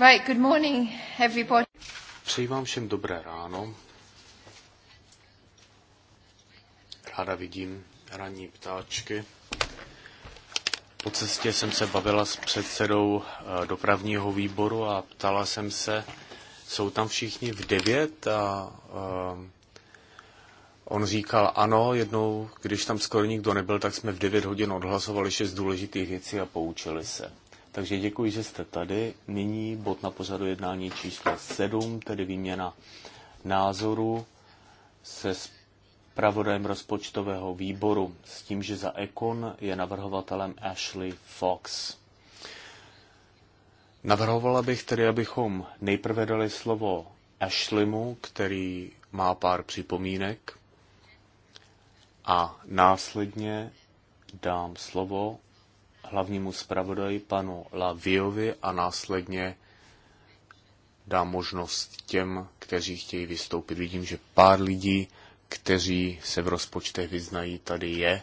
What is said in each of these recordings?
Right, good morning, everybody. Přeji vám všem dobré ráno. Ráda vidím ranní ptáčky. Po cestě jsem se bavila s předsedou eh, dopravního výboru a ptala jsem se, jsou tam všichni v devět a um, on říkal ano, jednou, když tam skoro nikdo nebyl, tak jsme v devět hodin odhlasovali šest důležitých věcí a poučili se. Takže děkuji, že jste tady. Nyní bod na pořadu jednání číslo 7, tedy výměna názoru se zpravodajem rozpočtového výboru s tím, že za Ekon je navrhovatelem Ashley Fox. Navrhovala bych tedy, abychom nejprve dali slovo Ashleymu, který má pár připomínek, a následně dám slovo hlavnímu zpravodaji panu Laviovi a následně dá možnost těm, kteří chtějí vystoupit. Vidím, že pár lidí, kteří se v rozpočtech vyznají, tady je,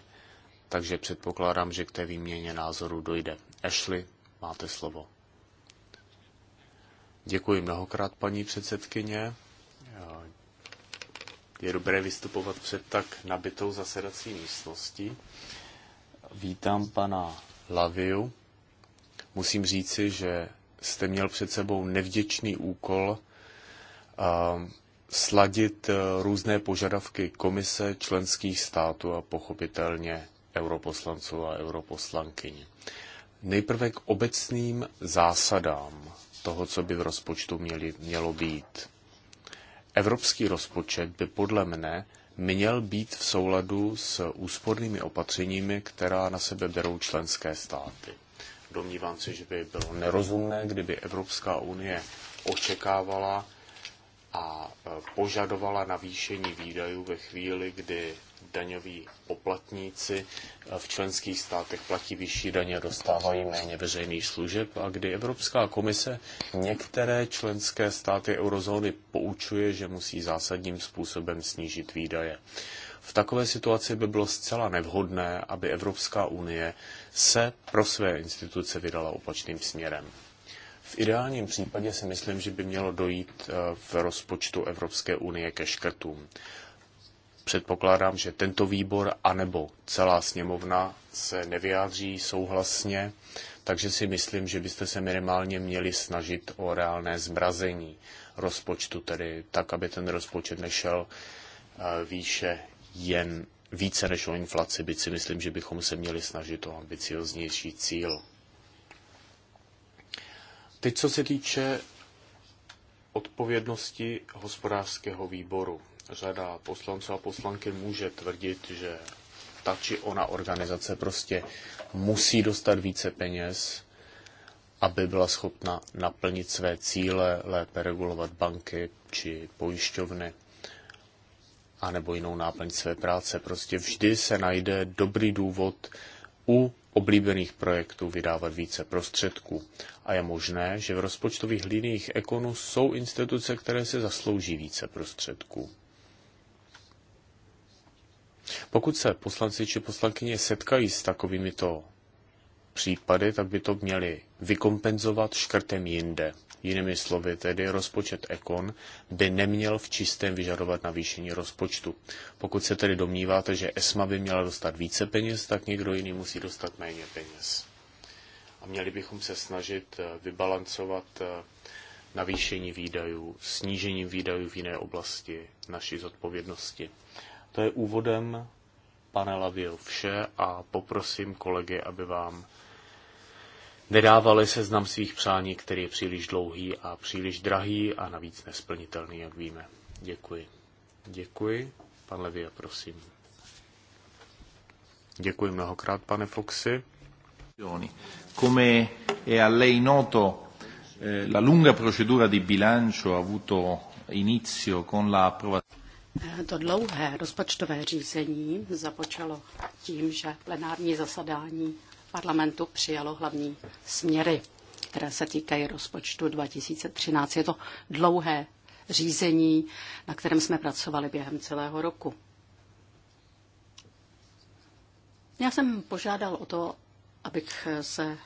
takže předpokládám, že k té výměně názoru dojde. Ashley, máte slovo. Děkuji mnohokrát, paní předsedkyně. Je dobré vystupovat před tak nabitou zasedací místností. Vítám pana you. Musím říci, že jste měl před sebou nevděčný úkol ehm, sladit eh, různé požadavky komise členských států a pochopitelně europoslanců a europoslankyň. Nejprve k obecným zásadám toho, co by v rozpočtu měli, mělo být. Evropský rozpočet by podle mne měl být v souladu s úspornými opatřeními, která na sebe berou členské státy. Domnívám se, že by bylo nerozumné, kdyby Evropská unie očekávala a požadovala navýšení výdajů ve chvíli, kdy daňoví poplatníci v členských státech platí vyšší daně, dostávají méně veřejných služeb a kdy Evropská komise některé členské státy eurozóny poučuje, že musí zásadním způsobem snížit výdaje. V takové situaci by bylo zcela nevhodné, aby Evropská unie se pro své instituce vydala opačným směrem. V ideálním případě si myslím, že by mělo dojít eh, v rozpočtu Evropské unie ke škrtům předpokládám, že tento výbor anebo celá sněmovna se nevyjádří souhlasně, takže si myslím, že byste se minimálně měli snažit o reálné zmrazení rozpočtu, tedy tak, aby ten rozpočet nešel eh, výše jen více než o inflaci, byť si myslím, že bychom se měli snažit o ambicioznější cíl. Teď, co se týče odpovědnosti hospodářského výboru řada poslanců a poslanky může tvrdit, že ta či ona organizace prostě musí dostat více peněz, aby byla schopna naplnit své cíle, lépe regulovat banky či pojišťovny a nebo jinou náplň své práce. Prostě vždy se najde dobrý důvod u oblíbených projektů vydávat více prostředků. A je možné, že v rozpočtových liniích ekonu jsou instituce, které se zaslouží více prostředků. Pokud se poslanci či poslankyně setkají s takovými to případy, tak by to měli vykompenzovat škrtem jinde. Jinými slovy, tedy rozpočet Ekon by neměl v čistém vyžadovat navýšení rozpočtu. Pokud se tedy domníváte, že ESMA by měla dostat více peněz, tak někdo jiný musí dostat méně peněz. A měli bychom se snažit eh, vybalancovat eh, navýšení výdajů, snížením výdajů v jiné oblasti naší zodpovědnosti. To je úvodem, pane Lavil, vše a poprosím kolegy, aby vám nedávali seznam svých přání, který je příliš dlouhý a příliš drahý a navíc nesplnitelný, jak víme. Děkuji. Děkuji. Pan Levia, prosím. Děkuji mnohokrát, pane Foxy. Come è a lei noto, eh, la lunga procedura di bilancio ha avuto inizio con la approvazione. To dlouhé rozpočtové řízení započalo tím, že plenární zasadání parlamentu přijalo hlavní směry, které se týkají rozpočtu 2013. Je to dlouhé řízení, na kterém jsme pracovali během celého roku. Já jsem požádal o to, abych se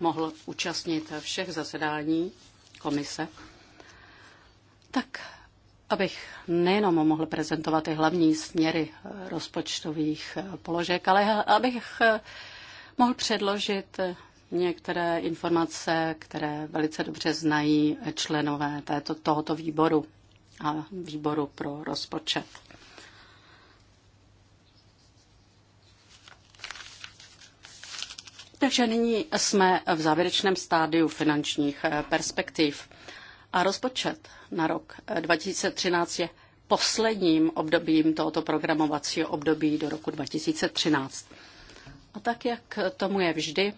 mohl účastnit všech zasedání komise. Tak abych nejenom mohl prezentovat ty hlavní směry eh, rozpočtových eh, položek, ale abych eh, mohl předložit některé informace, které velice dobře znají členové této, tohoto výboru a výboru pro rozpočet. Takže nyní jsme v závěrečném stádiu finančních perspektiv. A rozpočet na rok 2013 eh, je posledním obdobím tohoto programovacího období do roku 2013. A tak, jak tomu je vždy,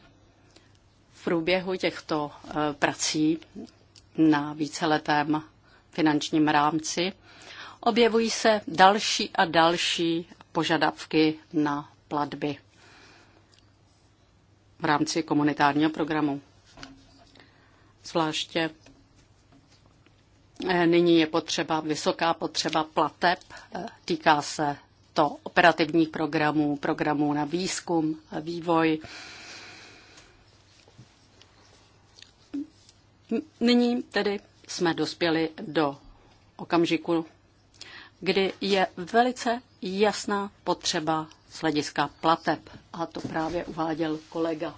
v průběhu těchto eh, prací na víceletém finančním rámci objevují se další a další požadavky na platby v rámci komunitárního programu. Zvláště Eh, nyní je potřeba vysoká potřeba plateb, eh, týká se to operativních programů, programů na výzkum, vývoj. Nyní tedy jsme dospěli do okamžiku, kdy je velice jasná potřeba z hlediska plateb. A to právě uváděl kolega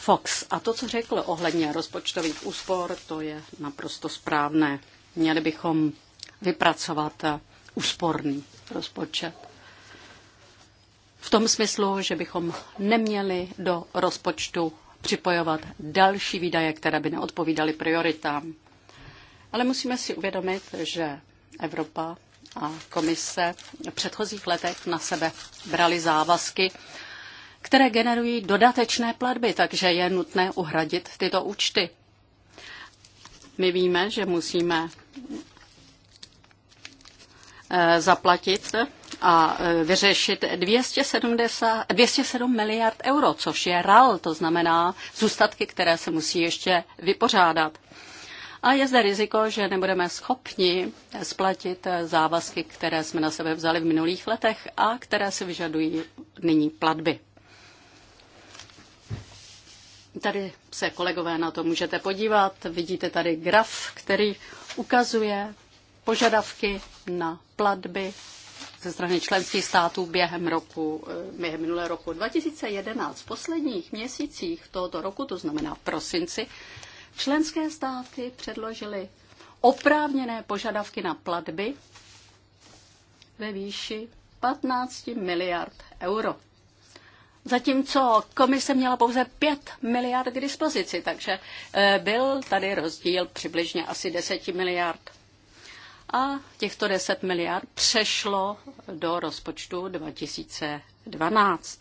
Fox. A to, co řekl ohledně rozpočtových úspor, to je naprosto správné. Měli bychom vypracovat úsporný rozpočet. V tom smyslu, že bychom neměli do rozpočtu připojovat další výdaje, které by neodpovídaly prioritám. Ale musíme si uvědomit, že Evropa a komise v předchozích letech na sebe brali závazky, které generují dodatečné platby, takže je nutné uhradit tyto účty. My víme, že musíme eh, zaplatit a eh, vyřešit 270, 207 miliard euro, což je RAL, to znamená zůstatky, které se musí ještě vypořádat. A je zde riziko, že nebudeme schopni splatit eh, závazky, které jsme na sebe vzali v minulých letech a které si vyžadují nyní platby. Tady se kolegové na to můžete podívat. Vidíte tady graf, který ukazuje požadavky na platby ze strany členských států během roku, eh, během minulého roku 2011. V posledních měsících tohoto roku, to znamená v prosinci, členské státy předložily oprávněné požadavky na platby ve výši 15 miliard euro zatímco komise měla pouze 5 miliard k dispozici, takže eh, byl tady rozdíl přibližně asi 10 miliard. A těchto 10 miliard přešlo do rozpočtu 2012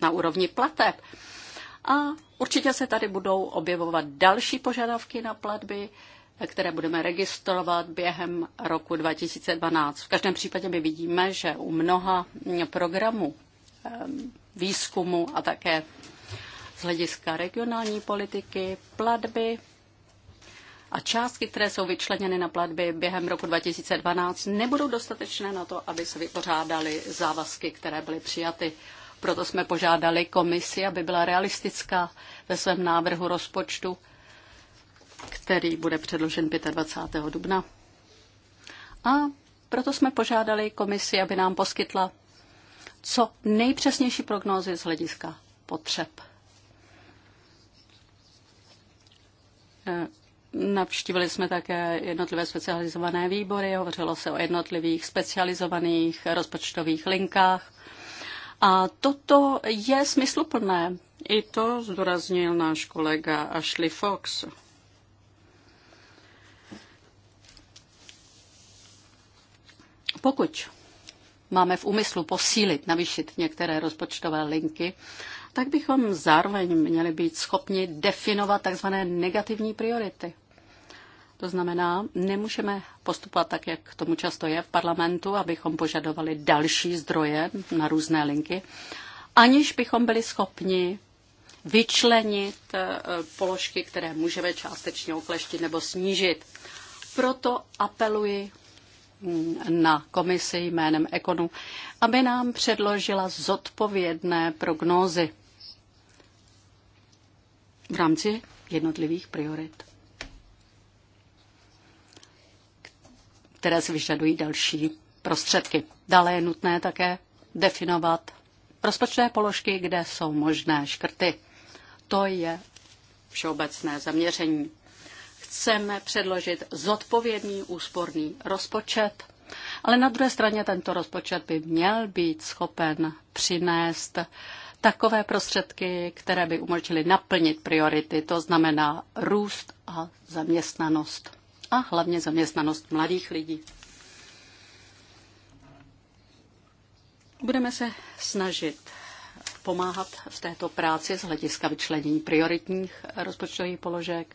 na úrovni plateb. A určitě se tady budou objevovat další požadavky na platby, které budeme registrovat během roku 2012. V každém případě my vidíme, že u mnoha programů Ehm, výzkumu a také z hlediska regionální politiky, platby a částky, které jsou vyčleněny na platby během roku 2012, nebudou dostatečné na to, aby se vypořádali závazky, které byly přijaty. Proto jsme požádali komisi, aby byla realistická ve svém návrhu rozpočtu, který bude předložen 25. dubna. A proto jsme požádali komisi, aby nám poskytla co nejpřesnější prognózy z hlediska potřeb. E, navštívili jsme také jednotlivé specializované výbory, hovořilo se o jednotlivých specializovaných rozpočtových linkách. A toto je smysluplné. I to zdůraznil náš kolega Ashley Fox. Pokud máme v úmyslu posílit, navýšit některé rozpočtové linky, tak bychom zároveň měli být schopni definovat tzv. negativní priority. To znamená, nemůžeme postupovat tak, jak tomu často je v parlamentu, abychom požadovali další zdroje na různé linky, aniž bychom byli schopni vyčlenit eh, položky, které můžeme částečně okleštit nebo snížit. Proto apeluji na komisi jménem Ekonu, aby nám předložila zodpovědné prognózy v rámci jednotlivých priorit, které si vyžadují další prostředky. Dále je nutné také definovat rozpočtové položky, kde jsou možné škrty. To je všeobecné zaměření chceme předložit zodpovědný úsporný rozpočet, ale na druhé straně tento rozpočet by měl být schopen přinést takové prostředky, které by umožnily naplnit priority, to znamená růst a zaměstnanost. A hlavně zaměstnanost mladých lidí. Budeme se snažit pomáhat v této práci z hlediska vyčlenění prioritních rozpočtových položek.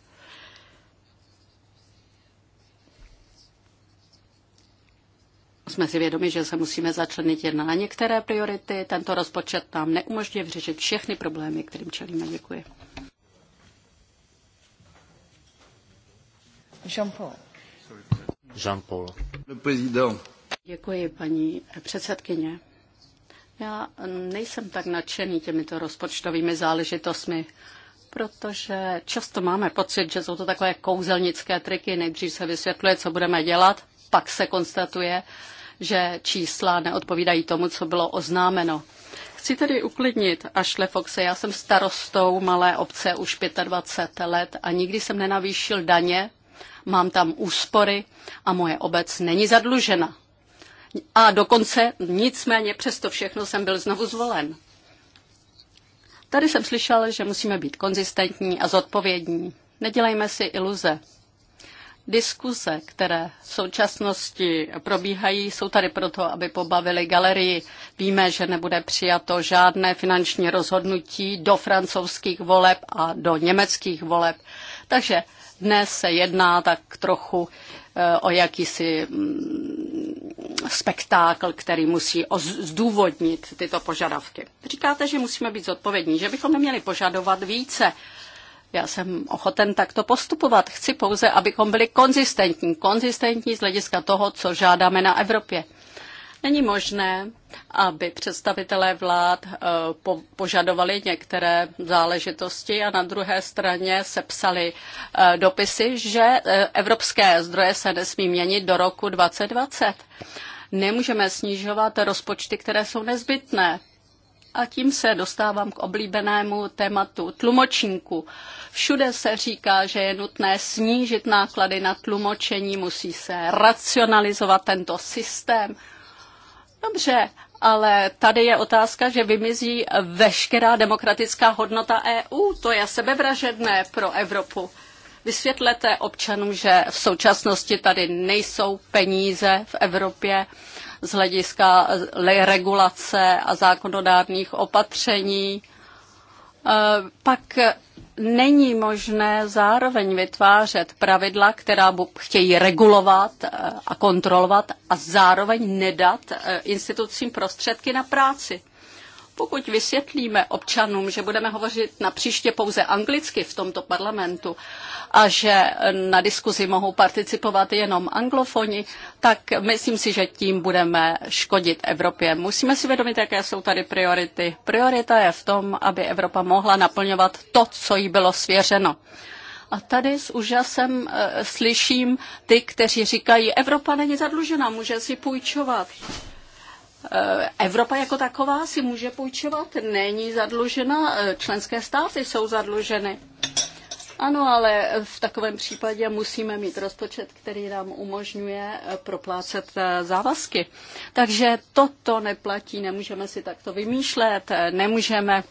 jsme si vědomi, že se musíme začlenit jen na některé priority. Tento rozpočet nám neumožňuje vyřešit všechny problémy, kterým čelíme. Děkuji. Jean-Paul. Jean-Paul. Děkuji, paní předsedkyně. Já nejsem tak nadšený těmito rozpočtovými záležitostmi, protože často máme pocit, že jsou to takové kouzelnické triky. Nejdřív se vysvětluje, co budeme dělat, pak se konstatuje, že čísla neodpovídají tomu, co bylo oznámeno. Chci tedy uklidnit Ashle Foxe, já jsem starostou malé obce už 25 let a nikdy jsem nenavýšil daně, mám tam úspory a moje obec není zadlužena. A dokonce nicméně přesto všechno jsem byl znovu zvolen. Tady jsem slyšel, že musíme být konzistentní a zodpovědní. Nedělejme si iluze. Diskuze, které v současnosti probíhají, jsou tady proto, aby pobavili galerii. Víme, že nebude přijato žádné finanční rozhodnutí do francouzských voleb a do německých voleb. Takže dnes se jedná tak trochu eh, o jakýsi mm, spektákl, který musí zdůvodnit tyto požadavky. Říkáte, že musíme být zodpovědní, že bychom neměli požadovat více já jsem ochoten takto postupovat. Chci pouze, abychom byli konzistentní. Konzistentní z hlediska toho, co žádáme na Evropě. Není možné, aby představitelé vlád eh, po, požadovali některé záležitosti a na druhé straně sepsali eh, dopisy, že eh, evropské zdroje se nesmí měnit do roku 2020. Nemůžeme snižovat rozpočty, které jsou nezbytné. A tím se dostávám k oblíbenému tématu tlumočníku. Všude se říká, že je nutné snížit náklady na tlumočení, musí se racionalizovat tento systém. Dobře, ale tady je otázka, že vymizí veškerá demokratická hodnota EU. To je sebevražedné pro Evropu. Vysvětlete občanům, že v současnosti tady nejsou peníze v Evropě z hlediska eh, regulace a zákonodárných opatření, eh, pak není možné zároveň vytvářet pravidla, která chtějí regulovat eh, a kontrolovat a zároveň nedat institucím prostředky na práci. Pokud vysvětlíme občanům, že budeme hovořit na příště pouze anglicky v tomto parlamentu a že na diskuzi mohou participovat jenom anglofoni, tak myslím si, že tím budeme škodit Evropě. Musíme si vědomit, jaké jsou tady priority. Priorita je v tom, aby Evropa mohla naplňovat to, co jí bylo svěřeno. A tady s úžasem e, slyším ty, kteří říkají, Evropa není zadlužena, může si půjčovat. Eh, Evropa jako taková si může půjčovat, není zadlužena, eh, členské státy jsou zadluženy. Ano, ale v takovém případě musíme mít rozpočet, který nám umožňuje eh, proplácet závazky. Takže toto neplatí, nemůžeme si takto vymýšlet, nemůžeme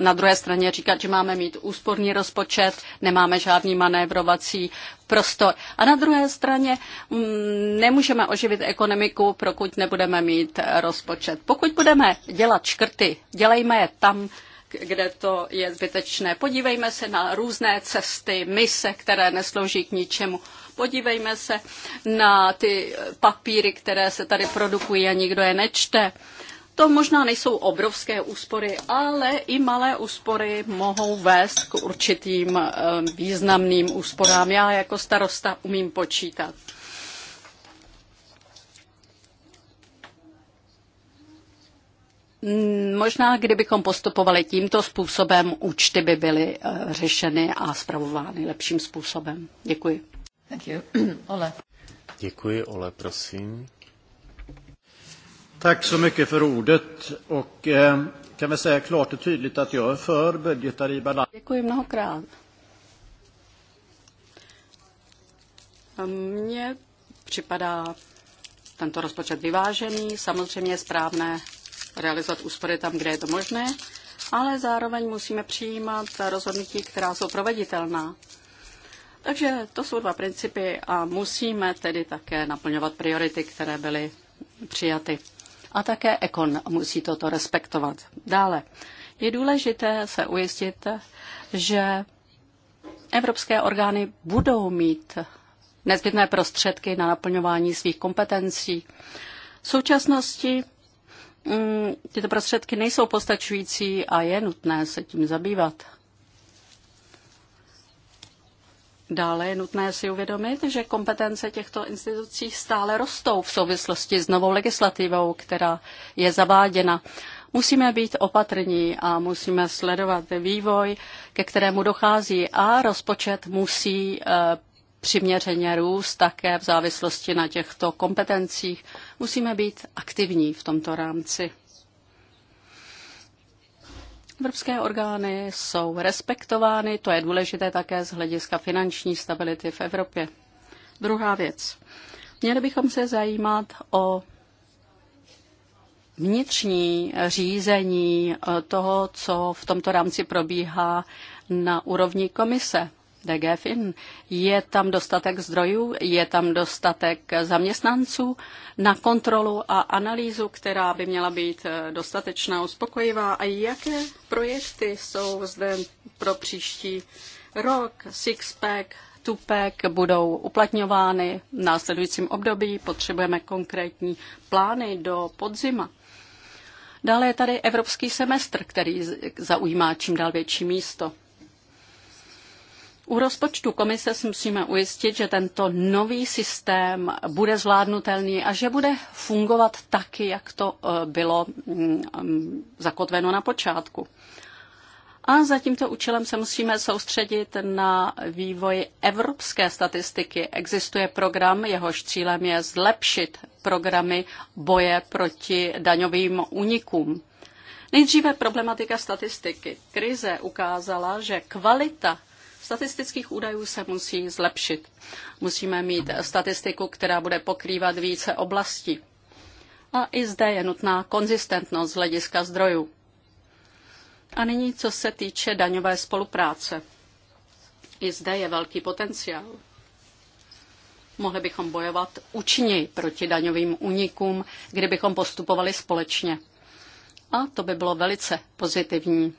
na druhé straně říkat, že máme mít úsporný rozpočet, nemáme žádný manévrovací prostor. A na druhé straně mm, nemůžeme oživit ekonomiku, pokud nebudeme mít rozpočet. Pokud budeme dělat škrty, dělejme je tam, kde to je zbytečné. Podívejme se na různé cesty, mise, které neslouží k ničemu. Podívejme se na ty papíry, které se tady produkují a nikdo je nečte. To možná nejsou obrovské úspory, ale i malé úspory mohou vést k určitým eh, významným úsporám. Já jako starosta umím počítat. Hmm, možná, kdybychom postupovali tímto způsobem, účty by byly eh, řešeny a zpravovány lepším způsobem. Děkuji. Děkuji, Ole. Děkuji, Ole, prosím. Tack så mycket för ordet och eh, kan säga klart och tydligt att jag är för budgetar i balans. Děkuji mnohokrát. Mně připadá tento rozpočet vyvážený, samozřejmě je správné realizovat úspory tam, kde je to možné, ale zároveň musíme přijímat rozhodnutí, která jsou proveditelná. Takže to jsou dva principy a musíme tedy také naplňovat priority, které byly přijaty a také Ekon musí toto respektovat. Dále je důležité se ujistit, že evropské orgány budou mít nezbytné prostředky na naplňování svých kompetencí. V současnosti mm, tyto prostředky nejsou postačující a je nutné se tím zabývat. Dále je nutné si uvědomit, že kompetence těchto institucí stále rostou v souvislosti s novou legislativou, která je zaváděna. Musíme být opatrní a musíme sledovat vývoj, ke kterému dochází a rozpočet musí eh, přiměřeně růst také v závislosti na těchto kompetencích. Musíme být aktivní v tomto rámci. Evropské orgány jsou respektovány, to je důležité také z hlediska finanční stability v Evropě. Druhá věc. Měli bychom se zajímat o vnitřní řízení eh, toho, co v tomto rámci probíhá na úrovni komise. DGFIN. Je tam dostatek zdrojů, je tam dostatek zaměstnanců na kontrolu a analýzu, která by měla být eh, dostatečná, uspokojivá. A jaké projekty jsou zde pro příští rok? Sixpack, tupek budou uplatňovány v následujícím období. Potřebujeme konkrétní plány do podzima. Dále je tady evropský semestr, který zaujímá čím dál větší místo. U rozpočtu komise si musíme ujistit, že tento nový systém bude zvládnutelný a že bude fungovat taky, jak to eh, bylo mm, mm, zakotveno na počátku. A za tímto účelem se musíme soustředit na vývoj evropské statistiky. Existuje program, jehož cílem je zlepšit programy boje proti daňovým únikům. Nejdříve problematika statistiky. Krize ukázala, že kvalita statistických údajů se musí zlepšit. Musíme mít statistiku, která bude pokrývat více oblastí. A i zde je nutná konzistentnost z hlediska zdrojů. A nyní, co se týče daňové spolupráce. I zde je velký potenciál. Mohli bychom bojovat účinněji proti daňovým únikům, kdybychom postupovali společně. A to by bylo velice pozitivní.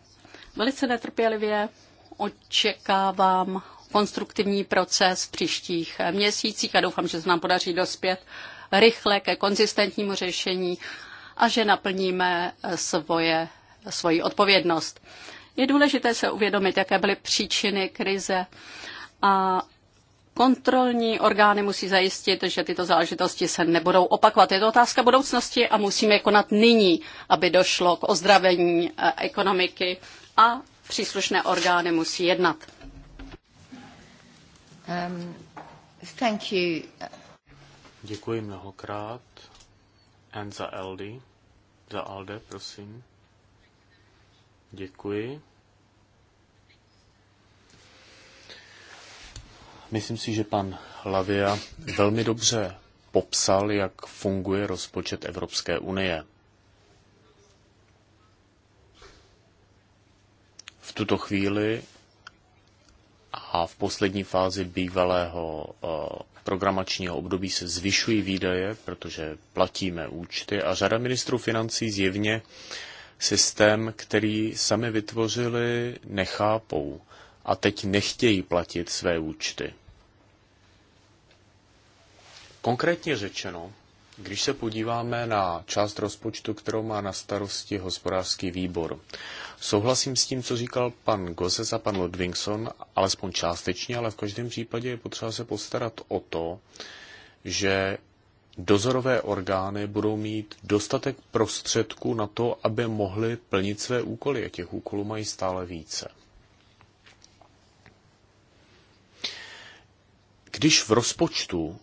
Velice netrpělivě očekávám konstruktivní proces v příštích měsících a doufám, že se nám podaří dospět rychle ke konzistentnímu řešení a že naplníme svoje, svoji odpovědnost. Je důležité se uvědomit, jaké byly příčiny krize a kontrolní orgány musí zajistit, že tyto záležitosti se nebudou opakovat. Je to otázka budoucnosti a musíme konat nyní, aby došlo k ozdravení eh, ekonomiky a příslušné orgány musí jednat. Um, thank you. Děkuji mnohokrát. And za Aldi. Za Alde, prosím. Děkuji. Myslím si, že pan Lavia velmi dobře popsal, jak funguje rozpočet Evropské unie. tuto chvíli a v poslední fázi bývalého eh, programačního období se zvyšují výdaje, protože platíme účty a řada ministrů financí zjevně systém, který sami vytvořili, nechápou a teď nechtějí platit své účty. Konkrétně řečeno, když se podíváme na část rozpočtu, kterou má na starosti hospodářský výbor, Souhlasím s tím, co říkal pan Gozes a pan Ludvingson, alespoň částečně, ale v každém případě je potřeba se postarat o to, že dozorové orgány budou mít dostatek prostředků na to, aby mohly plnit své úkoly a těch úkolů mají stále více. Když v rozpočtu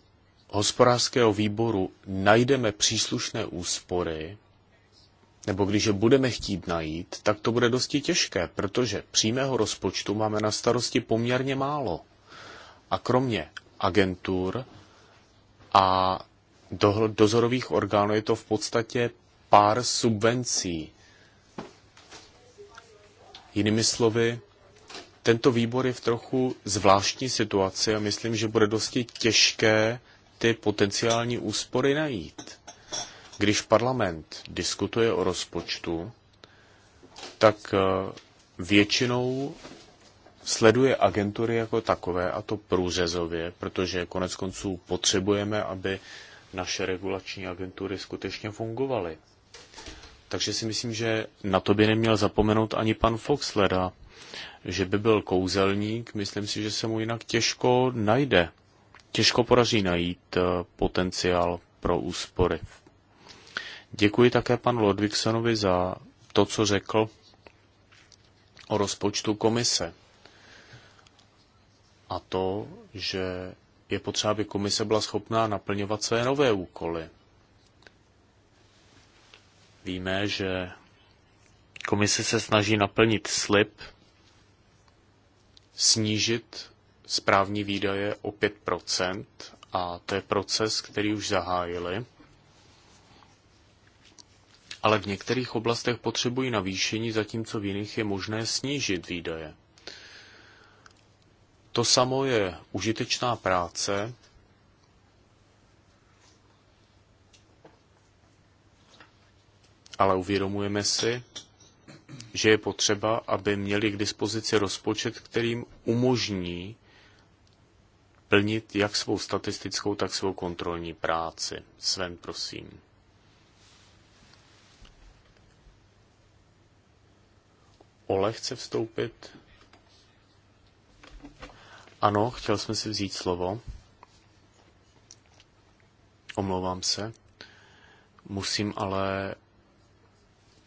hospodářského výboru najdeme příslušné úspory, nebo když je budeme chtít najít, tak to bude dosti těžké, protože přímého rozpočtu máme na starosti poměrně málo. A kromě agentur a do, dozorových orgánů je to v podstatě pár subvencí. Jinými slovy, tento výbor je v trochu zvláštní situaci a myslím, že bude dosti těžké ty potenciální úspory najít. Když parlament diskutuje o rozpočtu, tak eh, většinou sleduje agentury jako takové, a to průřezově, protože konec konců potřebujeme, aby naše regulační agentury skutečně fungovaly. Takže si myslím, že na to by neměl zapomenout ani pan Foxleda, že by byl kouzelník, myslím si, že se mu jinak těžko najde. Těžko poraží najít eh, potenciál pro úspory. Děkuji také panu Ludvíksonovi za to, co řekl o rozpočtu komise. A to, že je potřeba, aby komise byla schopná naplňovat své nové úkoly. Víme, že komise se snaží naplnit slib, snížit správní výdaje o 5 a to je proces, který už zahájili ale v některých oblastech potřebují navýšení, zatímco v jiných je možné snížit výdaje. To samo je užitečná práce, ale uvědomujeme si, že je potřeba, aby měli k dispozici rozpočet, kterým umožní plnit jak svou statistickou, tak svou kontrolní práci. Sven, prosím. Ole chce vstoupit? Ano, chtěl jsem si vzít slovo. Omlouvám se. Musím ale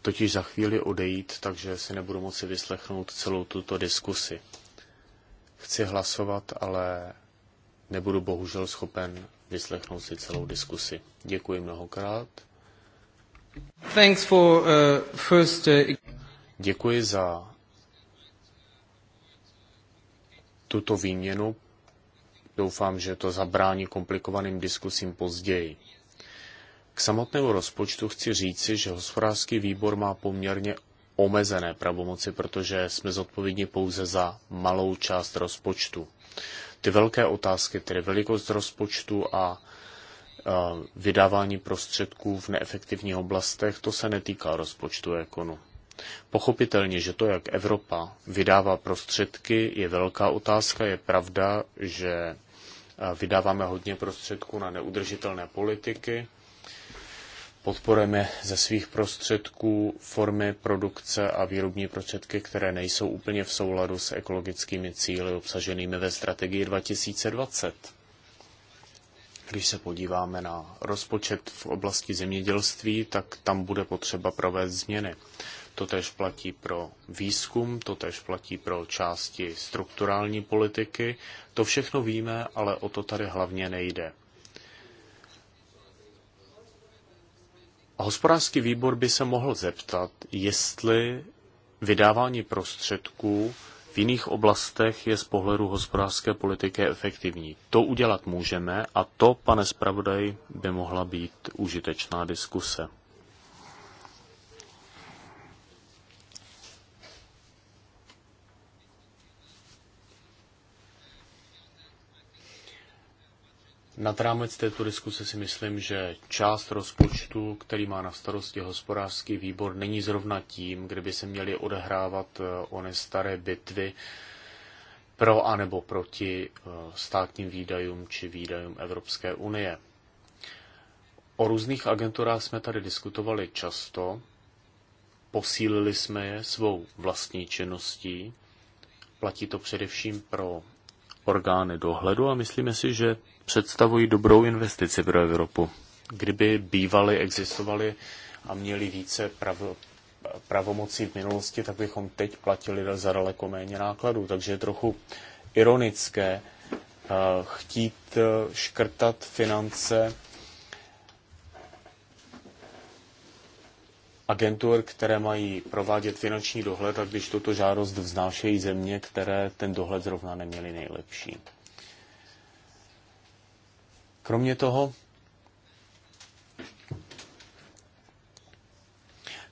totiž za chvíli odejít, takže si nebudu moci vyslechnout celou tuto diskusi. Chci hlasovat, ale nebudu bohužel schopen vyslechnout si celou diskusi. Děkuji mnohokrát. Thanks for, uh, first, uh... Děkuji za tuto výměnu. Doufám, že to zabrání komplikovaným diskusím později. K samotnému rozpočtu chci říci, že hospodářský výbor má poměrně omezené pravomoci, protože jsme zodpovědní pouze za malou část rozpočtu. Ty velké otázky, tedy velikost rozpočtu a vydávání prostředků v neefektivních oblastech, to se netýká rozpočtu ekonu. Pochopitelně, že to, jak Evropa vydává prostředky, je velká otázka. Je pravda, že eh, vydáváme hodně prostředků na neudržitelné politiky, podporujeme ze svých prostředků formy produkce a výrobní prostředky, které nejsou úplně v souladu s ekologickými cíly obsaženými ve strategii 2020. Když se podíváme na rozpočet v oblasti zemědělství, tak tam bude potřeba provést změny. To tež platí pro výzkum, to tež platí pro části strukturální politiky. To všechno víme, ale o to tady hlavně nejde. A hospodářský výbor by se mohl zeptat, jestli vydávání prostředků v jiných oblastech je z pohledu hospodářské politiky efektivní. To udělat můžeme a to, pane zpravodaj, by mohla být užitečná diskuse. Nad rámec této diskuse si myslím, že část rozpočtu, který má na starosti hospodářský výbor, není zrovna tím, kde by se měly odehrávat eh, one staré bitvy pro a nebo proti eh, státním výdajům či výdajům Evropské unie. O různých agenturách jsme tady diskutovali často, posílili jsme je svou vlastní činností, platí to především pro orgány dohledu a myslíme si, že představují dobrou investici pro Evropu. Kdyby bývaly, existovaly a měli více prav, pravomocí v minulosti, tak bychom teď platili za daleko méně nákladů. Takže je trochu ironické eh, chtít eh, škrtat finance agentur, které mají provádět finanční dohled, a když tuto žádost vznášejí země, které ten dohled zrovna neměly nejlepší. Kromě toho,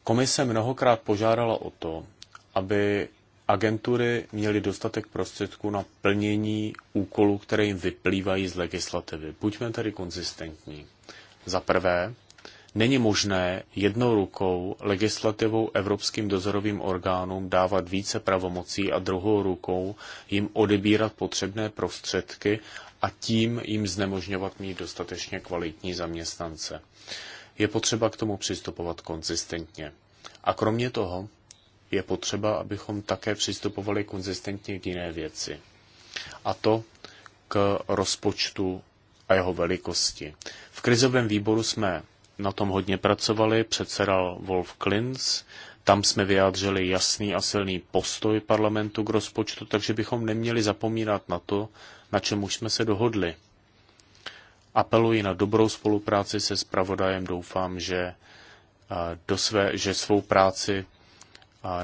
komise mnohokrát požádala o to, aby agentury měly dostatek prostředků na plnění úkolů, které jim vyplývají z legislativy. Buďme tedy konzistentní. Za prvé, není možné jednou rukou legislativou evropským dozorovým orgánům dávat více pravomocí a druhou rukou jim odebírat potřebné prostředky a tím jim znemožňovat mít dostatečně kvalitní zaměstnance. Je potřeba k tomu přistupovat konzistentně. A kromě toho je potřeba, abychom také přistupovali konzistentně k jiné věci. A to k rozpočtu a jeho velikosti. V krizovém výboru jsme na tom hodně pracovali, předsedal Wolf Klins, tam jsme vyjádřili jasný a silný postoj parlamentu k rozpočtu, takže bychom neměli zapomínat na to, na čem už jsme se dohodli. Apeluji na dobrou spolupráci se spravodajem, doufám, že, do své, že svou práci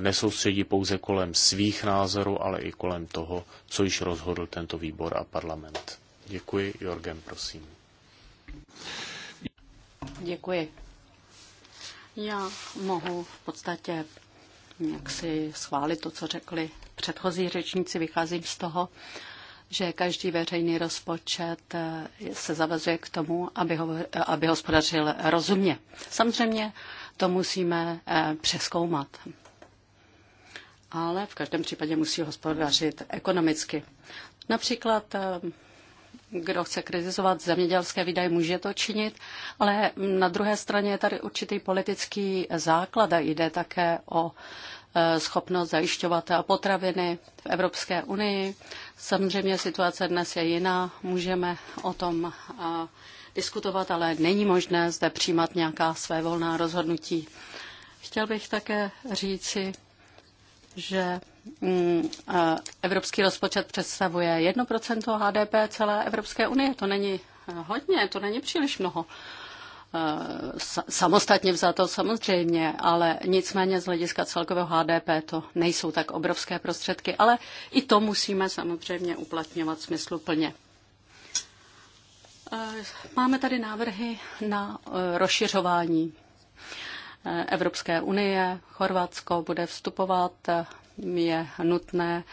nesoustředí pouze kolem svých názorů, ale i kolem toho, co již rozhodl tento výbor a parlament. Děkuji, Jorgen, prosím. Děkuji. Já mohu v podstatě jak si schválit to, co řekli předchozí řečníci. Vycházím z toho, že každý veřejný rozpočet eh, se zavazuje k tomu, aby, ho, eh, aby hospodařil rozumně. Samozřejmě to musíme eh, přeskoumat. Ale v každém případě musí hospodařit ekonomicky. Například kdo chce kritizovat zemědělské výdaje, může to činit, ale na druhé straně je tady určitý politický základ a jde také o Eh, schopnost zajišťovat potraviny v Evropské unii. Samozřejmě situace dnes je jiná, můžeme o tom eh, diskutovat, ale není možné zde přijímat nějaká své volná rozhodnutí. Chtěl bych také říci, že mm, eh, evropský rozpočet představuje 1% HDP celé Evropské unie. To není hodně, to není příliš mnoho. Eh, samostatně vzato samozřejmě, ale nicméně z hlediska celkového HDP to nejsou tak obrovské prostředky, ale i to musíme samozřejmě uplatňovat smysluplně. Eh, máme tady návrhy na eh, rozšiřování Evropské unie. Chorvatsko bude vstupovat, je nutné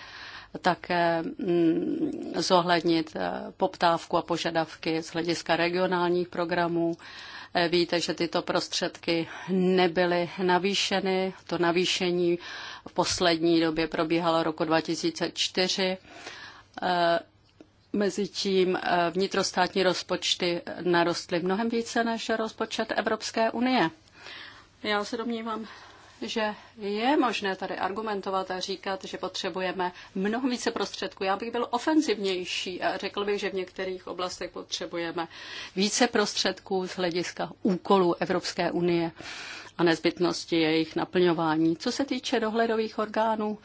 také mm, zohlednit poptávku a požadavky z hlediska regionálních programů Eh, víte, že tyto prostředky nebyly navýšeny. To navýšení v poslední době probíhalo roku 2004. Eh, mezitím eh, vnitrostátní rozpočty narostly mnohem více než rozpočet Evropské unie. Já se domnívám, že je možné tady argumentovat a říkat, že potřebujeme mnohem více prostředků. Já bych byl ofenzivnější a řekl bych, že v některých oblastech potřebujeme více prostředků z hlediska úkolů Evropské unie a nezbytnosti jejich naplňování. Co se týče dohledových orgánů,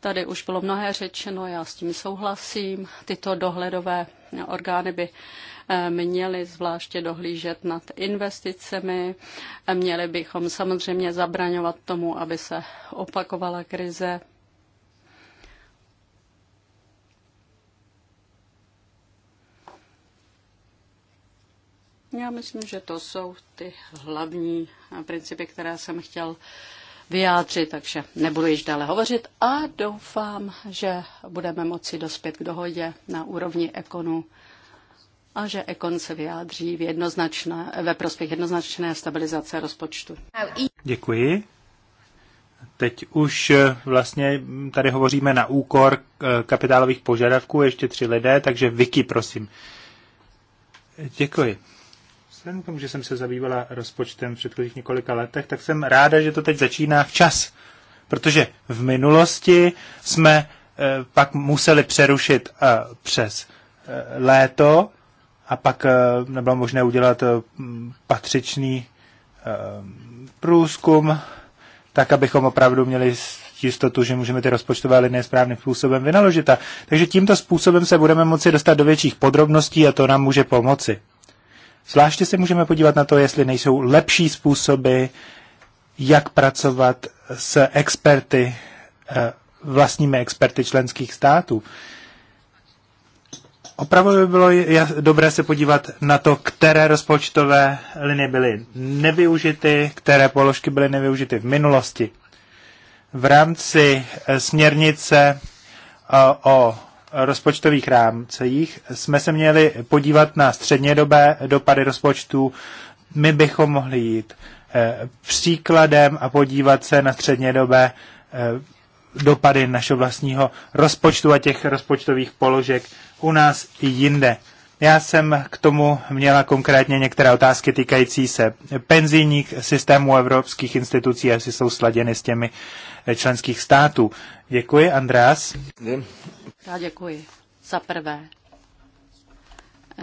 tady už bylo mnohé řečeno, já s tím souhlasím. Tyto dohledové orgány by Eh, měli zvláště dohlížet nad investicemi, eh, měli bychom samozřejmě zabraňovat tomu, aby se opakovala krize. Já myslím, že to jsou ty hlavní eh, principy, které jsem chtěl vyjádřit, takže nebudu již dále hovořit a doufám, že budeme moci dospět k dohodě na úrovni ekonu a že Ekon se vyjádří v jednoznačné, ve prospěch jednoznačné stabilizace rozpočtu. Děkuji. Teď už eh, vlastně tady hovoříme na úkor eh, kapitálových požadavků, ještě tři lidé, takže Vicky, prosím. Děkuji. Vzhledem k tomu, že jsem se zabývala rozpočtem v předchozích několika letech, tak jsem ráda, že to teď začíná včas. Protože v minulosti jsme eh, pak museli přerušit přes léto a pak eh, nebylo možné udělat eh, patřičný eh, průzkum, tak abychom opravdu měli jistotu, že můžeme ty rozpočtové linie správným způsobem vynaložit. A, takže tímto způsobem se budeme moci dostat do větších podrobností a to nám může pomoci. Zvláště se můžeme podívat na to, jestli nejsou lepší způsoby, jak pracovat s experty, vlastními experty členských států. Opravdu by bylo dobré se podívat na to, které rozpočtové linie byly nevyužity, které položky byly nevyužity v minulosti. V rámci eh, směrnice eh, o rozpočtových rámcích jsme se měli podívat na střednědobé dopady rozpočtu. My bychom mohli jít eh, příkladem a podívat se na střednědobé dopady našeho vlastního rozpočtu a těch rozpočtových položek u nás i jinde. Já jsem k tomu měla konkrétně některé otázky týkající se penzijních systémů evropských institucí, jestli jsou sladěny s těmi eh, členských států. Děkuji, András. Já děkuji. Za prvé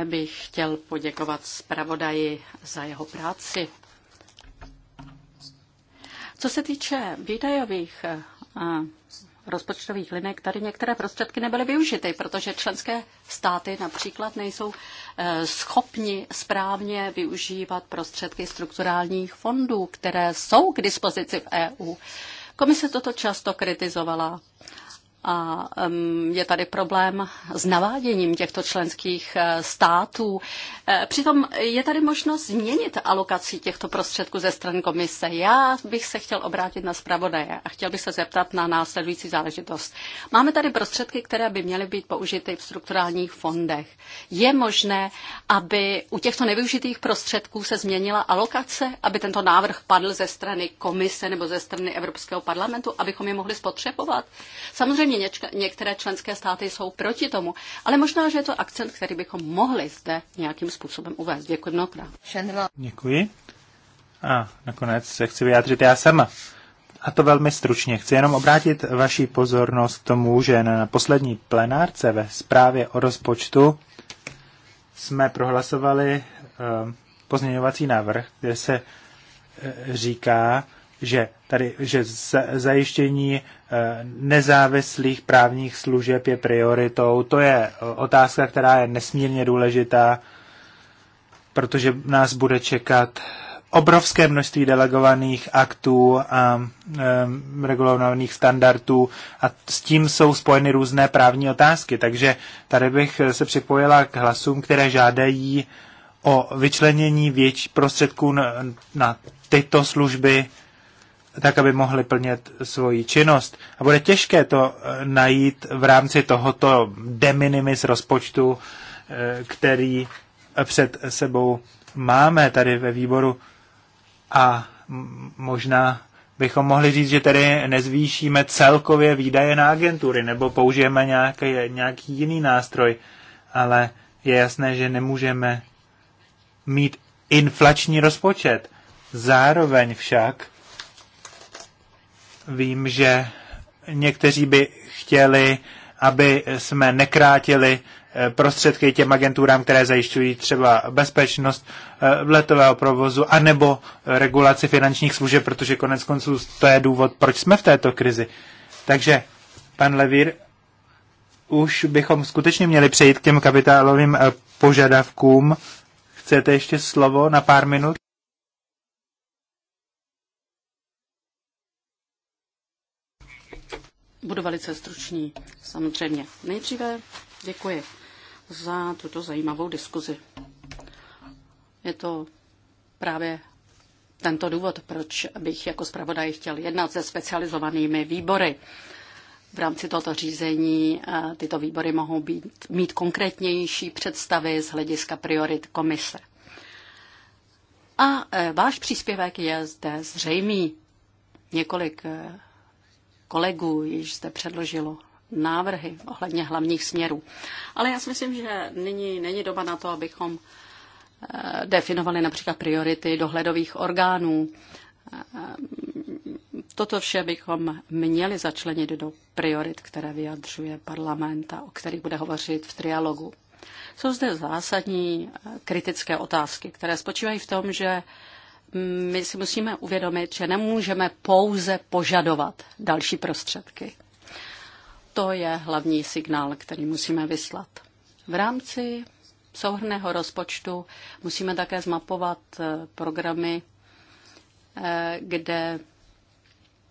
bych chtěl poděkovat zpravodaji za jeho práci. Co se týče výdajových eh, rozpočtových linek tady některé prostředky nebyly využity, protože členské státy například nejsou eh, schopni správně využívat prostředky strukturálních fondů, které jsou k dispozici v EU. Komise toto často kritizovala a je tady problém s naváděním těchto členských eh, států. Eh, přitom je tady možnost změnit alokaci těchto prostředků ze strany komise. Já bych se chtěl obrátit na zpravodaje a chtěl bych se zeptat na následující záležitost. Máme tady prostředky, které by měly být použity v strukturálních fondech. Je možné, aby u těchto nevyužitých prostředků se změnila alokace, aby tento návrh padl ze strany komise nebo ze strany Evropského parlamentu, abychom je mohli spotřebovat? Samozřejmě některé členské státy jsou proti tomu, ale možná, že je to akcent, který bychom mohli zde nějakým způsobem uvést. Děkuji mnohokrát. Děkuji. A nakonec se chci vyjádřit já sama. A to velmi stručně. Chci jenom obrátit vaši pozornost k tomu, že na poslední plenárce ve zprávě o rozpočtu jsme prohlasovali eh, pozměňovací návrh, kde se eh, říká, že, tady, že zajištění eh, nezávislých právních služeb je prioritou. To je eh, otázka, která je nesmírně důležitá, protože nás bude čekat obrovské množství delegovaných aktů a um, regulovaných standardů a s tím jsou spojeny různé právní otázky. Takže tady bych se připojila k hlasům, které žádají o vyčlenění větší prostředků na, na tyto služby tak, aby mohli plnit svoji činnost. A bude těžké to eh, najít v rámci tohoto de minimis rozpočtu, eh, který před sebou máme tady ve výboru. A možná bychom mohli říct, že tady nezvýšíme celkově výdaje na agentury, nebo použijeme nějaký, nějaký jiný nástroj, ale je jasné, že nemůžeme mít inflační rozpočet. Zároveň však Vím, že někteří by chtěli, aby jsme nekrátili eh, prostředky těm agenturám, které zajišťují třeba bezpečnost eh, letového provozu, anebo regulaci finančních služeb, protože konec konců to je důvod, proč jsme v této krizi. Takže, pan Levír, už bychom skutečně měli přejít k těm kapitálovým eh, požadavkům. Chcete ještě slovo na pár minut? Budu velice stručný, samozřejmě. Nejdříve děkuji za tuto zajímavou diskuzi. Je to právě tento důvod, proč bych jako zpravodaj chtěl jednat se specializovanými výbory. V rámci tohoto řízení eh, tyto výbory mohou být, mít konkrétnější představy z hlediska priorit komise. A eh, váš příspěvek je zde zřejmý. Několik eh, kolegů již zde předložilo návrhy ohledně hlavních směrů. Ale já si myslím, že nyní není doba na to, abychom eh, definovali například priority dohledových orgánů. Eh, toto vše bychom měli začlenit do priorit, které vyjadřuje parlament a o kterých bude hovořit v trialogu. Jsou zde zásadní eh, kritické otázky, které spočívají v tom, že my si musíme uvědomit, že nemůžeme pouze požadovat další prostředky. To je hlavní signál, který musíme vyslat. V rámci souhrného rozpočtu musíme také zmapovat eh, programy, eh, kde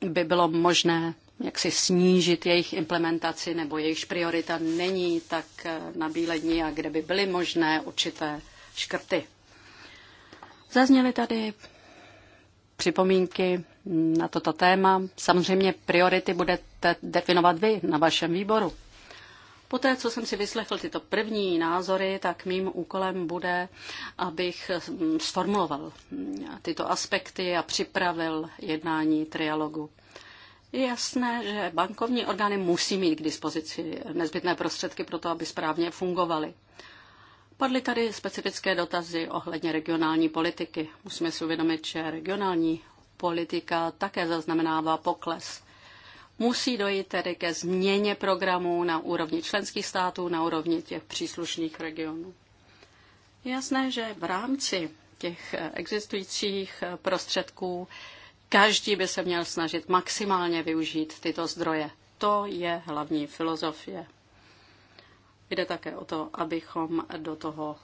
by bylo možné jak si snížit jejich implementaci nebo jejich priorita není tak eh, nabílení a kde by byly možné určité škrty. Zazněly tady připomínky na toto téma. Samozřejmě priority budete definovat vy na vašem výboru. Poté, co jsem si vyslechl tyto první názory, tak mým úkolem bude, abych sformuloval tyto aspekty a připravil jednání trialogu. Je jasné, že bankovní orgány musí mít k dispozici nezbytné prostředky pro to, aby správně fungovaly. Padly tady specifické dotazy ohledně regionální politiky. Musíme si uvědomit, že regionální politika také zaznamenává pokles. Musí dojít tedy ke změně programů na úrovni členských států, na úrovni těch příslušných regionů. Je jasné, že v rámci těch existujících prostředků každý by se měl snažit maximálně využít tyto zdroje. To je hlavní filozofie Jde také o to, abychom do toho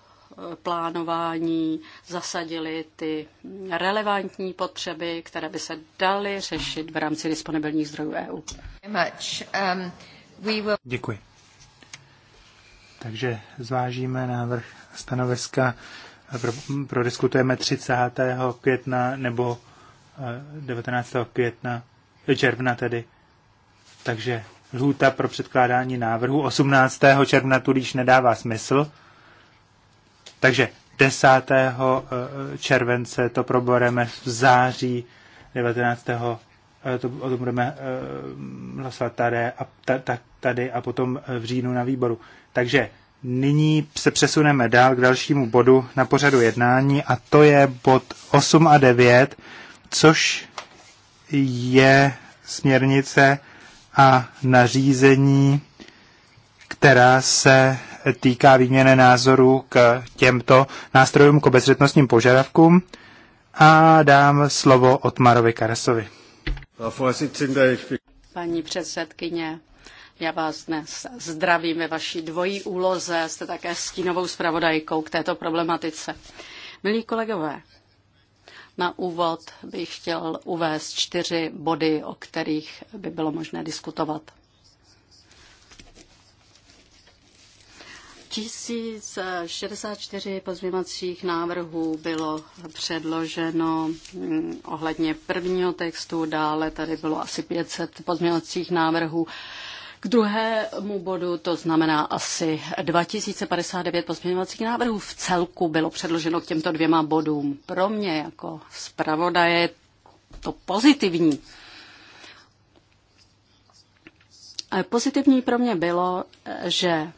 eh, plánování zasadili ty relevantní potřeby, které by se daly řešit v rámci disponibilních zdrojů EU. Děkuji. Takže zvážíme návrh stanoviska, pro, prodiskutujeme 30. května nebo 19. Eh, května, eh, června tedy. Takže lhůta pro předkládání návrhu 18. června tudíž nedává smysl. Takže 10. Eh, července to probereme v září 19. Eh, to, o tom budeme eh, hlasovat tady a, tady a potom v říjnu na výboru. Takže nyní se přesuneme dál k dalšímu bodu na pořadu jednání a to je bod 8 a 9, což je směrnice a nařízení, která se týká výměny názorů k těmto nástrojům k obezřetnostním požadavkům a dám slovo Otmarovi Karasovi. Paní předsedkyně, já vás dnes zdravím ve vaší dvojí úloze, jste také stínovou zpravodajkou k této problematice. Milí kolegové, na úvod bych chtěl uvést čtyři body, o kterých by bylo možné diskutovat. Tisíc pozměvacích návrhů bylo předloženo mm, ohledně prvního textu, dále tady bylo asi 500 pozměvacích návrhů k druhému bodu, to znamená asi 2059 pozměňovacích návrhů v celku bylo předloženo k těmto dvěma bodům. Pro mě jako zpravodaje to pozitivní. Pozitivní pro mě bylo, že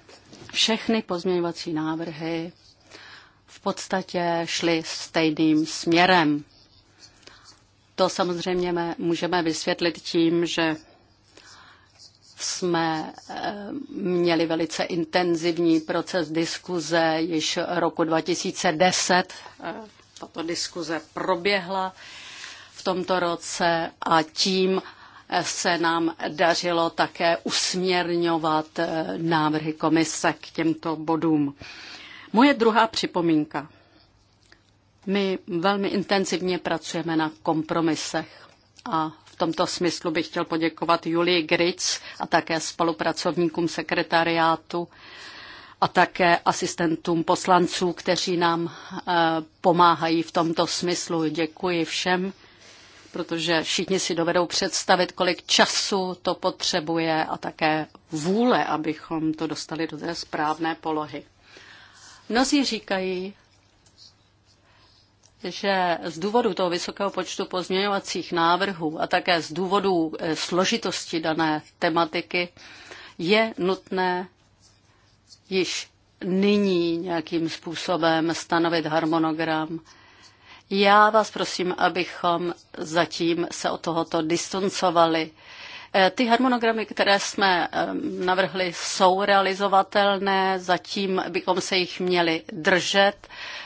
všechny pozměňovací návrhy v podstatě šly stejným směrem. To samozřejmě můžeme vysvětlit tím, že jsme eh, měli velice intenzivní proces diskuze již roku 2010. Eh, tato diskuze proběhla v tomto roce a tím eh, se nám dařilo také usměrňovat návrhy komise k těmto bodům. Moje druhá připomínka. My velmi intenzivně pracujeme na kompromisech a v tomto smyslu bych chtěl poděkovat Julii Gritz a také spolupracovníkům sekretariátu a také asistentům poslanců, kteří nám eh, pomáhají v tomto smyslu. Děkuji všem, protože všichni si dovedou představit, kolik času to potřebuje a také vůle, abychom to dostali do té správné polohy. Mnozí říkají, že z důvodu toho vysokého počtu pozměňovacích návrhů a také z důvodu eh, složitosti dané tematiky je nutné již nyní nějakým způsobem stanovit harmonogram. Já vás prosím, abychom zatím se od tohoto distancovali. Eh, ty harmonogramy, které jsme navrhli, jsou realizovatelné, zatím bychom se jich měli držet.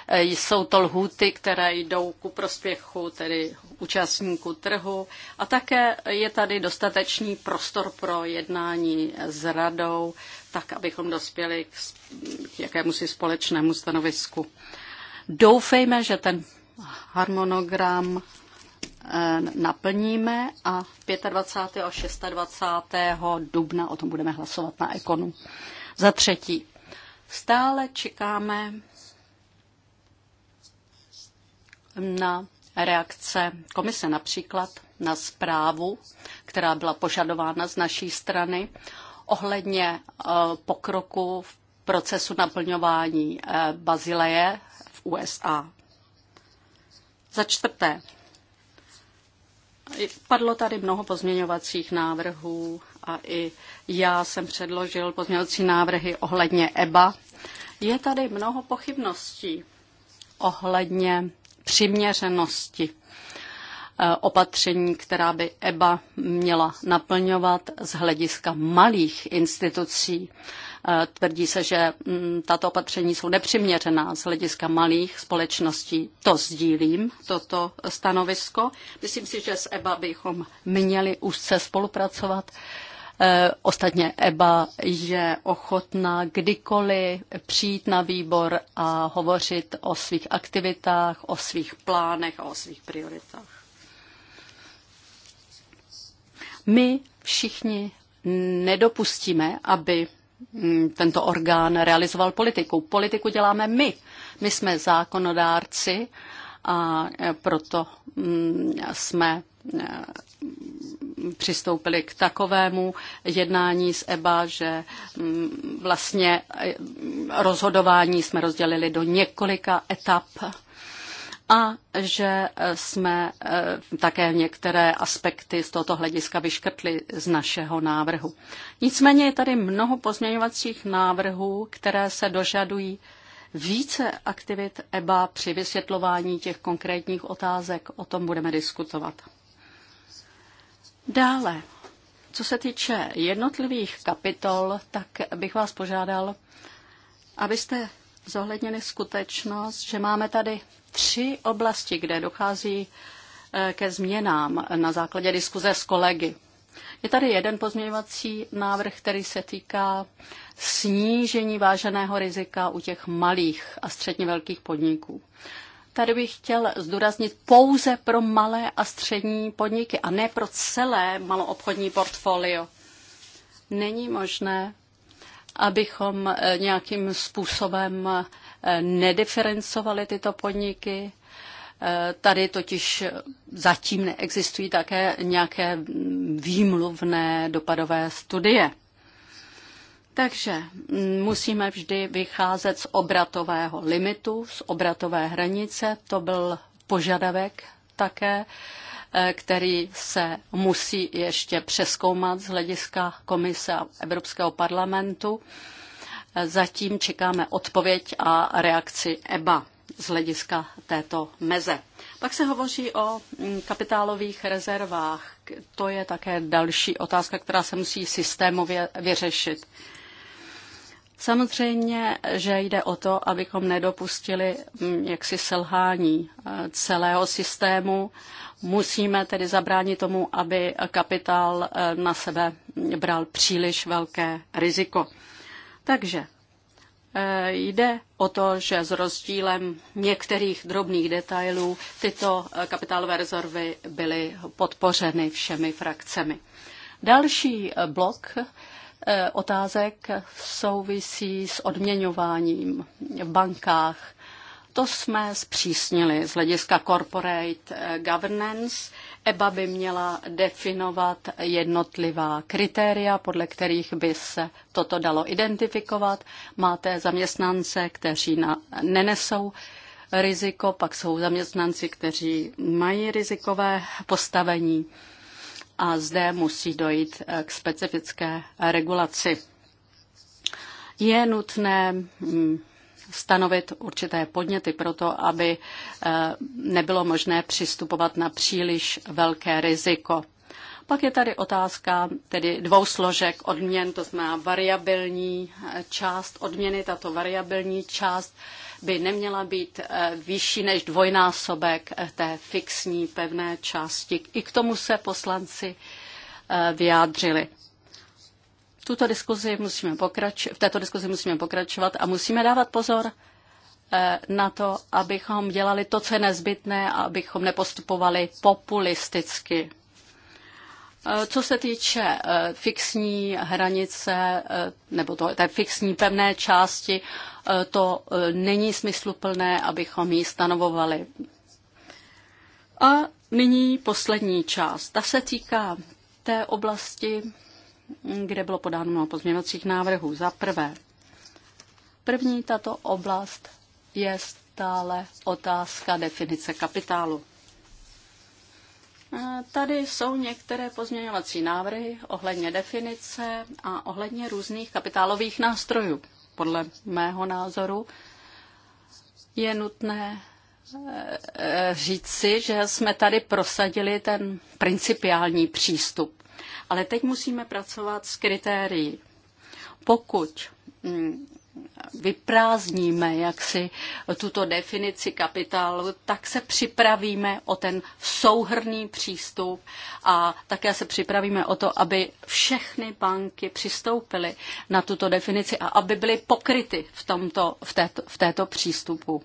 Eh, jsou to lhůty, které jdou ku prospěchu tedy účastníků trhu a také je tady dostatečný prostor pro jednání s radou, tak abychom dospěli k, jakému jakémusi společnému stanovisku. Doufejme, že ten harmonogram Eh, naplníme a 25. a 26. dubna o tom budeme hlasovat na Ekonu. Za třetí, stále čekáme na reakce komise například na zprávu, která byla požadována z naší strany ohledně eh, pokroku v procesu naplňování eh, Bazileje v USA. Za čtvrté, Padlo tady mnoho pozměňovacích návrhů a i já jsem předložil pozměňovací návrhy ohledně EBA. Je tady mnoho pochybností ohledně přiměřenosti e, opatření, která by EBA měla naplňovat z hlediska malých institucí. Eh, tvrdí se, že mm, tato opatření jsou nepřiměřená z hlediska malých společností. To sdílím, toto stanovisko. Myslím si, že s EBA bychom měli úzce spolupracovat. Eh, ostatně EBA je ochotná kdykoliv přijít na výbor a hovořit o svých aktivitách, o svých plánech a o svých prioritách. My všichni nedopustíme, aby Mm, tento orgán realizoval politiku. Politiku děláme my. My jsme zákonodárci a eh, proto mm, jsme eh, přistoupili k takovému jednání s EBA, že mm, vlastně eh, rozhodování jsme rozdělili do několika etap a že e, jsme e, také některé aspekty z tohoto hlediska vyškrtli z našeho návrhu. Nicméně je tady mnoho pozměňovacích návrhů, které se dožadují více aktivit EBA při vysvětlování těch konkrétních otázek. O tom budeme diskutovat. Dále, co se týče jednotlivých kapitol, tak bych vás požádal, abyste zohlednili skutečnost, že máme tady tři oblasti, kde dochází eh, ke změnám na základě diskuze s kolegy. Je tady jeden pozměňovací návrh, který se týká snížení váženého rizika u těch malých a středně velkých podniků. Tady bych chtěl zdůraznit pouze pro malé a střední podniky a ne pro celé maloobchodní portfolio. Není možné abychom eh, nějakým způsobem eh, nediferencovali tyto podniky. Eh, tady totiž zatím neexistují také nějaké výmluvné dopadové studie. Takže mm, musíme vždy vycházet z obratového limitu, z obratové hranice. To byl požadavek také Eh, který se musí ještě přeskoumat z hlediska Komise a Evropského parlamentu. Eh, zatím čekáme odpověď a reakci EBA z hlediska této meze. Pak se hovoří o mm, kapitálových rezervách. To je také další otázka, která se musí systémově vyřešit. Samozřejmě, že jde o to, abychom nedopustili mm, jaksi selhání eh, celého systému. Musíme tedy zabránit tomu, aby kapitál eh, na sebe bral příliš velké riziko. Takže eh, Jde o to, že s rozdílem některých drobných detailů tyto kapitálové rezervy byly podpořeny všemi frakcemi. Další blok Eh, otázek souvisí s odměňováním v bankách. To jsme zpřísnili z hlediska corporate eh, governance. EBA by měla definovat jednotlivá kritéria, podle kterých by se toto dalo identifikovat. Máte zaměstnance, kteří na, nenesou riziko, pak jsou zaměstnanci, kteří mají rizikové postavení a zde musí dojít eh, k specifické regulaci. Je nutné mm, stanovit určité podněty pro to, aby eh, nebylo možné přistupovat na příliš velké riziko. Pak je tady otázka tedy dvou složek odměn, to znamená variabilní eh, část odměny, tato variabilní část by neměla být eh, vyšší než dvojnásobek eh, té fixní pevné části. I k tomu se poslanci eh, vyjádřili. Tuto diskuzi musíme pokrač- v této diskuzi musíme pokračovat a musíme dávat pozor na to, abychom dělali to, co je nezbytné a abychom nepostupovali populisticky. Eh, co se týče eh, fixní hranice eh, nebo to, té fixní pevné části, to není smysluplné, abychom ji stanovovali. A nyní poslední část. Ta se týká té oblasti, kde bylo podáno mnoho pozměňovacích návrhů. Za prvé, první tato oblast je stále otázka definice kapitálu. Eh, tady jsou některé pozměňovací návrhy ohledně definice a ohledně různých kapitálových nástrojů. Podle mého názoru je nutné eh, říci, že jsme tady prosadili ten principiální přístup. Ale teď musíme pracovat s kritérií. Pokud mm, vyprázdníme jaksi tuto definici kapitálu, tak se připravíme o ten souhrný přístup a také se připravíme o to, aby všechny banky přistoupily na tuto definici a aby byly pokryty v, tomto, v, této, v této přístupu.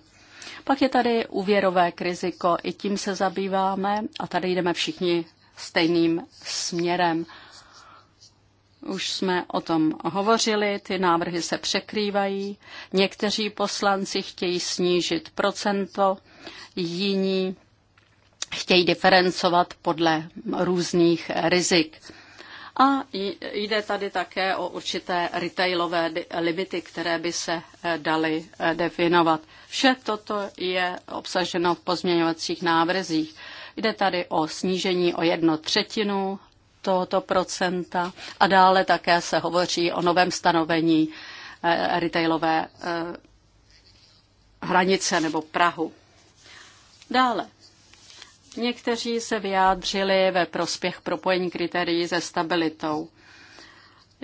Pak je tady úvěrové riziko, i tím se zabýváme a tady jdeme všichni stejným směrem. Už jsme o tom hovořili, ty návrhy se překrývají. Někteří poslanci chtějí snížit procento, jiní chtějí diferencovat podle různých rizik. A jde tady také o určité retailové limity, které by se eh, daly eh, definovat. Vše toto je obsaženo v pozměňovacích návrzích. Jde tady o snížení o jednu třetinu tohoto procenta a dále také se hovoří o novém stanovení eh, retailové eh, hranice nebo Prahu. Dále. Někteří se vyjádřili ve prospěch propojení kritérií se stabilitou.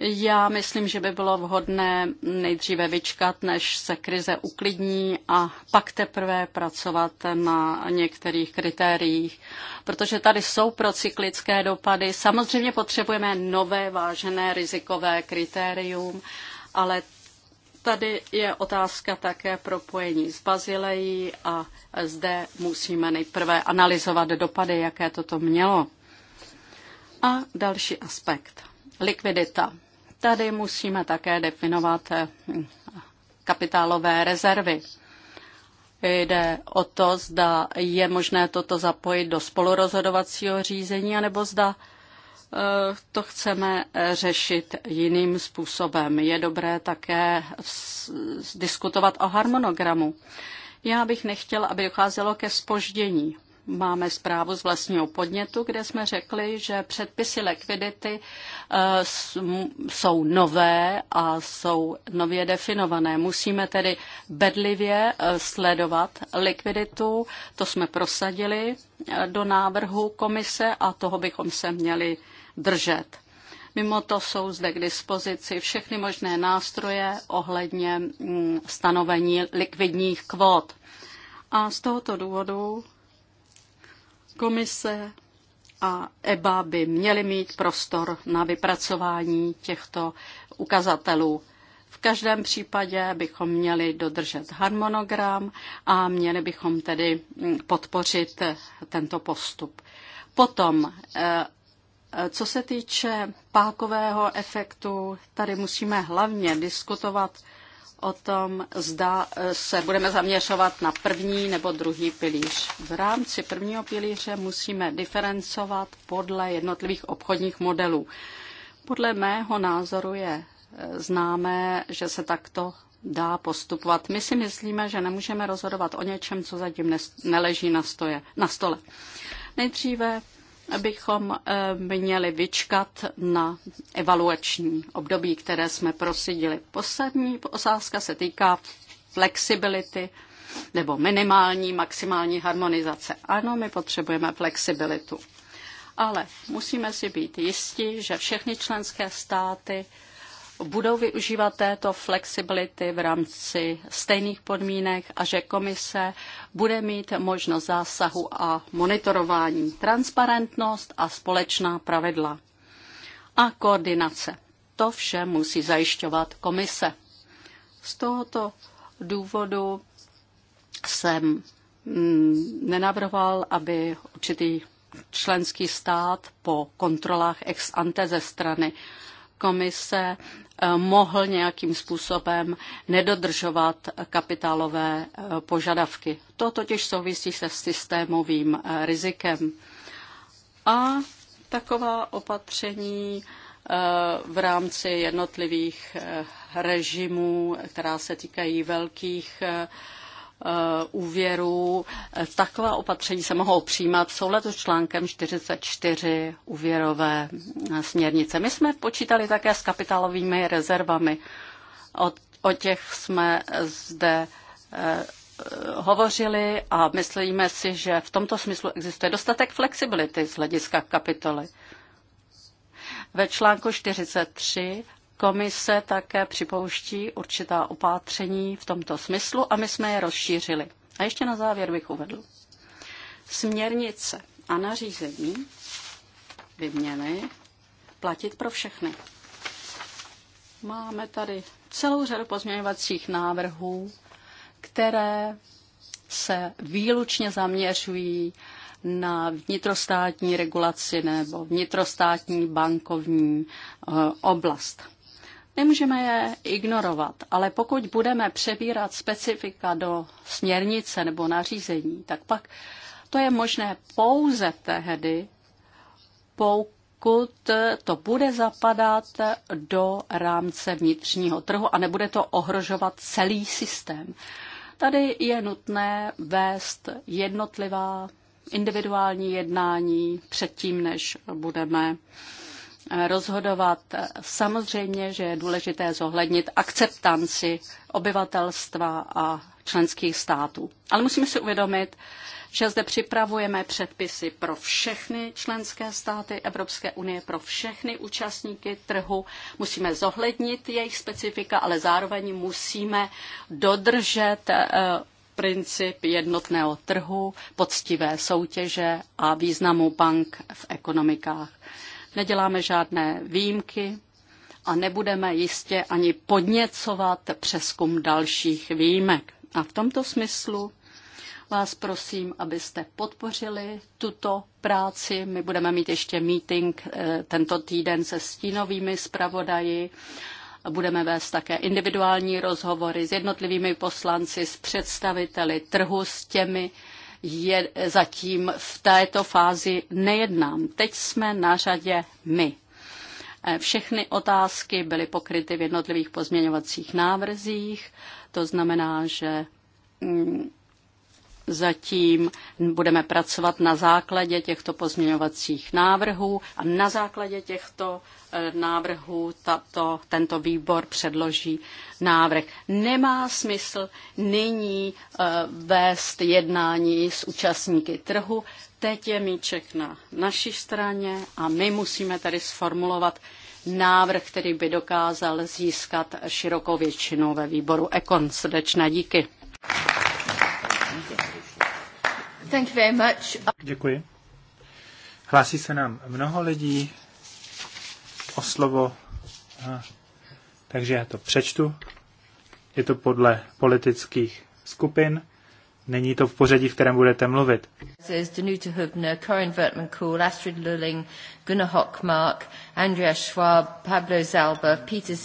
Já myslím, že by bylo vhodné nejdříve vyčkat, než se krize uklidní a pak teprve pracovat na některých kritériích, protože tady jsou procyklické dopady. Samozřejmě potřebujeme nové vážené rizikové kritérium, ale tady je otázka také propojení s Bazilejí a zde musíme nejprve analyzovat dopady, jaké toto mělo. A další aspekt. Likvidita. Tady musíme také definovat eh, kapitálové rezervy. Jde o to, zda je možné toto zapojit do spolurozhodovacího řízení, anebo zda eh, to chceme eh, řešit jiným způsobem. Je dobré také diskutovat o harmonogramu. Já bych nechtěl, aby docházelo ke spoždění máme zprávu z vlastního podnětu, kde jsme řekli, že předpisy likvidity eh, jsou nové a jsou nově definované. Musíme tedy bedlivě eh, sledovat likviditu. To jsme prosadili eh, do návrhu komise a toho bychom se měli držet. Mimo to jsou zde k dispozici všechny možné nástroje ohledně mm, stanovení likvidních kvót. A z tohoto důvodu Komise a EBA by měly mít prostor na vypracování těchto ukazatelů. V každém případě bychom měli dodržet harmonogram a měli bychom tedy mm, podpořit eh, tento postup. Potom, eh, eh, co se týče pákového efektu, tady musíme hlavně diskutovat o tom, zda e, se budeme zaměřovat na první nebo druhý pilíř. V rámci prvního pilíře musíme diferencovat podle jednotlivých obchodních modelů. Podle mého názoru je e, známé, že se takto dá postupovat. My si myslíme, že nemůžeme rozhodovat o něčem, co zatím neleží na, stoje, na stole. Nejdříve bychom eh, měli vyčkat na evaluační období, které jsme prosidili. Poslední osázka se týká flexibility nebo minimální, maximální harmonizace. Ano, my potřebujeme flexibilitu. Ale musíme si být jistí, že všechny členské státy budou využívat této flexibility v rámci stejných podmínek a že komise bude mít možnost zásahu a monitorování, transparentnost a společná pravidla a koordinace. To vše musí zajišťovat komise. Z tohoto důvodu jsem mm, nenavrhoval, aby určitý členský stát po kontrolách ex ante ze strany komise eh, mohl nějakým způsobem nedodržovat kapitálové eh, požadavky. To totiž souvisí se systémovým eh, rizikem. A taková opatření v rámci jednotlivých režimů, která se týkají velkých Eh, úvěrů. Taková opatření se mohou přijímat v souladu s článkem 44 úvěrové eh, směrnice. My jsme počítali také s kapitálovými rezervami. O, o těch jsme zde eh, hovořili a myslíme si, že v tomto smyslu existuje dostatek flexibility z hlediska kapitoly. Ve článku 43 Komise také připouští určitá opatření v tomto smyslu a my jsme je rozšířili. A ještě na závěr bych uvedl. Směrnice a nařízení by měly platit pro všechny. Máme tady celou řadu pozměňovacích návrhů, které se výlučně zaměřují na vnitrostátní regulaci nebo vnitrostátní bankovní eh, oblast. Nemůžeme je ignorovat, ale pokud budeme přebírat specifika do směrnice nebo nařízení, tak pak to je možné pouze tehdy, pokud to bude zapadat do rámce vnitřního trhu a nebude to ohrožovat celý systém. Tady je nutné vést jednotlivá individuální jednání předtím, než budeme rozhodovat. Samozřejmě, že je důležité zohlednit akceptanci obyvatelstva a členských států. Ale musíme si uvědomit, že zde připravujeme předpisy pro všechny členské státy Evropské unie, pro všechny účastníky trhu. Musíme zohlednit jejich specifika, ale zároveň musíme dodržet eh, princip jednotného trhu, poctivé soutěže a významu bank v ekonomikách neděláme žádné výjimky a nebudeme jistě ani podněcovat přeskum dalších výjimek. A v tomto smyslu vás prosím, abyste podpořili tuto práci. My budeme mít ještě meeting eh, tento týden se stínovými zpravodaji. Budeme vést také individuální rozhovory s jednotlivými poslanci, s představiteli trhu, s těmi, je, zatím v této fázi nejednám. Teď jsme na řadě my. Eh, všechny otázky byly pokryty v jednotlivých pozměňovacích návrzích, to znamená, že mm, Zatím budeme pracovat na základě těchto pozměňovacích návrhů a na základě těchto eh, návrhů tato, tento výbor předloží návrh. Nemá smysl nyní eh, vést jednání s účastníky trhu. Teď je míček na naší straně a my musíme tady sformulovat návrh, který by dokázal získat širokou většinu ve výboru Ekon. Srdečné díky. Thank you. Thank you very much. Děkuji. Hlásí se nám mnoho lidí o slovo, takže já to přečtu. Je to podle politických skupin. Není to v pořadí, v kterém budete mluvit. Hubner, Astrid Lulling, Gunnar Hockmark, Andreas Schwab, Pablo Zalba, Peter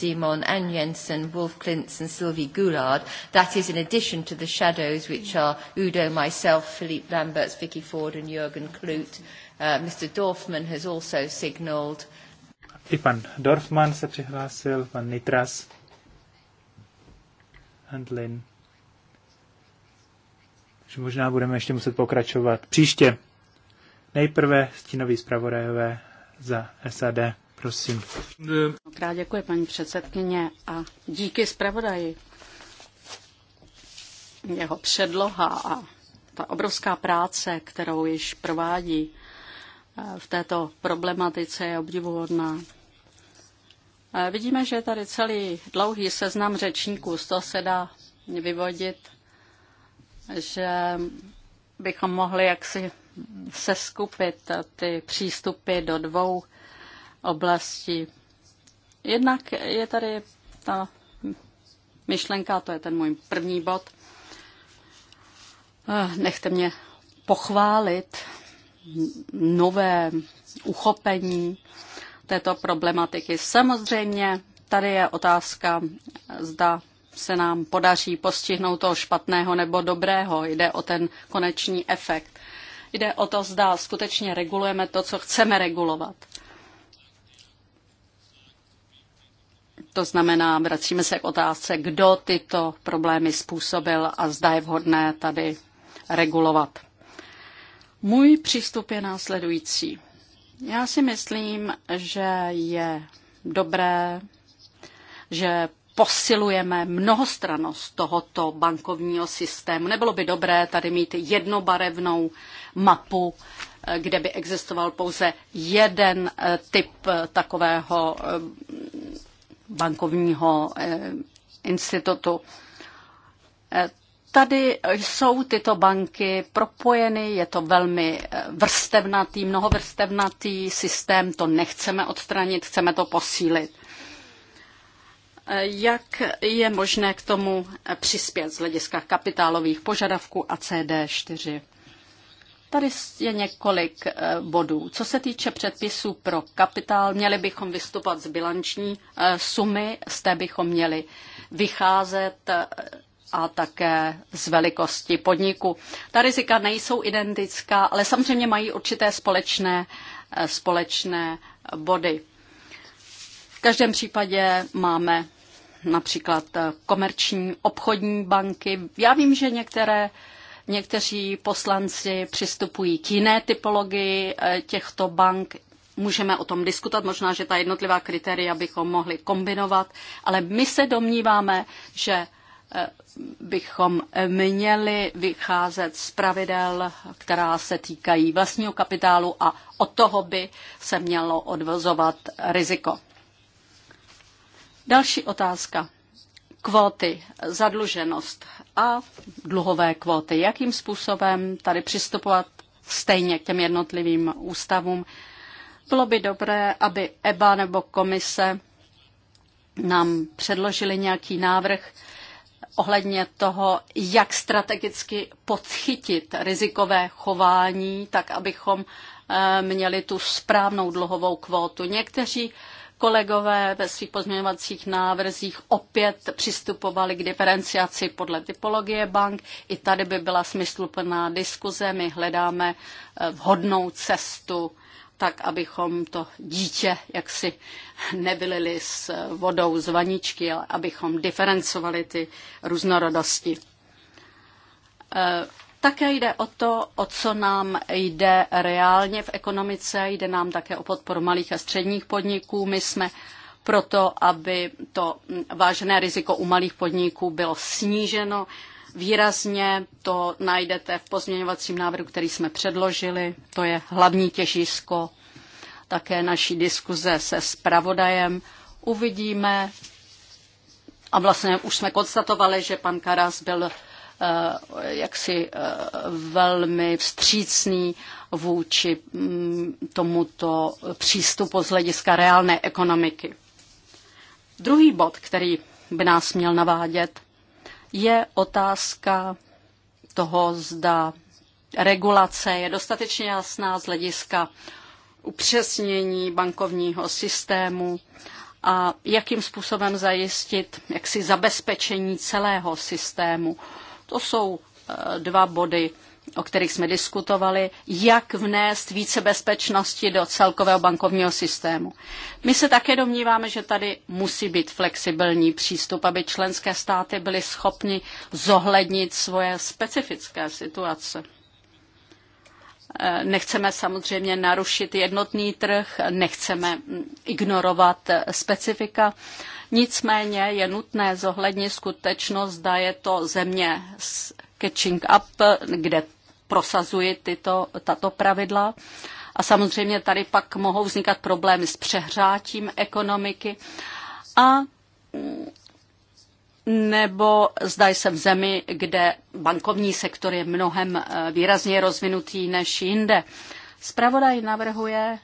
Anne Jensen, Wolf Sylvie Goulard. Udo, Philippe Vicky Ford Jürgen uh, Dorfman I pan Dorfman se přihlásil, pan Nitras. Handlin že možná budeme ještě muset pokračovat příště. Nejprve stínový zpravodajové za SAD. Prosím. Krát děkuji, paní předsedkyně, a díky zpravodaji. Jeho předloha a ta obrovská práce, kterou již provádí eh, v této problematice, je obdivuhodná. Eh, vidíme, že je tady celý dlouhý seznam řečníků. Z toho se dá vyvodit, že bychom mohli jaksi seskupit ty přístupy do dvou oblastí. Jednak je tady ta myšlenka, to je ten můj první bod. Nechte mě pochválit nové uchopení této problematiky. Samozřejmě tady je otázka, zda se nám podaří postihnout toho špatného nebo dobrého. Jde o ten konečný efekt. Jde o to, zda skutečně regulujeme to, co chceme regulovat. To znamená, vracíme se k otázce, kdo tyto problémy způsobil a zda je vhodné tady regulovat. Můj přístup je následující. Já si myslím, že je dobré, že posilujeme mnohostranost tohoto bankovního systému. Nebylo by dobré tady mít jednobarevnou mapu, eh, kde by existoval pouze jeden eh, typ eh, takového bankovního institutu. Tady jsou tyto banky propojeny, je to velmi vrstevnatý, mnohovrstevnatý systém, to nechceme odstranit, chceme to posílit. Jak je možné k tomu přispět z hlediska kapitálových požadavků a CD4? Tady je několik eh, bodů. Co se týče předpisů pro kapitál, měli bychom vystupovat z bilanční eh, sumy, z té bychom měli vycházet eh, a také z velikosti podniku. Ta rizika nejsou identická, ale samozřejmě mají určité společné, společné body. V každém případě máme například eh, komerční obchodní banky. Já vím, že některé Někteří poslanci přistupují k jiné typologii eh, těchto bank. Můžeme o tom diskutovat, možná, že ta jednotlivá kritéria bychom mohli kombinovat, ale my se domníváme, že eh, bychom měli vycházet z pravidel, která se týkají vlastního kapitálu a od toho by se mělo odvozovat riziko. Další otázka. Kvóty, zadluženost a dluhové kvóty. Jakým způsobem tady přistupovat stejně k těm jednotlivým ústavům? Bylo by dobré, aby EBA nebo komise nám předložili nějaký návrh ohledně toho, jak strategicky podchytit rizikové chování, tak abychom eh, měli tu správnou dluhovou kvótu. Někteří Kolegové ve svých pozměňovacích návrzích opět přistupovali k diferenciaci podle typologie bank. I tady by byla smysluplná diskuze. My hledáme eh, vhodnou cestu tak, abychom to dítě jaksi nevylili s eh, vodou z vaničky, ale abychom diferencovali ty různorodosti. Eh, také jde o to, o co nám jde reálně v ekonomice, jde nám také o podporu malých a středních podniků. My jsme proto, aby to vážené riziko u malých podniků bylo sníženo výrazně. To najdete v pozměňovacím návrhu, který jsme předložili. To je hlavní těžisko také naší diskuze se spravodajem. Uvidíme, a vlastně už jsme konstatovali, že pan Karas byl Eh, jaksi eh, velmi vstřícný vůči mm, tomuto přístupu z hlediska reálné ekonomiky. Druhý bod, který by nás měl navádět, je otázka toho, zda regulace je dostatečně jasná z hlediska upřesnění bankovního systému a jakým způsobem zajistit jaksi zabezpečení celého systému to jsou eh, dva body, o kterých jsme diskutovali, jak vnést více bezpečnosti do celkového bankovního systému. My se také domníváme, že tady musí být flexibilní přístup, aby členské státy byly schopny zohlednit svoje specifické situace. Eh, nechceme samozřejmě narušit jednotný trh, nechceme mm, ignorovat eh, specifika. Nicméně je nutné zohlednit skutečnost, zda je to země s catching up, kde prosazují tyto, tato pravidla. A samozřejmě tady pak mohou vznikat problémy s přehrátím ekonomiky. A mm, nebo zda jsem v zemi, kde bankovní sektor je mnohem eh, výrazně rozvinutý než jinde. Spravodaj navrhuje,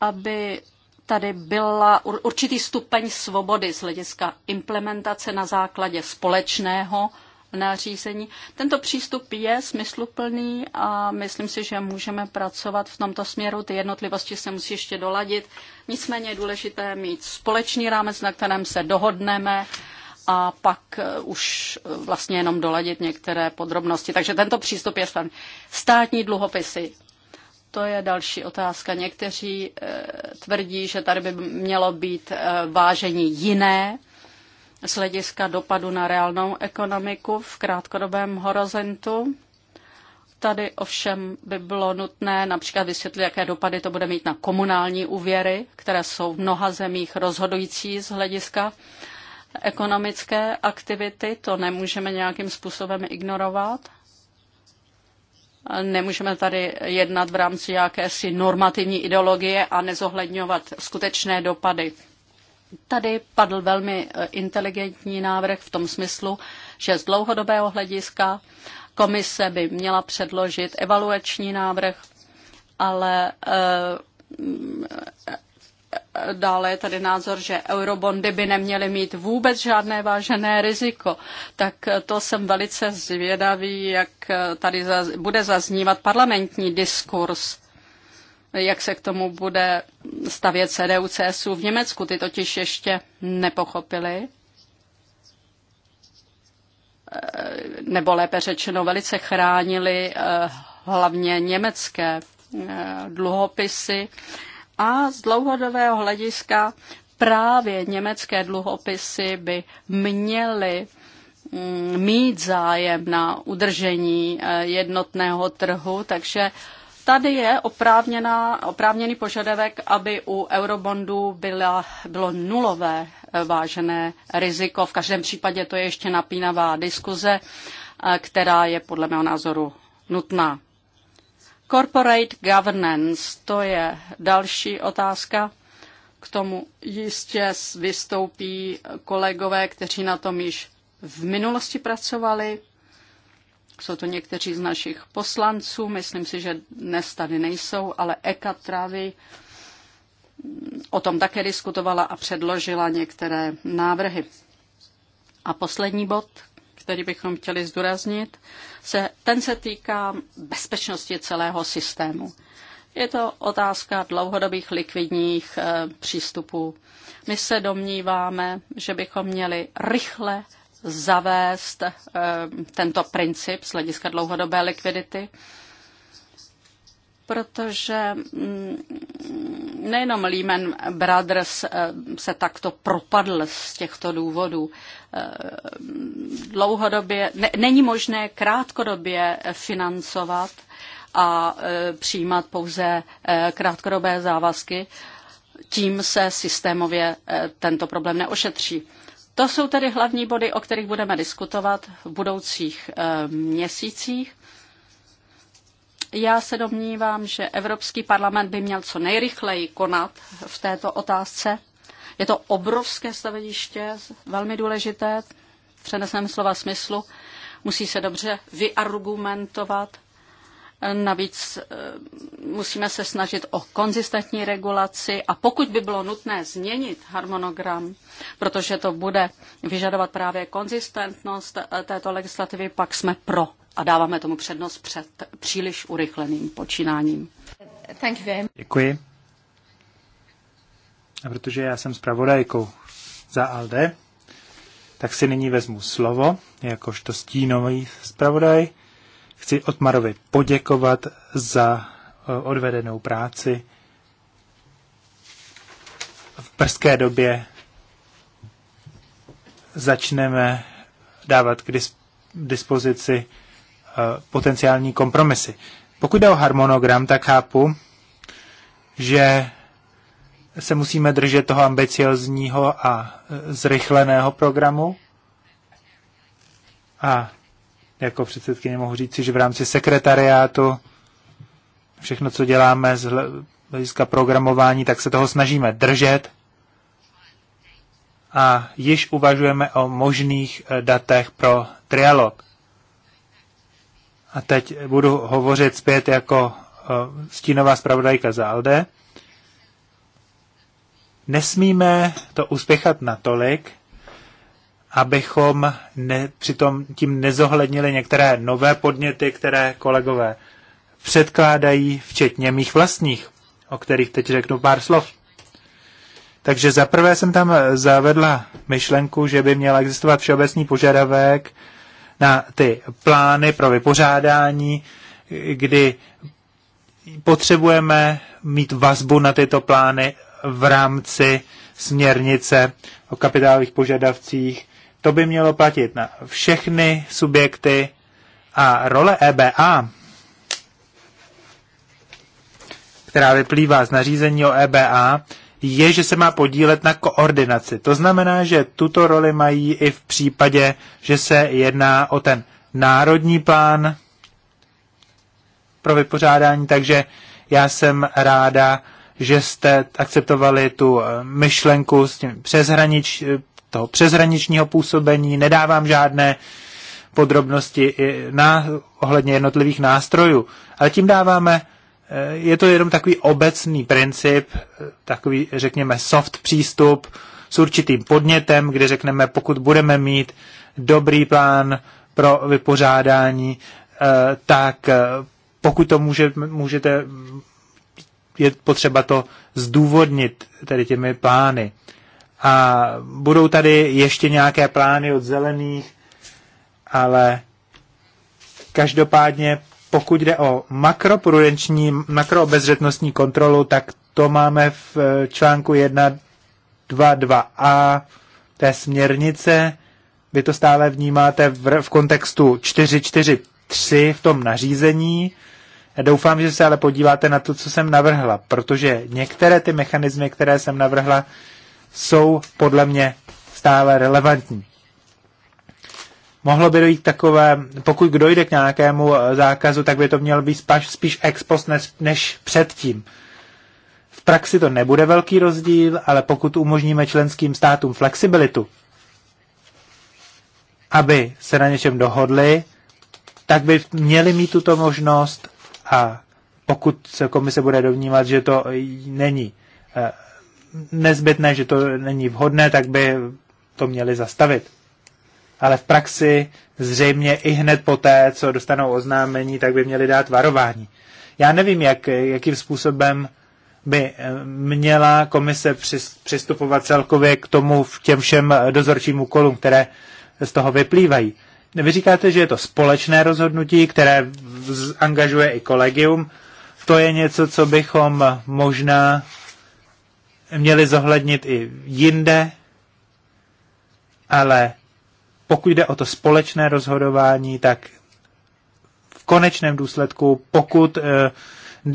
aby tady byla určitý stupeň svobody z hlediska implementace na základě společného nařízení. Tento přístup je smysluplný a myslím si, že můžeme pracovat v tomto směru. Ty jednotlivosti se musí ještě doladit. Nicméně je důležité mít společný rámec, na kterém se dohodneme a pak eh, už eh, vlastně jenom doladit některé podrobnosti. Takže tento přístup je stan. Státní dluhopisy. To je další otázka. Někteří eh, tvrdí, že tady by mělo být vážení jiné z hlediska dopadu na reálnou ekonomiku v krátkodobém horizontu. Tady ovšem by bylo nutné například vysvětlit, jaké dopady to bude mít na komunální úvěry, které jsou v mnoha zemích rozhodující z hlediska ekonomické aktivity, to nemůžeme nějakým způsobem ignorovat. Nemůžeme tady jednat v rámci jakési normativní ideologie a nezohledňovat skutečné dopady. Tady padl velmi eh, inteligentní návrh v tom smyslu, že z dlouhodobého hlediska komise by měla předložit evaluační návrh, ale eh, Dále je tady názor, že eurobondy by neměly mít vůbec žádné vážené riziko. Tak to jsem velice zvědavý, jak tady bude zaznívat parlamentní diskurs jak se k tomu bude stavět CDU, CSU v Německu. Ty totiž ještě nepochopili, nebo lépe řečeno velice chránili eh, hlavně německé eh, dluhopisy a z dlouhodobého hlediska právě německé dluhopisy by měly mm, mít zájem na udržení eh, jednotného trhu, takže tady je oprávněná, oprávněný požadavek, aby u eurobondů byla, bylo nulové eh, vážené riziko. V každém případě to je ještě napínavá diskuze, eh, která je podle mého názoru nutná. Corporate governance, to je další otázka. K tomu jistě vystoupí kolegové, kteří na tom již v minulosti pracovali. Jsou to někteří z našich poslanců, myslím si, že dnes tady nejsou, ale Eka Travy o tom také diskutovala a předložila některé návrhy. A poslední bod, který bychom chtěli zdůraznit, se, ten se týká bezpečnosti celého systému. Je to otázka dlouhodobých likvidních e, přístupů. My se domníváme, že bychom měli rychle zavést e, tento princip z hlediska dlouhodobé likvidity protože mm, nejenom Lehman Brothers eh, se takto propadl z těchto důvodů. Eh, dlouhodobě ne, není možné krátkodobě financovat a eh, přijímat pouze krátkodobé závazky. Tím se systémově tento problém neošetří. To jsou tedy hlavní body, o kterých budeme diskutovat v budoucích měsících. Já se domnívám, že Evropský parlament by měl co nejrychleji konat v této otázce. Je to obrovské staveniště, velmi důležité, přeneseme slova smyslu. Musí se dobře vyargumentovat. Navíc eh, musíme se snažit o konzistentní regulaci a pokud by bylo nutné změnit harmonogram, protože to bude vyžadovat právě konzistentnost eh, této legislativy, pak jsme pro a dáváme tomu přednost před příliš urychleným počínáním. Děkuji. A protože já jsem zpravodajkou za ALDE, tak si nyní vezmu slovo, jakožto stínový zpravodaj. Chci Otmarovi poděkovat za eh, odvedenou práci. V brzké době začneme dávat k dispozici Eh, potenciální kompromisy. Pokud jde o harmonogram, tak chápu, že se musíme držet toho ambiciozního a eh, zrychleného programu. A jako předsedkyně mohu říct, že v rámci sekretariátu všechno, co děláme z hlediska programování, tak se toho snažíme držet a již uvažujeme o možných eh, datech pro trialog. A teď budu hovořit zpět jako eh, stínová zpravodajka za Alde. Nesmíme to uspěchat natolik, abychom ne, přitom tím nezohlednili některé nové podněty, které kolegové předkládají, včetně mých vlastních, o kterých teď řeknu pár slov. Takže zaprvé jsem tam zavedla myšlenku, že by měl existovat všeobecný požadavek na ty plány pro vypořádání, kdy potřebujeme mít vazbu na tyto plány v rámci směrnice o kapitálových požadavcích. To by mělo platit na všechny subjekty a role EBA, která vyplývá z nařízení o EBA, je, že se má podílet na koordinaci. To znamená, že tuto roli mají i v případě, že se jedná o ten národní plán pro vypořádání, takže já jsem ráda, že jste akceptovali tu eh, myšlenku s tím přeshranič, eh, toho přeshraničního působení. Nedávám žádné podrobnosti na, ohledně jednotlivých nástrojů, ale tím dáváme Eh, je to jenom takový obecný princip, eh, takový, řekněme, soft přístup s určitým podnětem, kde řekneme, pokud budeme mít dobrý plán pro vypořádání, eh, tak pokud to může, můžete, je potřeba to zdůvodnit tedy těmi plány. A budou tady ještě nějaké plány od zelených, ale každopádně pokud jde o makroprudenční, makroobezřetnostní kontrolu, tak to máme v eh, článku 1.2.2a té směrnice. Vy to stále vnímáte v, v kontextu 4.4.3 v tom nařízení. Doufám, že se ale podíváte na to, co jsem navrhla, protože některé ty mechanismy, které jsem navrhla, jsou podle mě stále relevantní mohlo by dojít takové, pokud dojde k nějakému eh, zákazu, tak by to mělo být spíš, spíš ex post než, než předtím. V praxi to nebude velký rozdíl, ale pokud umožníme členským státům flexibilitu, aby se na něčem dohodli, tak by měli mít tuto možnost a pokud se komise bude dovnímat, že to není eh, nezbytné, že to není vhodné, tak by to měli zastavit ale v praxi zřejmě i hned poté, co dostanou oznámení, tak by měli dát varování. Já nevím, jak, jakým způsobem by eh, měla komise přistupovat celkově k tomu v těm všem eh, dozorčím úkolům, které z toho vyplývají. Vy říkáte, že je to společné rozhodnutí, které angažuje i kolegium. To je něco, co bychom možná měli zohlednit i jinde, ale pokud jde o to společné rozhodování, tak v konečném důsledku, pokud eh,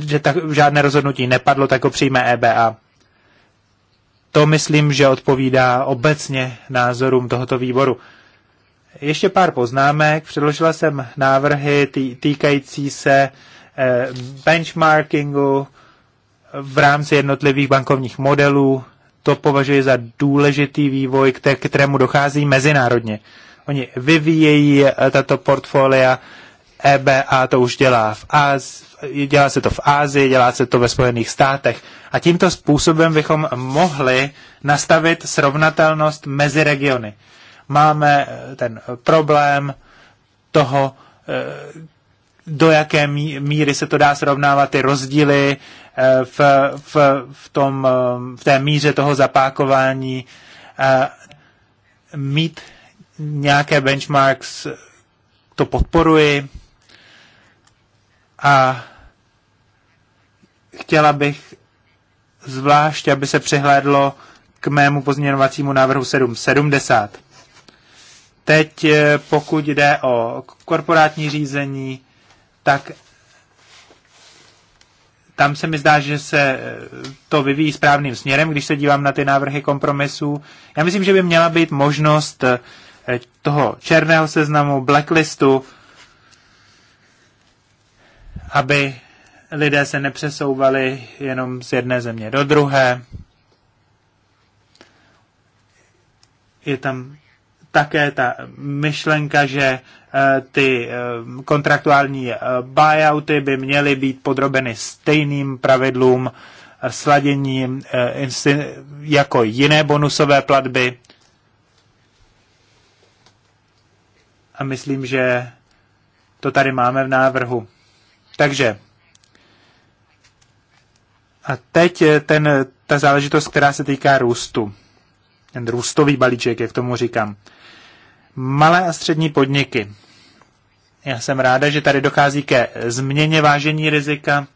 že tak, žádné rozhodnutí nepadlo, tak ho přijme EBA. To myslím, že odpovídá obecně názorům tohoto výboru. Ještě pár poznámek. Předložila jsem návrhy tý, týkající se eh, benchmarkingu v rámci jednotlivých bankovních modelů. To považuji za důležitý vývoj, k kterému dochází mezinárodně. Eh, Oni vyvíjejí eh, tato portfolia, EBA to už dělá v Az, dělá se to v Ázii, dělá se to ve Spojených státech. A tímto způsobem bychom mohli nastavit srovnatelnost mezi regiony. Máme eh, ten problém toho, eh, do jaké míry se to dá srovnávat, ty rozdíly v, v, v, tom, v té míře toho zapákování, mít nějaké benchmarks, to podporuji a chtěla bych zvlášť, aby se přihlédlo k mému pozměňovacímu návrhu 770. Teď eh, pokud jde o korporátní řízení, tak tam se mi zdá, že se eh, to vyvíjí správným směrem, když se dívám na ty návrhy kompromisů. Já myslím, že by měla být možnost eh, Eh, toho černého seznamu, blacklistu, aby lidé se nepřesouvali jenom z jedné země do druhé. Je tam také ta myšlenka, že eh, ty eh, kontraktuální buyouty by měly být podrobeny stejným pravidlům sladění jako jiné bonusové platby. a myslím, že to tady máme v návrhu. Takže a teď ten, ta záležitost, která se týká růstu. Ten růstový balíček, jak tomu říkám. Malé a střední podniky. Já jsem ráda, že tady dochází ke změně vážení rizika,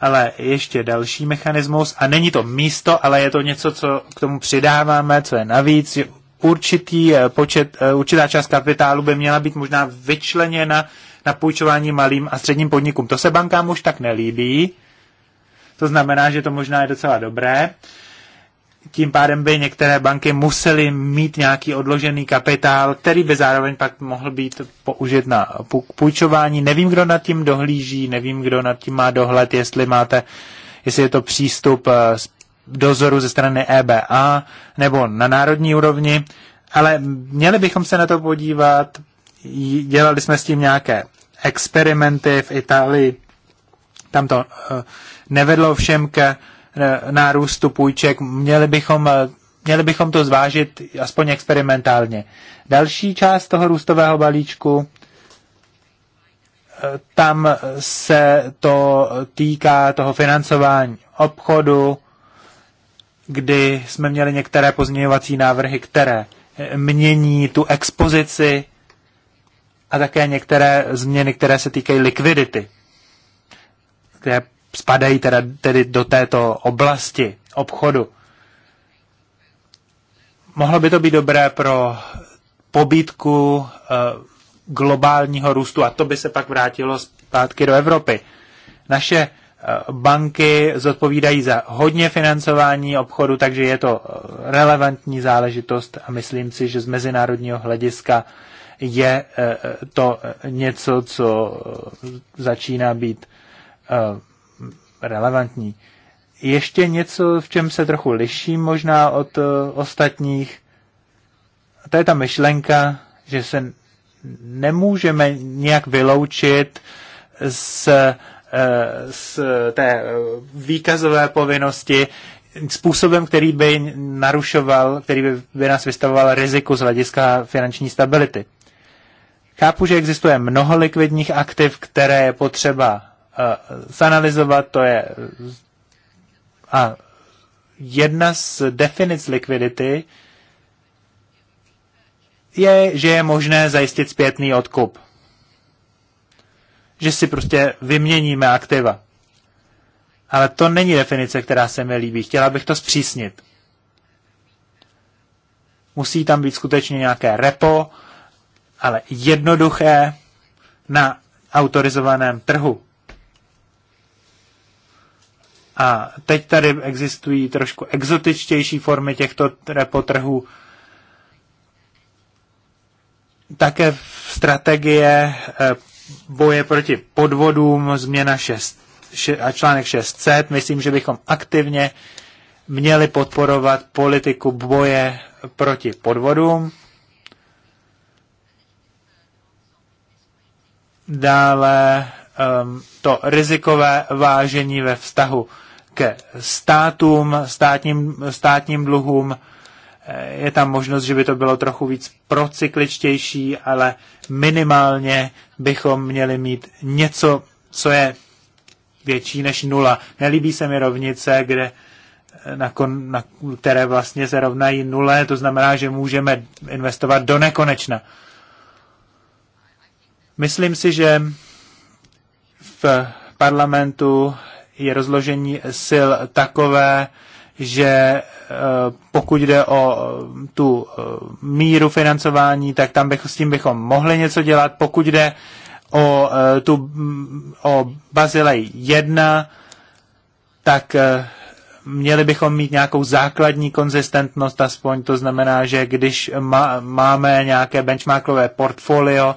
ale ještě další mechanismus. A není to místo, ale je to něco, co k tomu přidáváme, co je navíc, určitý eh, počet, eh, určitá část kapitálu by měla být možná vyčleněna na půjčování malým a středním podnikům. To se bankám už tak nelíbí, to znamená, že to možná je docela dobré. Tím pádem by některé banky musely mít nějaký odložený kapitál, který by zároveň pak mohl být použit na půjčování. Nevím, kdo nad tím dohlíží, nevím, kdo nad tím má dohled, jestli máte, jestli je to přístup eh, dozoru ze strany EBA nebo na národní úrovni, ale měli bychom se na to podívat. Dělali jsme s tím nějaké experimenty v Itálii. Tam to eh, nevedlo všem k eh, nárůstu půjček. Měli bychom, eh, měli bychom to zvážit aspoň experimentálně. Další část toho růstového balíčku, tam se to týká toho financování obchodu, kdy jsme měli některé pozměňovací návrhy, které eh, mění tu expozici a také některé změny, které se týkají likvidity, které spadají teda, tedy do této oblasti obchodu. Mohlo by to být dobré pro pobítku eh, globálního růstu a to by se pak vrátilo zpátky do Evropy. Naše banky zodpovídají za hodně financování obchodu, takže je to relevantní záležitost a myslím si, že z mezinárodního hlediska je eh, to něco, co začíná být eh, relevantní. Ještě něco, v čem se trochu liším možná od eh, ostatních, to je ta myšlenka, že se nemůžeme nějak vyloučit z z eh, té výkazové povinnosti způsobem, který by narušoval, který by, by nás vystavoval riziku z hlediska finanční stability. Chápu, že existuje mnoho likvidních aktiv, které je potřeba uh, zanalizovat, to je eh, a jedna z definic likvidity je, že je možné zajistit zpětný odkup že si prostě vyměníme aktiva. Ale to není definice, která se mi líbí. Chtěla bych to zpřísnit. Musí tam být skutečně nějaké repo, ale jednoduché na autorizovaném trhu. A teď tady existují trošku exotičtější formy těchto repo trhů. Také strategie eh, boje proti podvodům, změna 6, a článek 600. Myslím, že bychom aktivně měli podporovat politiku boje proti podvodům. Dále um, to rizikové vážení ve vztahu ke státům, státním, státním dluhům, je tam možnost, že by to bylo trochu víc procykličtější, ale minimálně bychom měli mít něco, co je větší než nula. Nelíbí se mi rovnice, kde na, kon, na které vlastně se rovnají nule, to znamená, že můžeme investovat do nekonečna. Myslím si, že v parlamentu je rozložení sil takové, že Eh, pokud jde o eh, tu eh, míru financování, tak tam bych, s tím bychom mohli něco dělat. Pokud jde o, tu, mm, o Bazilej 1, tak měli bychom mít nějakou základní konzistentnost, aspoň to znamená, že když má, máme nějaké benchmarkové portfolio,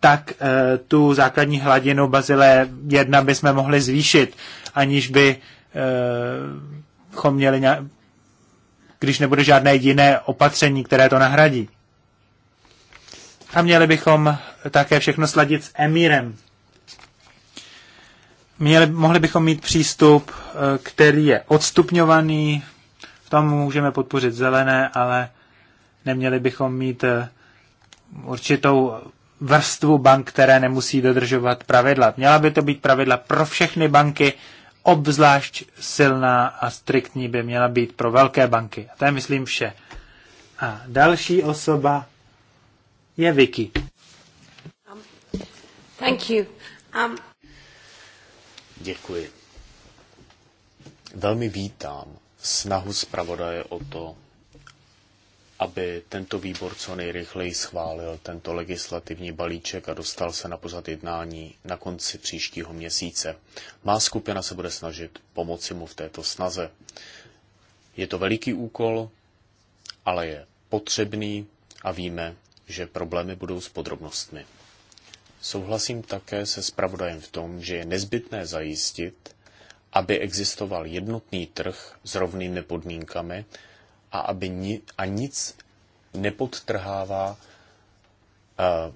tak e, tu základní hladinu Bazile 1 bychom mohli zvýšit, aniž by e, měli nějak, když nebude žádné jiné opatření, které to nahradí. A měli bychom také všechno sladit s emírem. Měli, mohli bychom mít přístup, eh, který je odstupňovaný, v tom můžeme podpořit zelené, ale neměli bychom mít eh, určitou vrstvu bank, které nemusí dodržovat pravidla. Měla by to být pravidla pro všechny banky, obzvlášť silná a striktní by měla být pro velké banky. A to je, myslím, vše. A další osoba je Vicky. Um, thank you. Um... Děkuji. Velmi vítám snahu zpravodaje o to aby tento výbor co nejrychleji schválil tento legislativní balíček a dostal se na pořad jednání na konci příštího měsíce. Má skupina se bude snažit pomoci mu v této snaze. Je to veliký úkol, ale je potřebný a víme, že problémy budou s podrobnostmi. Souhlasím také se spravodajem v tom, že je nezbytné zajistit, aby existoval jednotný trh s rovnými podmínkami, a, aby ni, a nic nepodtrhává uh,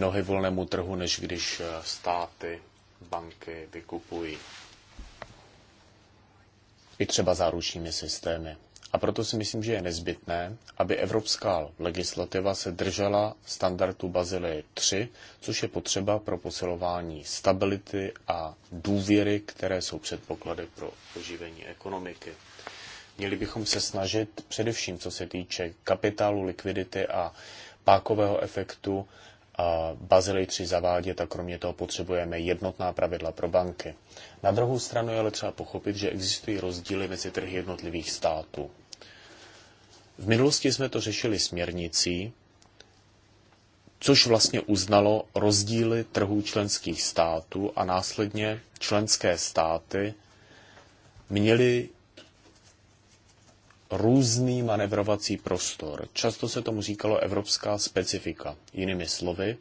nohy volnému trhu, než když eh, státy, banky vykupují. I třeba záručními systémy. A proto si myslím, že je nezbytné, aby evropská legislativa se držela standardu Bazily 3, což je potřeba pro posilování stability a důvěry, které jsou předpoklady pro oživení ekonomiky. Měli bychom se snažit především, co se týče kapitálu, likvidity a pákového efektu, Bazily 3 zavádět a kromě toho potřebujeme jednotná pravidla pro banky. Na druhou stranu je ale třeba pochopit, že existují rozdíly mezi trhy jednotlivých států. V minulosti jsme to řešili směrnicí, což vlastně uznalo rozdíly trhů členských států a následně členské státy měly různý manevrovací prostor. Často se tomu říkalo evropská specifika. Jinými slovy,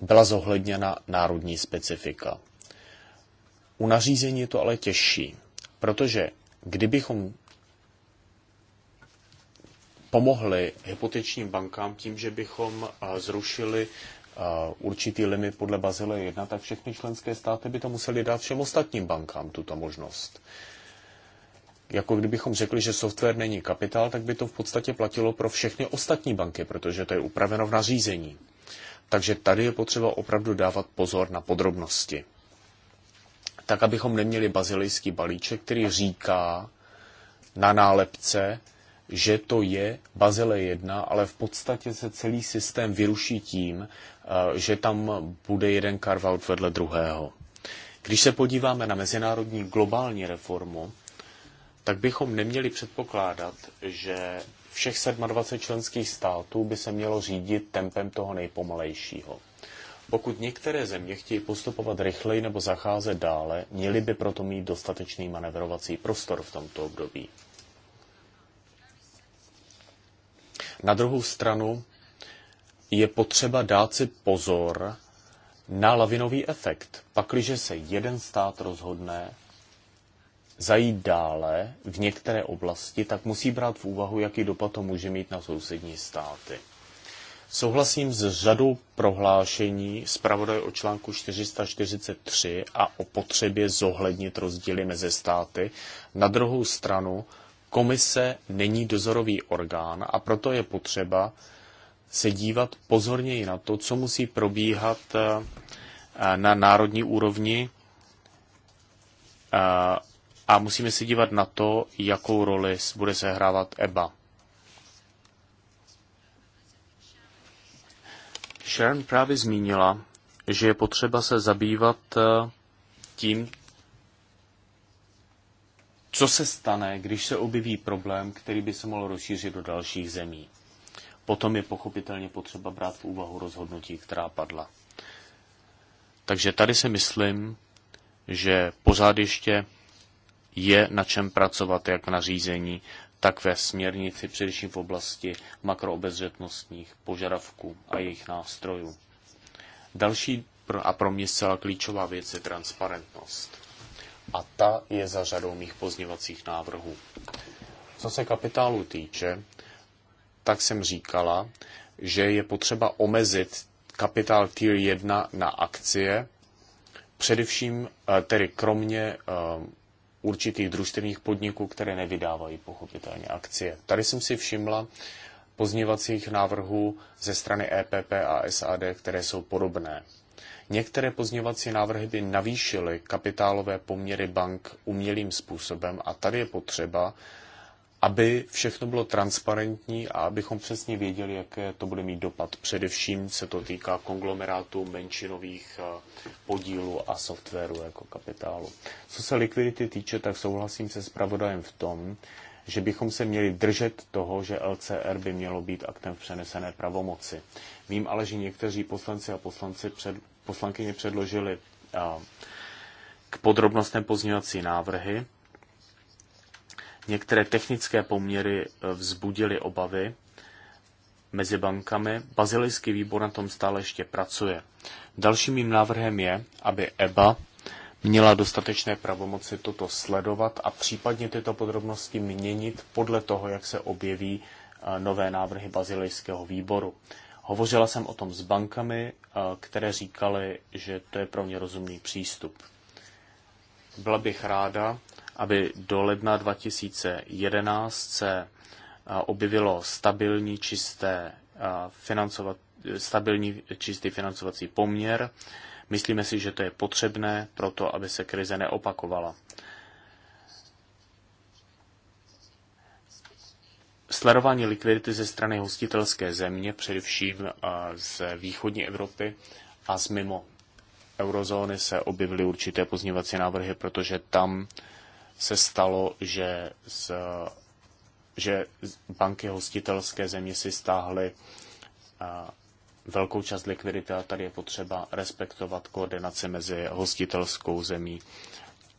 byla zohledněna národní specifika. U nařízení je to ale těžší, protože kdybychom pomohli hypotečním bankám tím, že bychom eh, zrušili eh, určitý limit podle Bazile 1, tak všechny členské státy by to museli dát všem ostatním bankám, tuto možnost jako kdybychom řekli, že software není kapitál, tak by to v podstatě platilo pro všechny ostatní banky, protože to je upraveno v nařízení. Takže tady je potřeba opravdu dávat pozor na podrobnosti. Tak, abychom neměli bazilejský balíček, který říká na nálepce, že to je Bazile 1, ale v podstatě se celý systém vyruší tím, eh, že tam bude jeden carve-out vedle druhého. Když se podíváme na mezinárodní globální reformu, tak bychom neměli předpokládat, že všech 27 členských států by se mělo řídit tempem toho nejpomalejšího. Pokud některé země chtějí postupovat rychleji nebo zacházet dále, měli by proto mít dostatečný manevrovací prostor v tomto období. Na druhou stranu je potřeba dát si pozor na lavinový efekt. Pakliže se jeden stát rozhodne zajít dále v některé oblasti, tak musí brát v úvahu, jaký dopad to může mít na sousední státy. Souhlasím s řadou prohlášení zpravodaje o článku 443 a o potřebě zohlednit rozdíly mezi státy. Na druhou stranu, komise není dozorový orgán a proto je potřeba se dívat pozorněji na to, co musí probíhat eh, na národní úrovni eh, a musíme se dívat na to, jakou roli bude sehrávat EBA. Sharon právě zmínila, že je potřeba se zabývat eh, tím, co se stane, když se objeví problém, který by se mohl rozšířit do dalších zemí. Potom je pochopitelně potřeba brát v úvahu rozhodnutí, která padla. Takže tady si myslím, že pořád ještě je na čem pracovat jak na řízení, tak ve směrnici, především v oblasti makroobezřetnostních požadavků a jejich nástrojů. Další a pro mě zcela klíčová věc je transparentnost. A ta je za řadou mých pozněvacích návrhů. Co se kapitálu týče, tak jsem říkala, že je potřeba omezit kapitál tier 1 na akcie, především eh, tedy kromě eh, určitých družstevních podniků, které nevydávají pochopitelně akcie. Tady jsem si všimla pozněvacích návrhů ze strany EPP a SAD, které jsou podobné. Některé pozněvací návrhy by navýšily kapitálové poměry bank umělým způsobem a tady je potřeba aby všechno bylo transparentní a abychom přesně věděli, jaké to bude mít dopad. Především se to týká konglomerátů menšinových eh, podílů a softwaru jako kapitálu. Co se likvidity týče, tak souhlasím se zpravodajem v tom, že bychom se měli držet toho, že LCR by mělo být aktem v přenesené pravomoci. Vím ale, že někteří poslanci a poslanci před, poslankyně předložili a, eh, k podrobnostem pozměňovací návrhy, Některé technické poměry eh, vzbudily obavy mezi bankami. Bazilijský výbor na tom stále ještě pracuje. Dalším mým návrhem je, aby EBA měla dostatečné pravomoci toto sledovat a případně tyto podrobnosti měnit podle toho, jak se objeví eh, nové návrhy bazilejského výboru. Hovořila jsem o tom s bankami, eh, které říkali, že to je pro ně rozumný přístup. Byla bych ráda, aby do ledna 2011 se objevilo stabilní čisté financovat, stabilní čistý financovací poměr. Myslíme si, že to je potřebné pro to, aby se krize neopakovala. Sledování likvidity ze strany hostitelské země, především z východní Evropy a z mimo eurozóny se objevily určité pozněvací návrhy, protože tam se stalo, že, z, že banky hostitelské země si stáhly velkou část likvidity a tady je potřeba respektovat koordinaci mezi hostitelskou zemí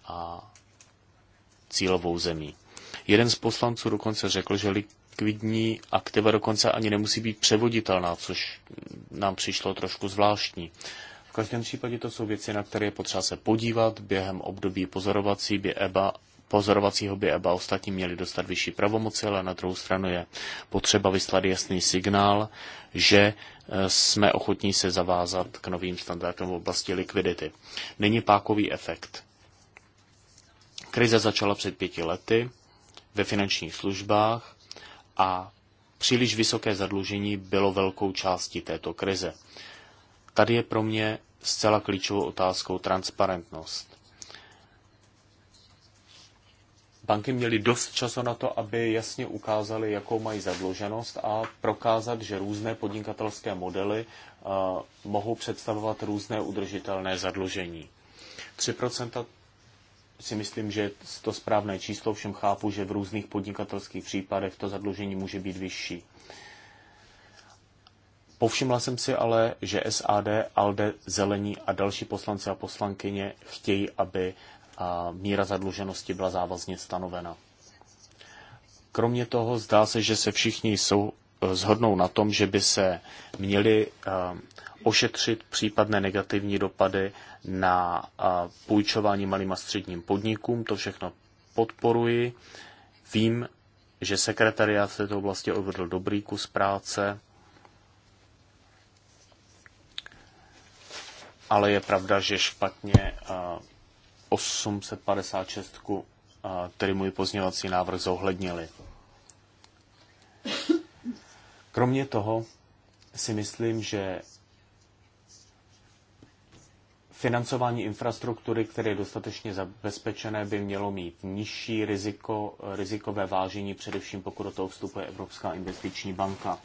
a cílovou zemí. Jeden z poslanců dokonce řekl, že likvidní aktiva dokonce ani nemusí být převoditelná, což nám přišlo trošku zvláštní. V každém případě to jsou věci, na které je potřeba se podívat. Během období pozorovací by EBA pozorovacího by EBA ostatní měli dostat vyšší pravomoci, ale na druhou stranu je potřeba vyslat jasný signál, že e, jsme ochotní se zavázat k novým standardům v oblasti likvidity. Není pákový efekt. Krize začala před pěti lety ve finančních službách a příliš vysoké zadlužení bylo velkou částí této krize. Tady je pro mě zcela klíčovou otázkou transparentnost. banky měly dost času na to, aby jasně ukázali, jakou mají zadluženost a prokázat, že různé podnikatelské modely eh, mohou představovat různé udržitelné zadlužení. 3% si myslím, že je to správné číslo, všem chápu, že v různých podnikatelských případech to zadlužení může být vyšší. Povšimla jsem si ale, že SAD, ALDE, Zelení a další poslanci a poslankyně chtějí, aby a míra zadluženosti byla závazně stanovena. Kromě toho zdá se, že se všichni jsou, zhodnou eh, na tom, že by se měli eh, ošetřit případné negativní dopady na eh, půjčování malým a středním podnikům. To všechno podporuji. Vím, že sekretariát v této oblasti odvedl dobrý kus práce, ale je pravda, že špatně 856, který můj pozměňovací návrh, zohlednili. Kromě toho si myslím, že financování infrastruktury, které je dostatečně zabezpečené, by mělo mít nižší riziko, rizikové vážení, především pokud do toho vstupuje Evropská investiční banka.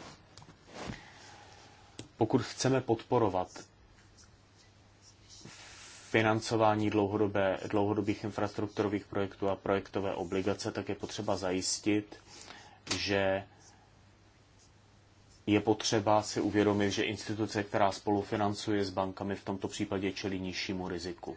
Pokud chceme podporovat financování dlouhodobé, dlouhodobých infrastrukturových projektů a projektové obligace, tak je potřeba zajistit, že je potřeba si uvědomit, že instituce, která spolufinancuje s bankami, v tomto případě čelí nižšímu riziku.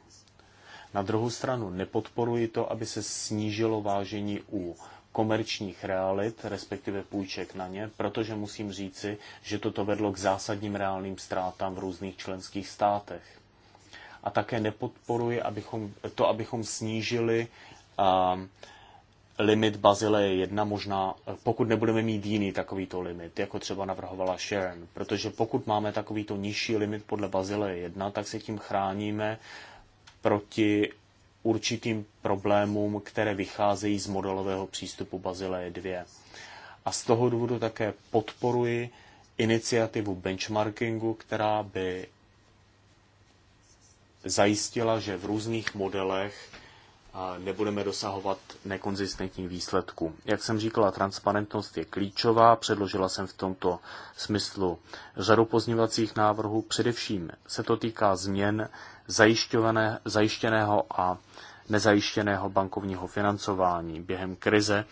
Na druhou stranu nepodporuji to, aby se snížilo vážení u komerčních realit, respektive půjček na ně, protože musím říci, že toto vedlo k zásadním reálným ztrátám v různých členských státech a také nepodporuji abychom, to, abychom snížili um, limit Bazileje 1, možná pokud nebudeme mít jiný takovýto limit, jako třeba navrhovala Sharon. Protože pokud máme takovýto nižší limit podle Bazileje 1, tak se tím chráníme proti určitým problémům, které vycházejí z modelového přístupu Bazileje 2. A z toho důvodu také podporuji iniciativu benchmarkingu, která by zajistila, že v různých modelech nebudeme dosahovat nekonzistentních výsledků. Jak jsem říkala, transparentnost je klíčová. Předložila jsem v tomto smyslu řadu pozněvacích návrhů. Především se to týká změn zajištěného a nezajištěného bankovního financování během krize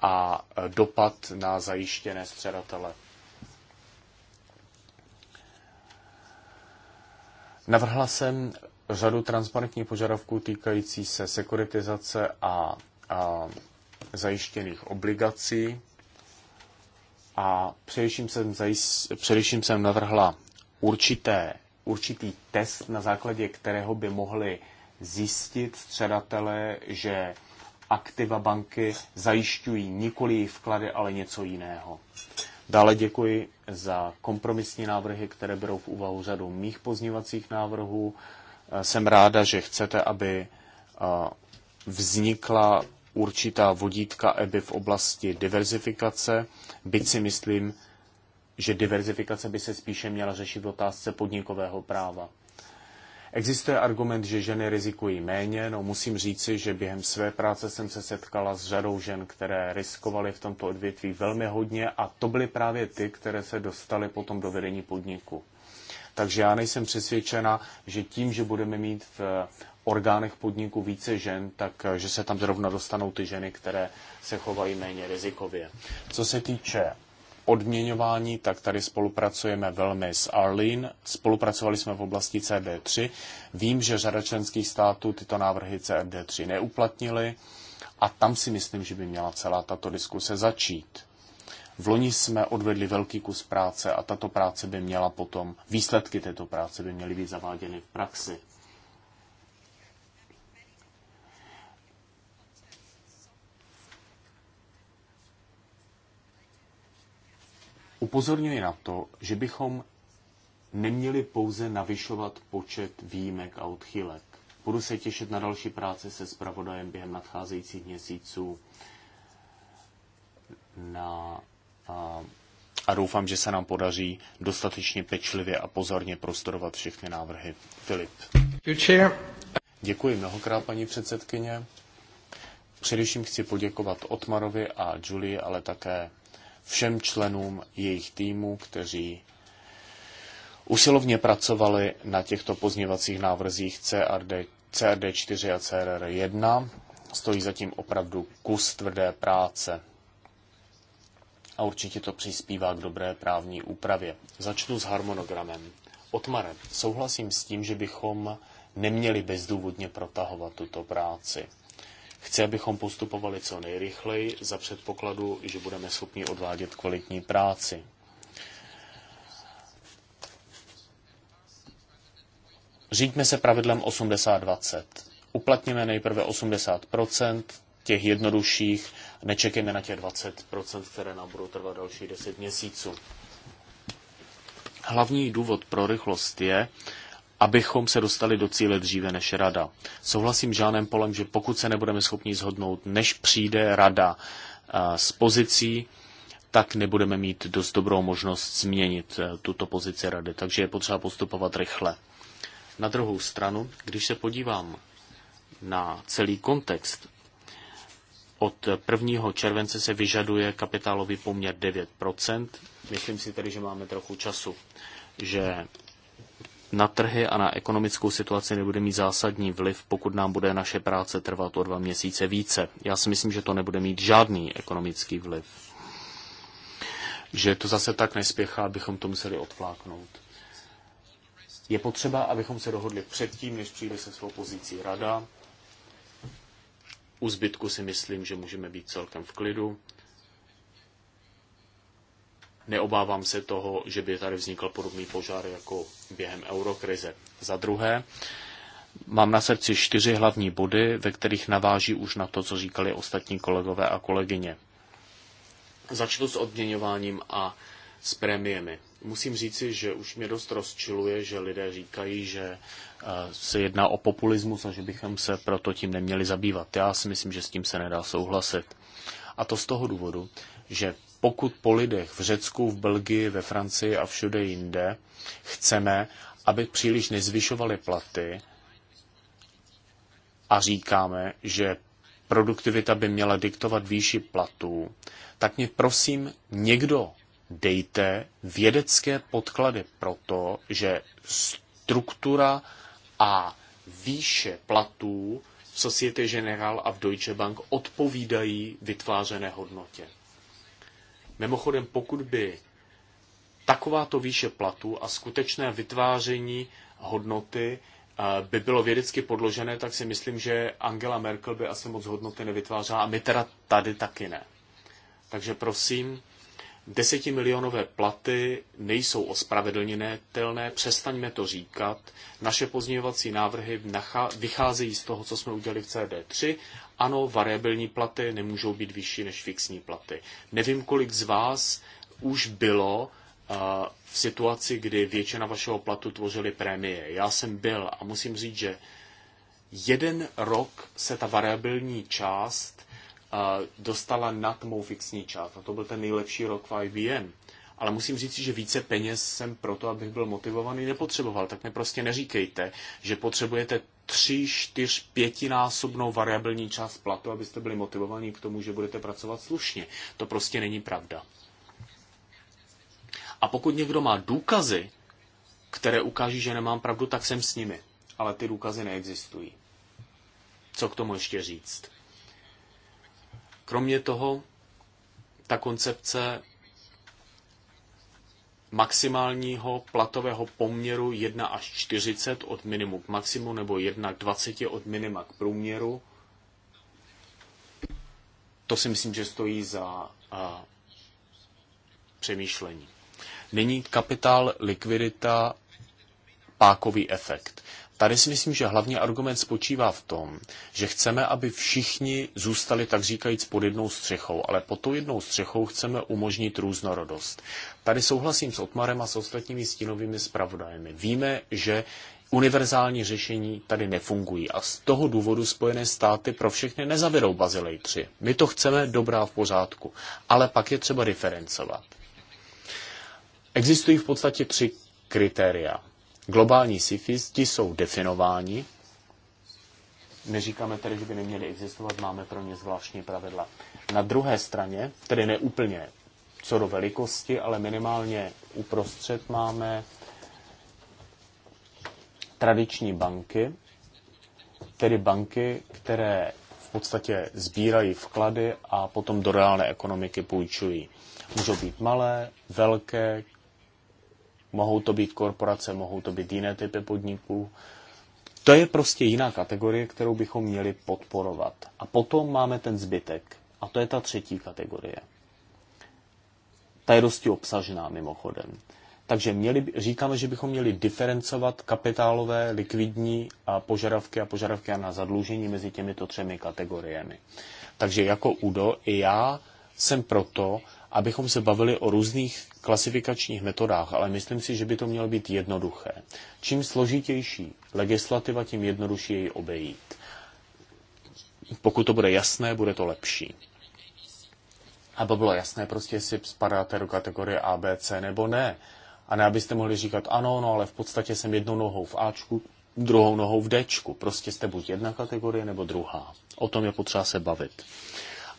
a dopad na zajištěné středatele Navrhla jsem řadu transparentních požadavků týkající se sekuritizace a, a zajištěných obligací a především jsem, zajist, především jsem navrhla určité, určitý test, na základě kterého by mohli zjistit středatele, že aktiva banky zajišťují nikoli vklady, ale něco jiného. Dále děkuji za kompromisní návrhy, které berou v úvahu řadu mých pozněvacích návrhů. Eh, jsem ráda, že chcete, aby eh, vznikla určitá vodítka EBY v oblasti diverzifikace, byť si myslím, že diverzifikace by se spíše měla řešit v otázce podnikového práva. Existuje argument, že ženy rizikují méně, no musím říci, že během své práce jsem se setkala s řadou žen, které riskovaly v tomto odvětví velmi hodně a to byly právě ty, které se dostaly potom do vedení podniku. Takže já nejsem přesvědčena, že tím, že budeme mít v orgánech podniku více žen, tak že se tam zrovna dostanou ty ženy, které se chovají méně rizikově. Co se týče odměňování, tak tady spolupracujeme velmi s Arlene. Spolupracovali jsme v oblasti cd 3 Vím, že řada členských států tyto návrhy cd 3 neuplatnili a tam si myslím, že by měla celá tato diskuse začít. V loni jsme odvedli velký kus práce a tato práce by měla potom, výsledky této práce by měly být zaváděny v praxi. upozorňuji na to, že bychom neměli pouze navyšovat počet výjimek a odchylek. Budu se těšit na další práci se zpravodajem během nadcházejících měsíců na, a, a doufám, že se nám podaří dostatečně pečlivě a pozorně prostorovat všechny návrhy. Filip. Děkuji mnohokrát, paní předsedkyně. Především chci poděkovat Otmarovi a Julie, ale také všem členům jejich týmu, kteří usilovně pracovali na těchto pozněvacích návrzích CRD, CRD4 a CRR1. Stojí zatím opravdu kus tvrdé práce a určitě to přispívá k dobré právní úpravě. Začnu s harmonogramem. Otmare, souhlasím s tím, že bychom neměli bezdůvodně protahovat tuto práci. Chci, abychom postupovali co nejrychleji za předpokladu, že budeme schopni odvádět kvalitní práci. Říďme se pravidlem 80-20. Uplatněme nejprve 80% těch jednodušších, nečekejme na těch 20%, které nám budou trvat další 10 měsíců. Hlavní důvod pro rychlost je, abychom se dostali do cíle dříve než rada. Souhlasím s Žánem Polem, že pokud se nebudeme schopni zhodnout, než přijde rada eh, s pozicí, tak nebudeme mít dost dobrou možnost změnit eh, tuto pozici rady. Takže je potřeba postupovat rychle. Na druhou stranu, když se podívám na celý kontext, od 1. července se vyžaduje kapitálový poměr 9%. Myslím si tedy, že máme trochu času, že na trhy a na ekonomickou situaci nebude mít zásadní vliv, pokud nám bude naše práce trvat o dva měsíce více. Já si myslím, že to nebude mít žádný ekonomický vliv. Že to zase tak nespěchá, abychom to museli odfláknout. Je potřeba, abychom se dohodli předtím, než přijde se svou pozicí rada. U zbytku si myslím, že můžeme být celkem v klidu. Neobávám se toho, že by tady vznikl podobný požár jako během eurokrize. Za druhé, mám na srdci čtyři hlavní body, ve kterých naváží už na to, co říkali ostatní kolegové a kolegyně. Začnu s odměňováním a s prémiemi. Musím říci, že už mě dost rozčiluje, že lidé říkají, že eh, se jedná o populismus a že bychom se proto tím neměli zabývat. Já si myslím, že s tím se nedá souhlasit. A to z toho důvodu, že pokud po lidech v Řecku, v Belgii, ve Francii a všude jinde chceme, aby příliš nezvyšovali platy a říkáme, že produktivita by měla diktovat výši platů, tak mě prosím někdo dejte vědecké podklady pro to, že struktura a výše platů v Societe General a v Deutsche Bank odpovídají vytvářené hodnotě. Mimochodem, pokud by takováto výše platu a skutečné vytváření hodnoty eh, by bylo vědecky podložené, tak si myslím, že Angela Merkel by asi moc hodnoty nevytvářela a my teda tady taky ne. Takže prosím, desetimilionové platy nejsou ospravedlněné, přestaňme to říkat. Naše pozměňovací návrhy vycházejí z toho, co jsme udělali v CD3 ano, variabilní platy nemůžou být vyšší než fixní platy. Nevím, kolik z vás už bylo eh, v situaci, kdy většina vašeho platu tvořily prémie. Já jsem byl a musím říct, že jeden rok se ta variabilní část eh, dostala nad mou fixní část. A to byl ten nejlepší rok v IBM. Ale musím říct, že více peněz jsem proto, abych byl motivovaný, nepotřeboval. Tak mi prostě neříkejte, že potřebujete tři, čtyř, pětinásobnou variabilní část platu, abyste byli motivovaní k tomu, že budete pracovat slušně. To prostě není pravda. A pokud někdo má důkazy, které ukáží, že nemám pravdu, tak jsem s nimi. Ale ty důkazy neexistují. Co k tomu ještě říct? Kromě toho, ta koncepce maximálního platového poměru 1 až 40 od minimum k maximum nebo 1 k 20 od minima k průměru. To si myslím, že stojí za a, přemýšlení. Nyní kapitál, likvidita, pákový efekt. Tady si myslím, že hlavní argument spočívá v tom, že chceme, aby všichni zůstali tak říkajíc pod jednou střechou, ale pod tou jednou střechou chceme umožnit různorodost. Tady souhlasím s Otmarem a s ostatními stínovými zpravodajemi. Víme, že univerzální řešení tady nefungují a z toho důvodu Spojené státy pro všechny nezavedou Bazilej 3. My to chceme dobrá v pořádku, ale pak je třeba diferencovat. Existují v podstatě tři kritéria globální sifisti jsou definováni. Neříkáme tedy, že by neměly existovat, máme pro ně zvláštní pravidla. Na druhé straně, tedy neúplně co do velikosti, ale minimálně uprostřed máme tradiční banky, tedy banky, které v podstatě sbírají vklady a potom do reálné ekonomiky půjčují. Můžou být malé, velké, mohou to být korporace, mohou to být jiné typy podniků. To je prostě jiná kategorie, kterou bychom měli podporovat. A potom máme ten zbytek. A to je ta třetí kategorie. Ta je dosti obsažná mimochodem. Takže měli, říkáme, že bychom měli diferencovat kapitálové, likvidní a požadavky a požadavky na zadlužení mezi těmito třemi kategoriemi. Takže jako Udo i já jsem proto, abychom se bavili o různých klasifikačních metodách, ale myslím si, že by to mělo být jednoduché. Čím složitější legislativa, tím jednodušší jej obejít. Pokud to bude jasné, bude to lepší. Aby bylo jasné prostě, jestli spadáte do kategorie A, B, C nebo ne. A ne, abyste mohli říkat, ano, no, ale v podstatě jsem jednou nohou v Ačku, druhou nohou v Dčku. Prostě jste buď jedna kategorie nebo druhá. O tom je potřeba se bavit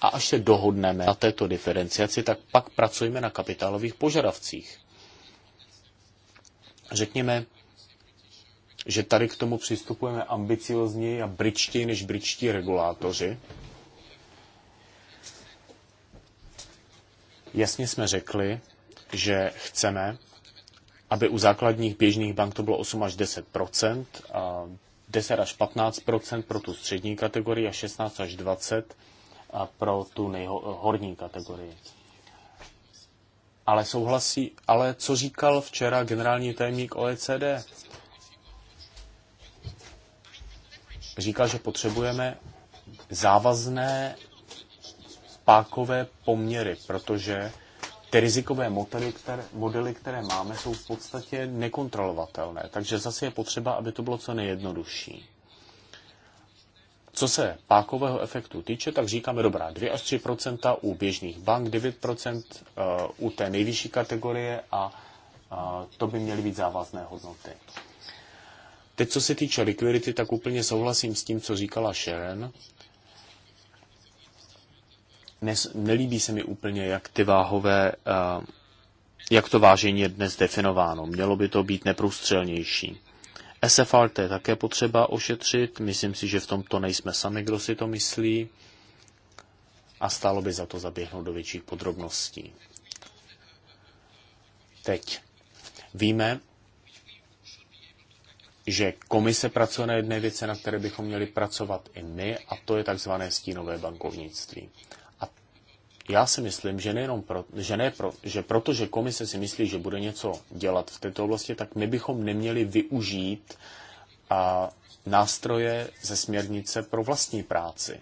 a až se dohodneme na této diferenciaci, tak pak pracujeme na kapitálových požadavcích. Řekněme, že tady k tomu přistupujeme ambiciozněji a bričtěji než bričtí regulátoři. Jasně jsme řekli, že chceme, aby u základních běžných bank to bylo 8 až 10 a 10 až 15 pro tu střední kategorii a 16 až 20 pro tu nejhorní kategorii. Ale souhlasí, ale co říkal včera generální tajemník OECD? Říkal, že potřebujeme závazné pákové poměry, protože ty rizikové modely které, modely, které máme, jsou v podstatě nekontrolovatelné. Takže zase je potřeba, aby to bylo co nejjednodušší. Co se pákového efektu týče, tak říkáme dobrá 2 až 3 u běžných bank, 9 eh, u té nejvyšší kategorie a eh, to by měly být závazné hodnoty. Teď, co se týče likvidity, tak úplně souhlasím s tím, co říkala Sharon. Nes, nelíbí se mi úplně, jak ty váhové, eh, jak to vážení je dnes definováno. Mělo by to být neprůstřelnější. SFRT je také potřeba ošetřit, myslím si, že v tomto nejsme sami, kdo si to myslí a stálo by za to zaběhnout do větších podrobností. Teď víme, že komise pracuje na jedné věci, na které bychom měli pracovat i my, a to je takzvané stínové bankovnictví. Já si myslím, že nejenom pro, že ne pro, že protože komise si myslí, že bude něco dělat v této oblasti, tak my bychom neměli využít a, nástroje ze směrnice pro vlastní práci.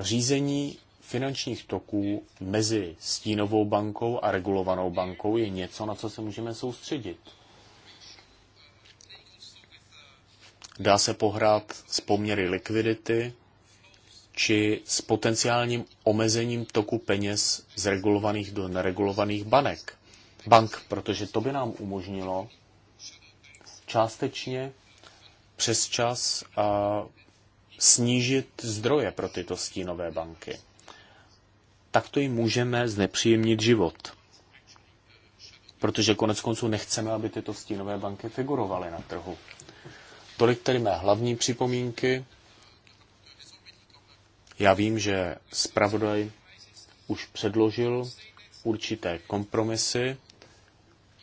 Řízení finančních toků mezi stínovou bankou a regulovanou bankou je něco, na co se můžeme soustředit. Dá se pohrát s poměry likvidity, či s potenciálním omezením toku peněz z regulovaných do neregulovaných banek. Bank, protože to by nám umožnilo částečně přes čas a snížit zdroje pro tyto stínové banky. Takto jim můžeme znepříjemnit život. Protože konec konců nechceme, aby tyto stínové banky figurovaly na trhu. Tolik tedy mé hlavní připomínky. Já vím, že zpravodaj už předložil určité kompromisy.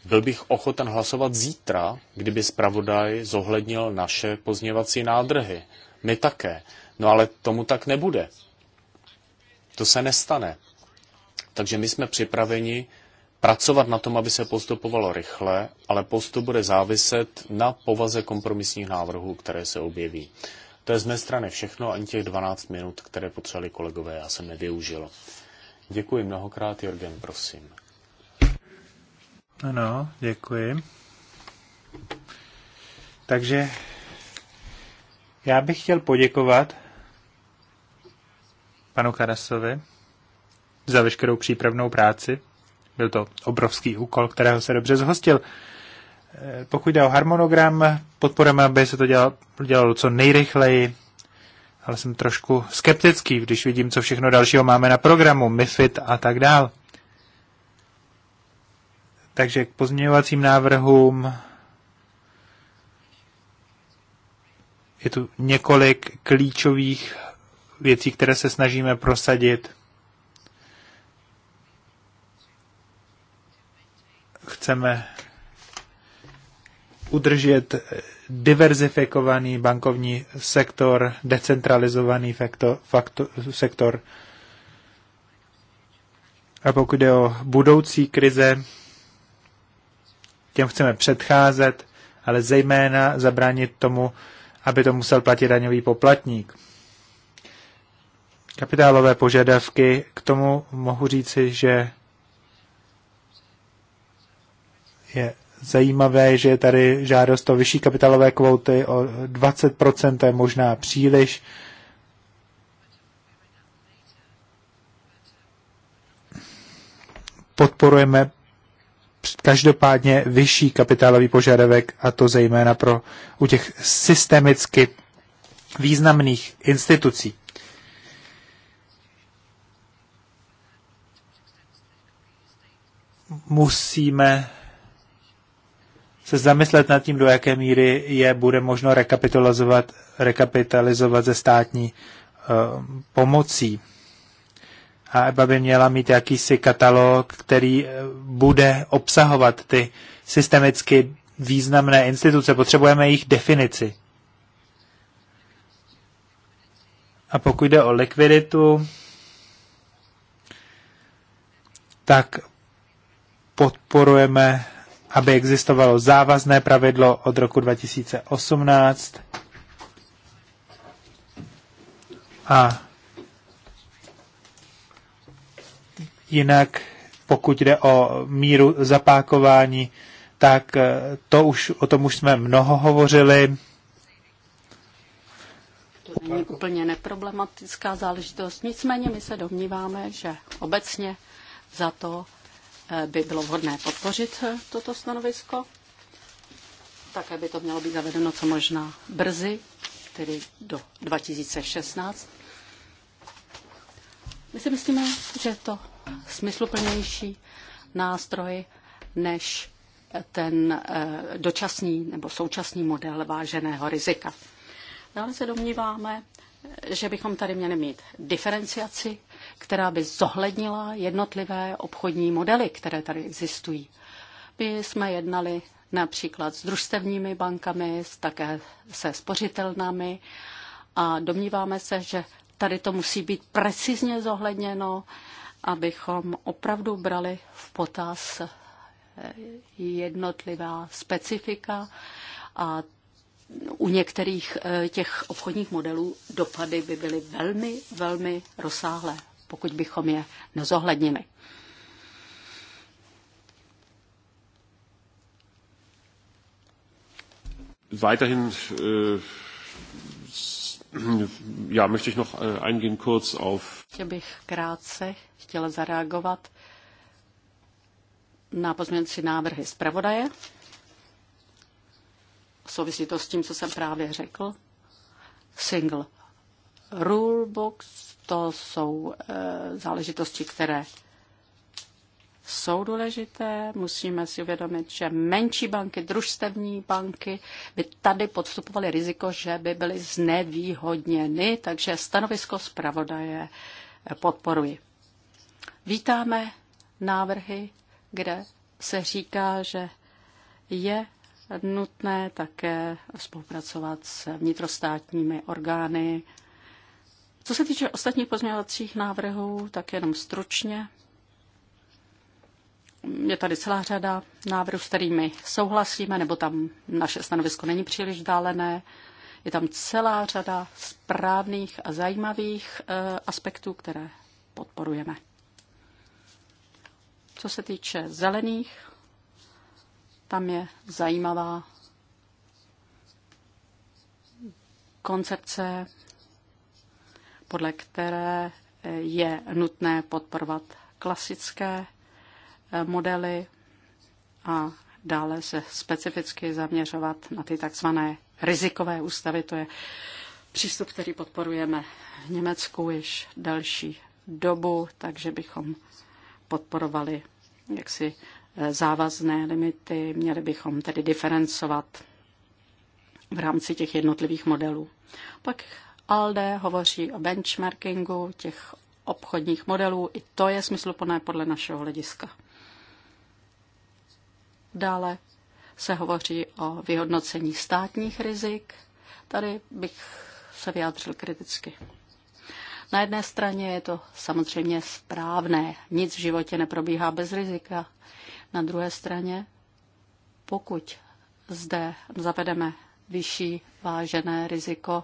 Byl bych ochoten hlasovat zítra, kdyby zpravodaj zohlednil naše pozněvací nádrhy. My také. No ale tomu tak nebude. To se nestane. Takže my jsme připraveni pracovat na tom, aby se postupovalo rychle, ale postup bude záviset na povaze kompromisních návrhů, které se objeví. To je z mé strany všechno, ani těch 12 minut, které potřebovali kolegové, já jsem nevyužil. Děkuji mnohokrát, Jorgen, prosím. Ano, děkuji. Takže já bych chtěl poděkovat panu Karasovi za veškerou přípravnou práci. Byl to obrovský úkol, kterého se dobře zhostil. Eh, pokud jde o harmonogram, podporujeme, aby se to dělalo, dělalo co nejrychleji, ale jsem trošku skeptický, když vidím, co všechno dalšího máme na programu, MIFID a tak dál. Takže k pozměňovacím návrhům je tu několik klíčových věcí, které se snažíme prosadit. Chceme udržet diverzifikovaný bankovní sektor, decentralizovaný fakto, fakto, sektor. A pokud je o budoucí krize, těm chceme předcházet, ale zejména zabránit tomu, aby to musel platit daňový poplatník. Kapitálové požadavky, k tomu mohu říci, že je zajímavé, že je tady žádost o vyšší kapitalové kvóty o 20%, to je možná příliš. Podporujeme každopádně vyšší kapitálový požadavek, a to zejména pro u těch systemicky významných institucí. Musíme se zamyslet nad tím, do jaké míry je bude možno rekapitalizovat, rekapitalizovat ze státní uh, pomocí. A EBA by měla mít jakýsi katalog, který eh, bude obsahovat ty systemicky významné instituce. Potřebujeme jejich definici. A pokud jde o likviditu, tak podporujeme aby existovalo závazné pravidlo od roku 2018 a jinak, pokud jde o míru zapákování, tak eh, to už, o tom už jsme mnoho hovořili. To není úplně neproblematická záležitost. Nicméně my se domníváme, že obecně za to by bylo vhodné podpořit eh, toto stanovisko. Také by to mělo být zavedeno co možná brzy, tedy do 2016. My si myslíme, že je to smysluplnější nástroj než ten eh, dočasný nebo současný model váženého rizika. Dále se domníváme, že bychom tady měli mít diferenciaci která by zohlednila jednotlivé obchodní modely, které tady existují. My jsme jednali například s družstevními bankami, také se spořitelnami a domníváme se, že tady to musí být precizně zohledněno, abychom opravdu brali v potaz eh, jednotlivá specifika a u některých eh, těch obchodních modelů dopady by byly velmi, velmi rozsáhlé pokud bychom je nezohlednili. Weiterhin äh, ja, möchte ich noch äh, eingehen kurz auf... Chtěl bych krátce chtěla zareagovat na pozměnci návrhy zpravodaje. V souvislí to s tím, co jsem právě řekl. Single rule books to jsou eh, záležitosti, které jsou důležité. Musíme si uvědomit, že menší banky, družstevní banky by tady podstupovaly riziko, že by byly znevýhodněny, takže stanovisko zpravodaje eh, podporuji. Vítáme návrhy, kde se říká, že je nutné také spolupracovat s vnitrostátními orgány, co se týče ostatních pozměňovacích návrhů, tak jenom stručně. Je tady celá řada návrhů, s kterými souhlasíme, nebo tam naše stanovisko není příliš vzdálené. Je tam celá řada správných a zajímavých e, aspektů, které podporujeme. Co se týče zelených, tam je zajímavá koncepce podle které eh, je nutné podporovat klasické eh, modely a dále se specificky zaměřovat na ty takzvané rizikové ústavy. To je přístup, který podporujeme v Německu již další dobu, takže bychom podporovali jaksi eh, závazné limity, měli bychom tedy diferencovat v rámci těch jednotlivých modelů. Pak ALDE hovoří o benchmarkingu těch obchodních modelů. I to je smysluplné podle našeho hlediska. Dále se hovoří o vyhodnocení státních rizik. Tady bych se vyjádřil kriticky. Na jedné straně je to samozřejmě správné. Nic v životě neprobíhá bez rizika. Na druhé straně, pokud zde zavedeme vyšší vážené riziko,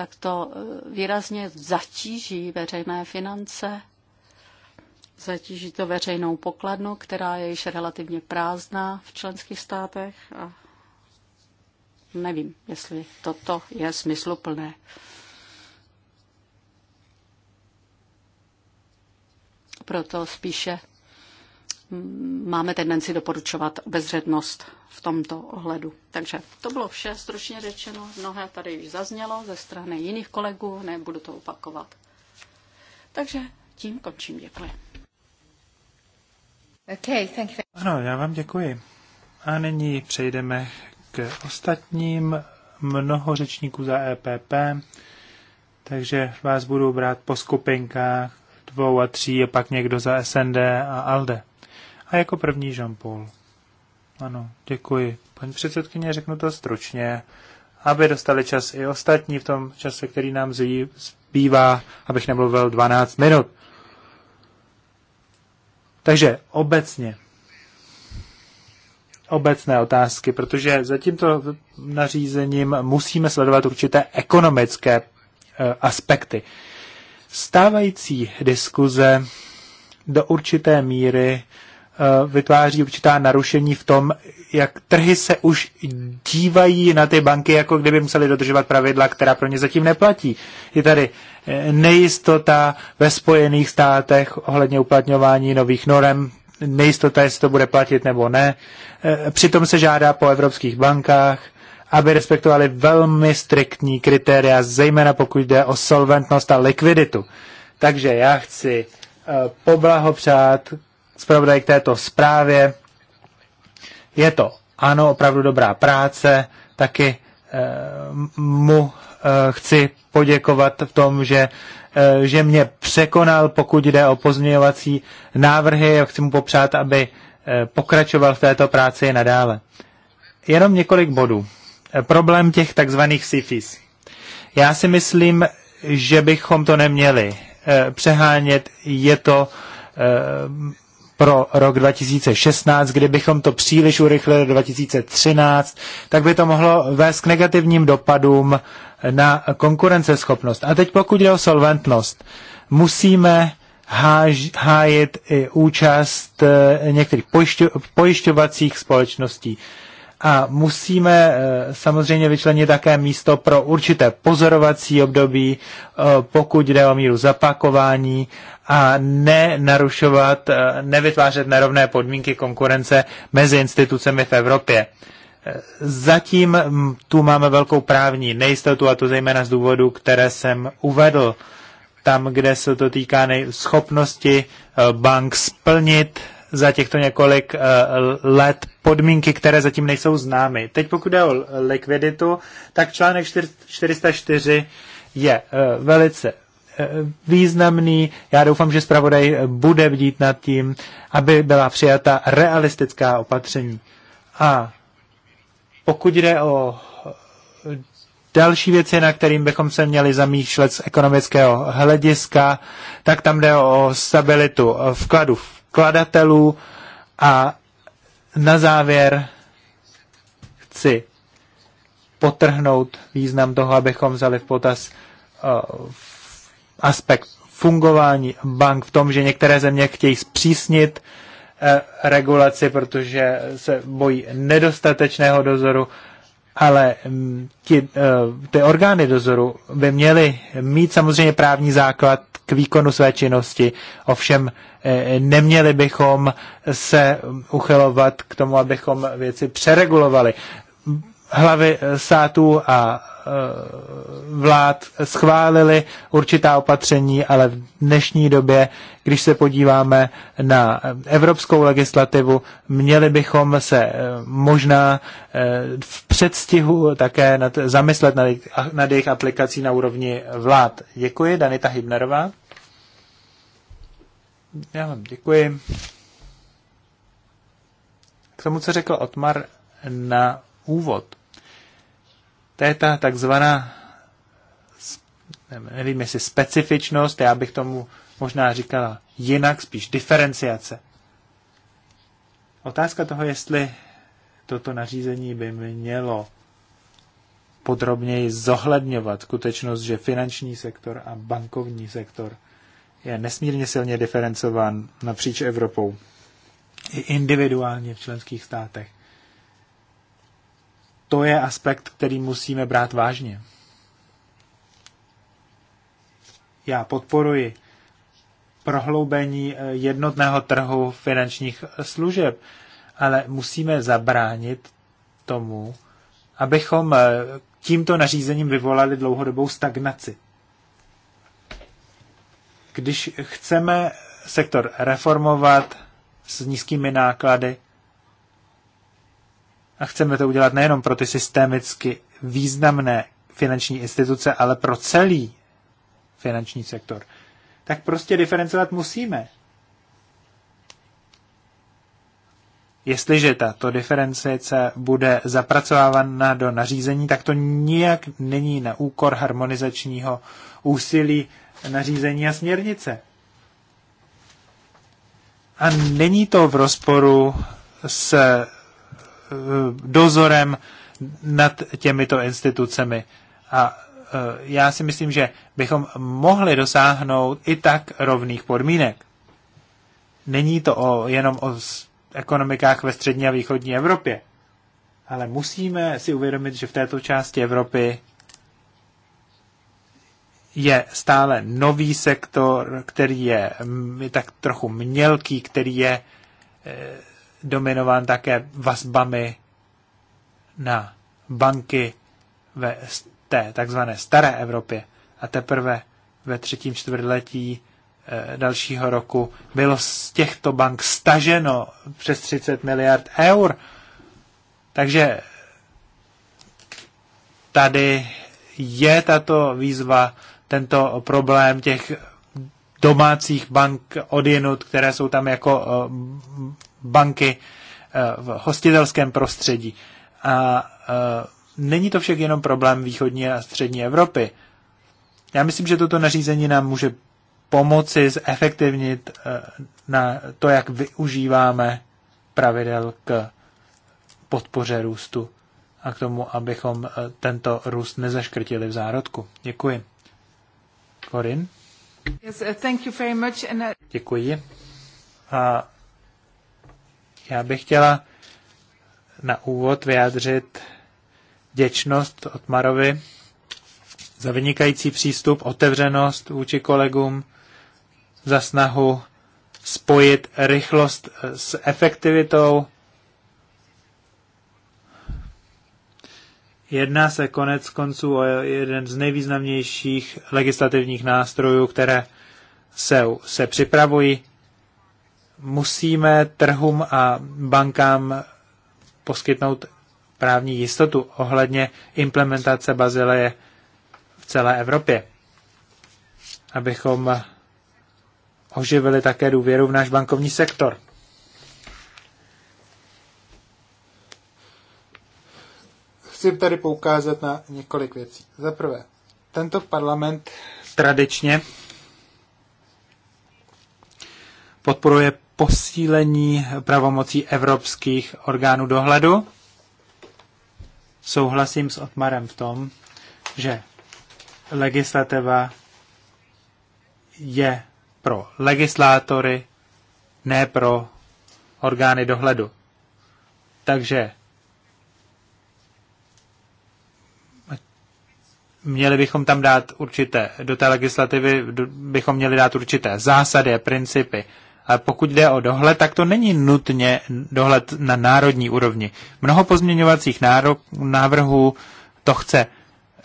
tak to eh, výrazně zatíží veřejné finance, zatíží to veřejnou pokladnu, která je již relativně prázdná v členských státech a nevím, jestli toto je smysluplné. Proto spíše máme tendenci doporučovat bezřednost v tomto ohledu. Takže to bylo vše stručně řečeno. Mnohé tady již zaznělo ze strany jiných kolegů, nebudu to opakovat. Takže tím končím. Děkuji. Okay, thank you. Ano, já vám děkuji. A nyní přejdeme k ostatním mnoho řečníků za EPP, takže vás budu brát po skupinkách dvou a tří a pak někdo za SND a ALDE. A jako první Jean-Paul. Ano, děkuji. Paní předsedkyně, řeknu to stručně, aby dostali čas i ostatní v tom čase, který nám zbývá, abych nemluvil 12 minut. Takže obecně obecné otázky, protože za tímto nařízením musíme sledovat určité ekonomické eh, aspekty. Stávající diskuze do určité míry Eh, vytváří určitá narušení v tom, jak trhy se už dívají na ty banky, jako kdyby museli dodržovat pravidla, která pro ně zatím neplatí. Je tady eh, nejistota ve Spojených státech ohledně uplatňování nových norem, nejistota, jestli to bude platit nebo ne. Eh, přitom se žádá po evropských bankách, aby respektovali velmi striktní kritéria, zejména pokud jde o solventnost a likviditu. Takže já chci poblahopřát zpravodaj k této zprávě. Je to, ano, opravdu dobrá práce, taky eh, mu eh, chci poděkovat v tom, že, eh, že mě překonal, pokud jde o pozměňovací návrhy. Chci mu popřát, aby pokračoval v této práci i nadále. Jenom několik bodů. Problém těch takzvaných SIFIs. Já si myslím, že bychom to neměli přehánět. Je to pro rok 2016, kdybychom to příliš urychlili do 2013, tak by to mohlo vést k negativním dopadům na konkurenceschopnost. A teď pokud jde o solventnost, musíme háž, hájit i účast eh, některých pojišťovacích společností. A musíme eh, samozřejmě vyčlenit také místo pro určité pozorovací období, eh, pokud jde o míru zapakování a nenarušovat, eh, nevytvářet nerovné podmínky konkurence mezi institucemi v Evropě. Zatím mm, tu máme velkou právní nejistotu a to zejména z důvodu, které jsem uvedl. Tam, kde se to týká schopnosti bank splnit za těchto několik eh, let podmínky, které zatím nejsou známy. Teď pokud jde o likviditu, tak článek 404 je eh, velice eh, významný. Já doufám, že zpravodaj bude vdít nad tím, aby byla přijata realistická opatření. A pokud jde o další věci, na kterým bychom se měli zamýšlet z ekonomického hlediska, tak tam jde o stabilitu vkladu v kladatelů a na závěr chci potrhnout význam toho, abychom vzali v potaz eh, aspekt fungování bank v tom, že některé země chtějí zpřísnit eh, regulaci, protože se bojí nedostatečného dozoru ale mm, ti, eh, ty orgány dozoru by měly mít samozřejmě právní základ k výkonu své činnosti, ovšem eh, neměli bychom se uchylovat k tomu, abychom věci přeregulovali hlavy států a e, vlád schválili určitá opatření, ale v dnešní době, když se podíváme na evropskou legislativu, měli bychom se e, možná e, v předstihu také nad, zamyslet nad, nad jejich aplikací na úrovni vlád. Děkuji, Danita Hybnerová. Já vám děkuji. K tomu, co řekl Otmar na úvod. To je ta takzvaná, nevím jestli specifičnost, já bych tomu možná říkala jinak, spíš diferenciace. Otázka toho, jestli toto nařízení by mělo podrobněji zohledňovat skutečnost, že finanční sektor a bankovní sektor je nesmírně silně diferencován napříč Evropou i individuálně v členských státech to je aspekt, který musíme brát vážně. Já podporuji prohloubení eh, jednotného trhu finančních služeb, ale musíme zabránit tomu, abychom eh, tímto nařízením vyvolali dlouhodobou stagnaci. Když chceme sektor reformovat s nízkými náklady, a chceme to udělat nejenom pro ty systémicky významné finanční instituce, ale pro celý finanční sektor. Tak prostě diferencovat musíme. Jestliže tato diferencice bude zapracovávána do nařízení, tak to nijak není na úkor harmonizačního úsilí nařízení a směrnice. A není to v rozporu s Eh, dozorem nad těmito institucemi. A eh, já si myslím, že bychom mohli dosáhnout i tak rovných podmínek. Není to o, jenom o ekonomikách ve střední a východní Evropě, ale musíme si uvědomit, že v této části Evropy je stále nový sektor, který je mm, tak trochu mělký, který je eh, dominován také vazbami na banky ve té takzvané staré Evropě. A teprve ve třetím čtvrtletí eh, dalšího roku bylo z těchto bank staženo přes 30 miliard eur. Takže tady je tato výzva, tento problém těch domácích bank odjenut, které jsou tam jako eh, banky eh, v hostitelském prostředí. A eh, není to však jenom problém východní a střední Evropy. Já myslím, že toto nařízení nám může pomoci zefektivnit na to, jak využíváme pravidel k podpoře růstu a k tomu, abychom tento růst nezaškrtili v zárodku. Děkuji. Corinne? Uh, uh, Děkuji. A já bych chtěla na úvod vyjádřit děčnost Otmarovi za vynikající přístup, otevřenost vůči kolegům, za snahu spojit rychlost s efektivitou Jedná se konec konců o jeden z nejvýznamnějších legislativních nástrojů, které se, se připravují. Musíme trhům a bankám poskytnout právní jistotu ohledně implementace Bazileje v celé Evropě, abychom oživili také důvěru v náš bankovní sektor. Chci tady poukázat na několik věcí. Za prvé, tento parlament tradičně podporuje posílení pravomocí evropských orgánů dohledu. Souhlasím s Otmarem v tom, že legislativa je pro legislátory, ne pro orgány dohledu. Takže měli bychom tam dát určité, do té legislativy bychom měli dát určité zásady a principy. Ale pokud jde o dohled, tak to není nutně dohled na národní úrovni. Mnoho pozměňovacích nárok, návrhů to chce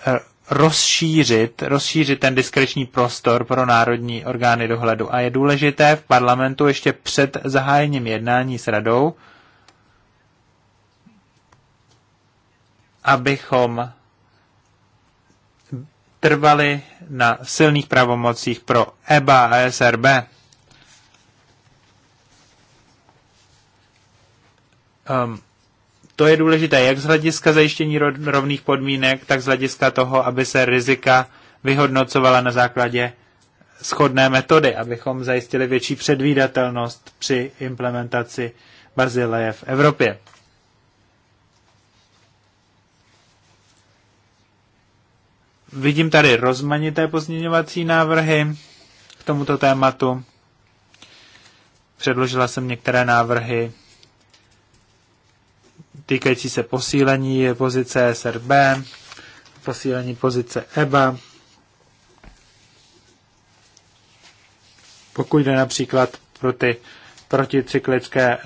eh, rozšířit, rozšířit ten diskreční prostor pro národní orgány dohledu. A je důležité v parlamentu ještě před zahájením jednání s radou, abychom trvali na silných pravomocích pro EBA a SRB. Um, ehm, to je důležité jak z hlediska zajištění rovných podmínek, tak z hlediska toho, aby se rizika vyhodnocovala na základě schodné metody, abychom zajistili větší předvídatelnost při implementaci Bazileje v Evropě. Vidím tady rozmanité pozměňovací návrhy k tomuto tématu. Předložila jsem některé návrhy týkající se posílení pozice SRB, posílení pozice EBA. Pokud jde například pro ty proticyklické e,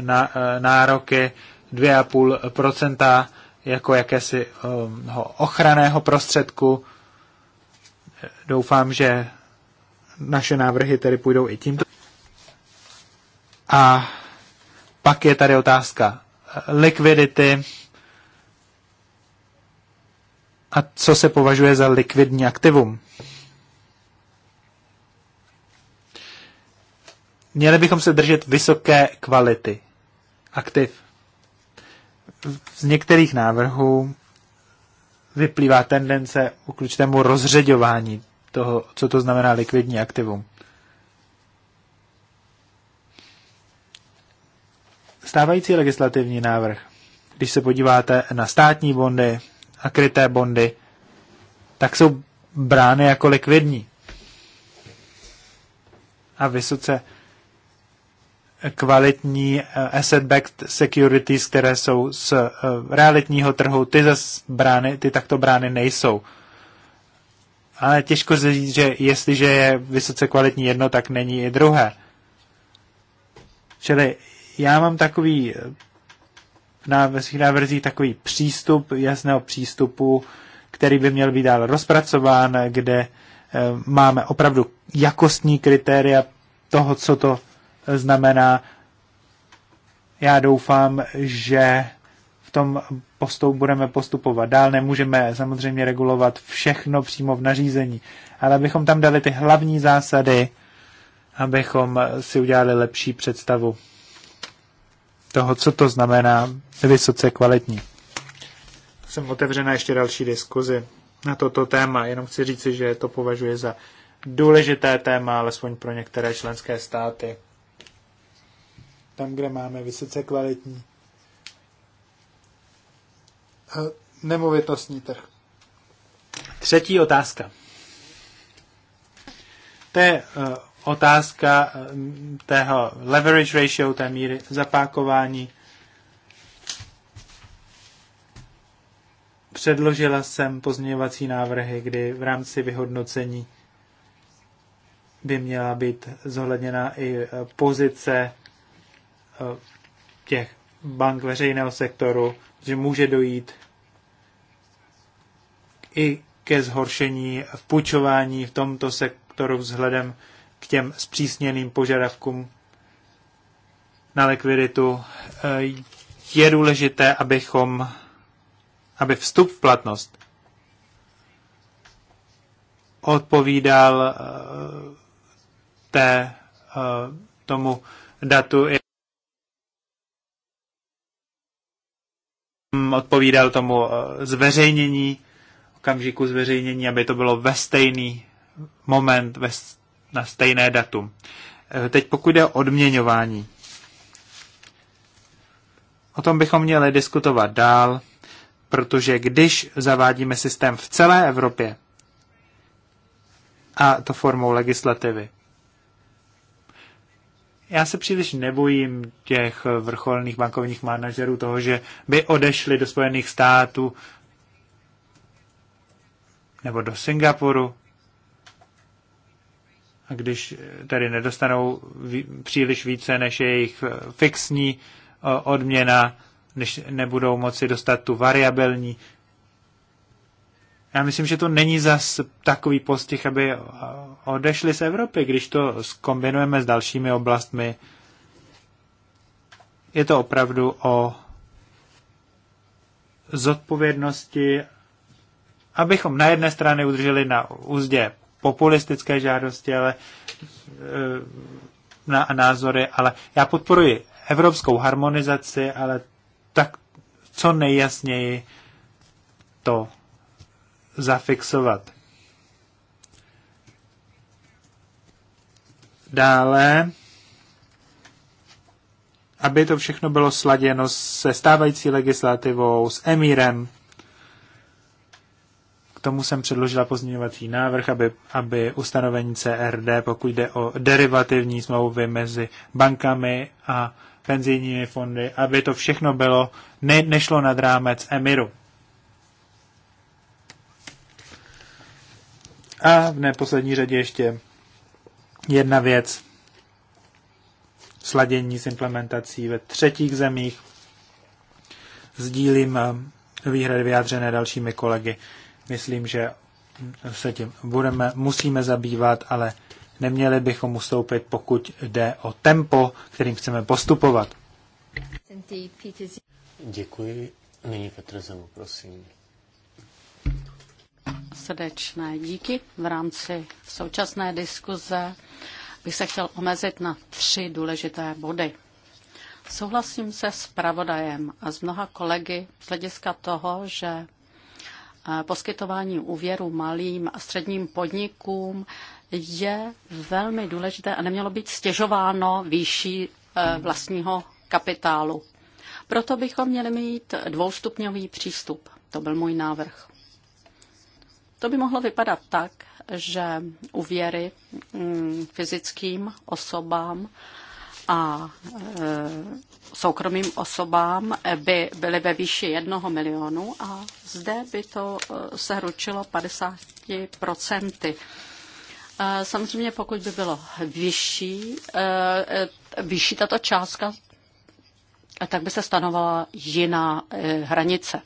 nároky 2,5% jako jakési e, ochraného prostředku, doufám, že naše návrhy tedy půjdou i tímto. A pak je tady otázka eh, likvidity a co se považuje za likvidní aktivum. Měli bychom se držet vysoké kvality aktiv. Z některých návrhů vyplývá tendence k určitému rozředování toho, co to znamená likvidní aktivum. Stávající legislativní návrh, když se podíváte na státní bondy a kryté bondy, tak jsou brány jako likvidní. A vysoce kvalitní eh, asset-backed securities, které jsou z eh, realitního trhu, ty zase brány, ty takto brány nejsou. Ale těžko říct, že jestliže je vysoce kvalitní jedno, tak není i druhé. Čili já mám takový eh, na, ve svých návrzích takový přístup, jasného přístupu, který by měl být dál rozpracován, kde e, máme opravdu jakostní kritéria toho, co to znamená, já doufám, že v tom postup budeme postupovat dál. Nemůžeme samozřejmě regulovat všechno přímo v nařízení, ale abychom tam dali ty hlavní zásady, abychom si udělali lepší představu toho, co to znamená vysoce kvalitní. Jsem otevřena ještě další diskuzi na toto téma. Jenom chci říci, že to považuji za důležité téma, alespoň pro některé členské státy tam, kde máme vysoce kvalitní eh, nemovitostní trh. Třetí otázka. To je eh, otázka eh, tého leverage ratio, té míry zapákování. Předložila jsem pozměňovací návrhy, kdy v rámci vyhodnocení by měla být zohledněna i pozice těch bank veřejného sektoru, že může dojít i ke zhoršení v půjčování v tomto sektoru vzhledem k těm zpřísněným požadavkům na likviditu. Eh, je důležité, abychom, aby vstup v platnost odpovídal eh, té, eh, tomu datu Mm, odpovídal tomu eh, zveřejnění, okamžiku zveřejnění, aby to bylo ve stejný moment, ve, na stejné datum. Eh, teď pokud jde o odměňování. O tom bychom měli diskutovat dál, protože když zavádíme systém v celé Evropě, a to formou legislativy, já se příliš nebojím těch vrcholných bankovních manažerů toho, že by odešli do Spojených států nebo do Singapuru. A když tady nedostanou příliš více než jejich fixní odměna, než nebudou moci dostat tu variabilní, já myslím, že to není zas takový postih, aby odešli z Evropy, když to skombinujeme s dalšími oblastmi. Je to opravdu o zodpovědnosti, abychom na jedné straně udrželi na úzdě populistické žádosti, ale e, na názory, ale já podporuji evropskou harmonizaci, ale tak co nejjasněji to zafixovat. Dále, aby to všechno bylo sladěno se stávající legislativou, s emírem. K tomu jsem předložila pozměňovací návrh, aby, aby ustanovení CRD, pokud jde o derivativní smlouvy mezi bankami a penzijními fondy, aby to všechno bylo, ne, nešlo nad rámec emiru. A v neposlední řadě ještě jedna věc. Sladění s implementací ve třetích zemích. Sdílím eh, výhrady vyjádřené dalšími kolegy. Myslím, že se tím budeme, musíme zabývat, ale neměli bychom ustoupit, pokud jde o tempo, kterým chceme postupovat. Děkuji. Nyní Petr Zemu, prosím srdečné díky. V rámci současné diskuze bych se chtěl omezit na tři důležité body. Souhlasím se s pravodajem a s mnoha kolegy z hlediska toho, že eh, poskytování úvěru malým a středním podnikům je velmi důležité a nemělo být stěžováno výší eh, vlastního kapitálu. Proto bychom měli mít dvoustupňový přístup. To byl můj návrh. To by mohlo vypadat tak, že uvěry mm, fyzickým osobám a e, soukromým osobám by byly ve výši jednoho milionu a zde by to e, se ručilo 50%. E, samozřejmě pokud by bylo vyšší, vyšší tato částka, tak by se stanovala jiná hranice.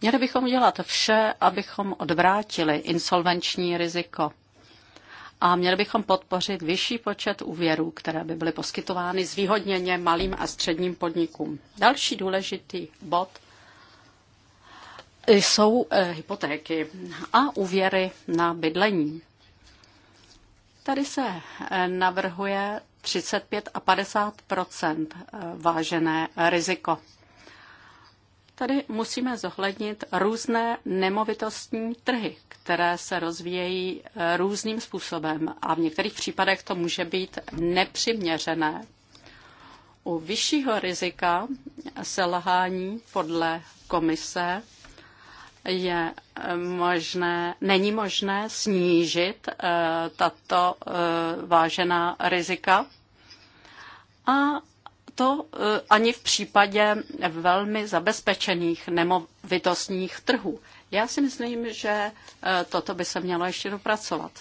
Měli bychom udělat vše, abychom odvrátili insolvenční riziko. A měli bychom podpořit vyšší počet úvěrů, které by byly poskytovány zvýhodněně malým a středním podnikům. Další důležitý bod jsou eh, hypotéky a úvěry na bydlení. Tady se eh, navrhuje 35 a 50 eh, vážené riziko. Tady musíme zohlednit různé nemovitostní trhy, které se rozvíjejí eh, různým způsobem a v některých případech to může být nepřiměřené. U vyššího rizika selhání podle komise je eh, možné, není možné snížit eh, tato vážená rizika a to e, ani v případě velmi zabezpečených nemovitostních trhů. Já si myslím, že e, toto by se mělo ještě dopracovat.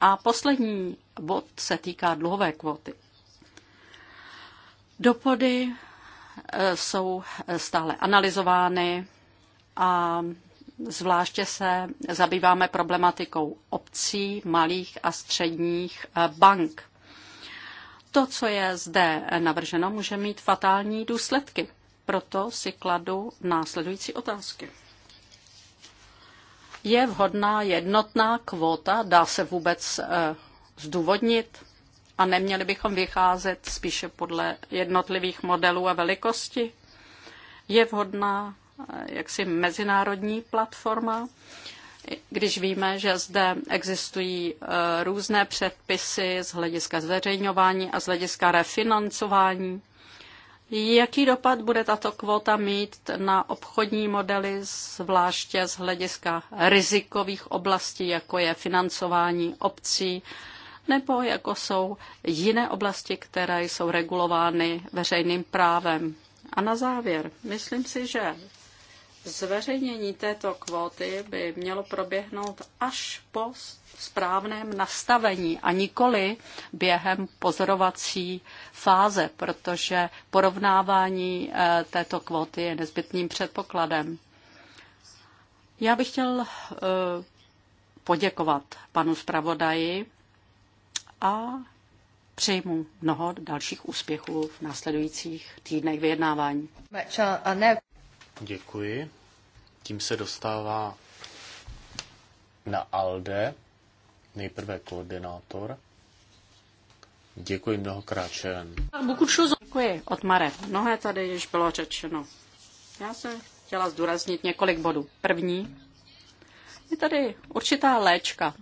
A poslední bod se týká dluhové kvóty. Dopady e, jsou stále analyzovány a zvláště se zabýváme problematikou obcí, malých a středních bank to, co je zde navrženo, může mít fatální důsledky. Proto si kladu následující otázky. Je vhodná jednotná kvóta? Dá se vůbec eh, zdůvodnit? A neměli bychom vycházet spíše podle jednotlivých modelů a velikosti? Je vhodná eh, jaksi mezinárodní platforma? když víme, že zde existují e, různé předpisy z hlediska zveřejňování a z hlediska refinancování. Jaký dopad bude tato kvota mít na obchodní modely, zvláště z hlediska rizikových oblastí, jako je financování obcí, nebo jako jsou jiné oblasti, které jsou regulovány veřejným právem? A na závěr, myslím si, že Zveřejnění této kvóty by mělo proběhnout až po správném nastavení a nikoli během pozorovací fáze, protože porovnávání eh, této kvóty je nezbytným předpokladem. Já bych chtěl eh, poděkovat panu zpravodaji a přejmu mnoho dalších úspěchů v následujících týdnech vyjednávání. Uh, Děkuji. Tím se dostává na ALDE, nejprve koordinátor. Děkuji mnohokrát, Sharon. Děkuji, Mare. Mnohé tady již bylo řečeno. Já jsem chtěla zdůraznit několik bodů. První, je tady určitá léčka,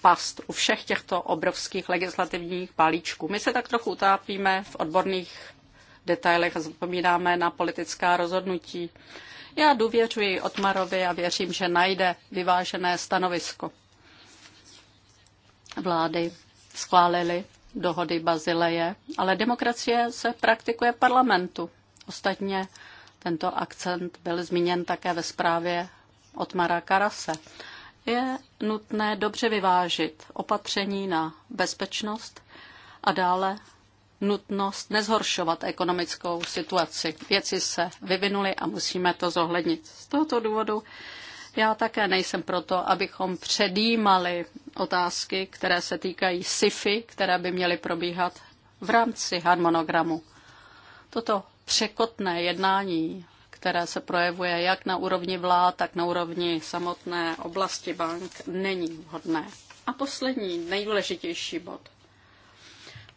past u všech těchto obrovských legislativních balíčků. My se tak trochu utápíme v odborných detailech a zapomínáme na politická rozhodnutí. Já důvěřuji Otmarovi a věřím, že najde vyvážené stanovisko. Vlády schválily dohody Bazileje, ale demokracie se praktikuje v parlamentu. Ostatně tento akcent byl zmíněn také ve zprávě Otmara Karase. Je nutné dobře vyvážit opatření na bezpečnost a dále nutnost nezhoršovat ekonomickou situaci. Věci se vyvinuly a musíme to zohlednit. Z tohoto důvodu já také nejsem proto, abychom předjímali otázky, které se týkají SIFy, které by měly probíhat v rámci harmonogramu. Toto překotné jednání, které se projevuje jak na úrovni vlád, tak na úrovni samotné oblasti bank, není vhodné. A poslední, nejdůležitější bod.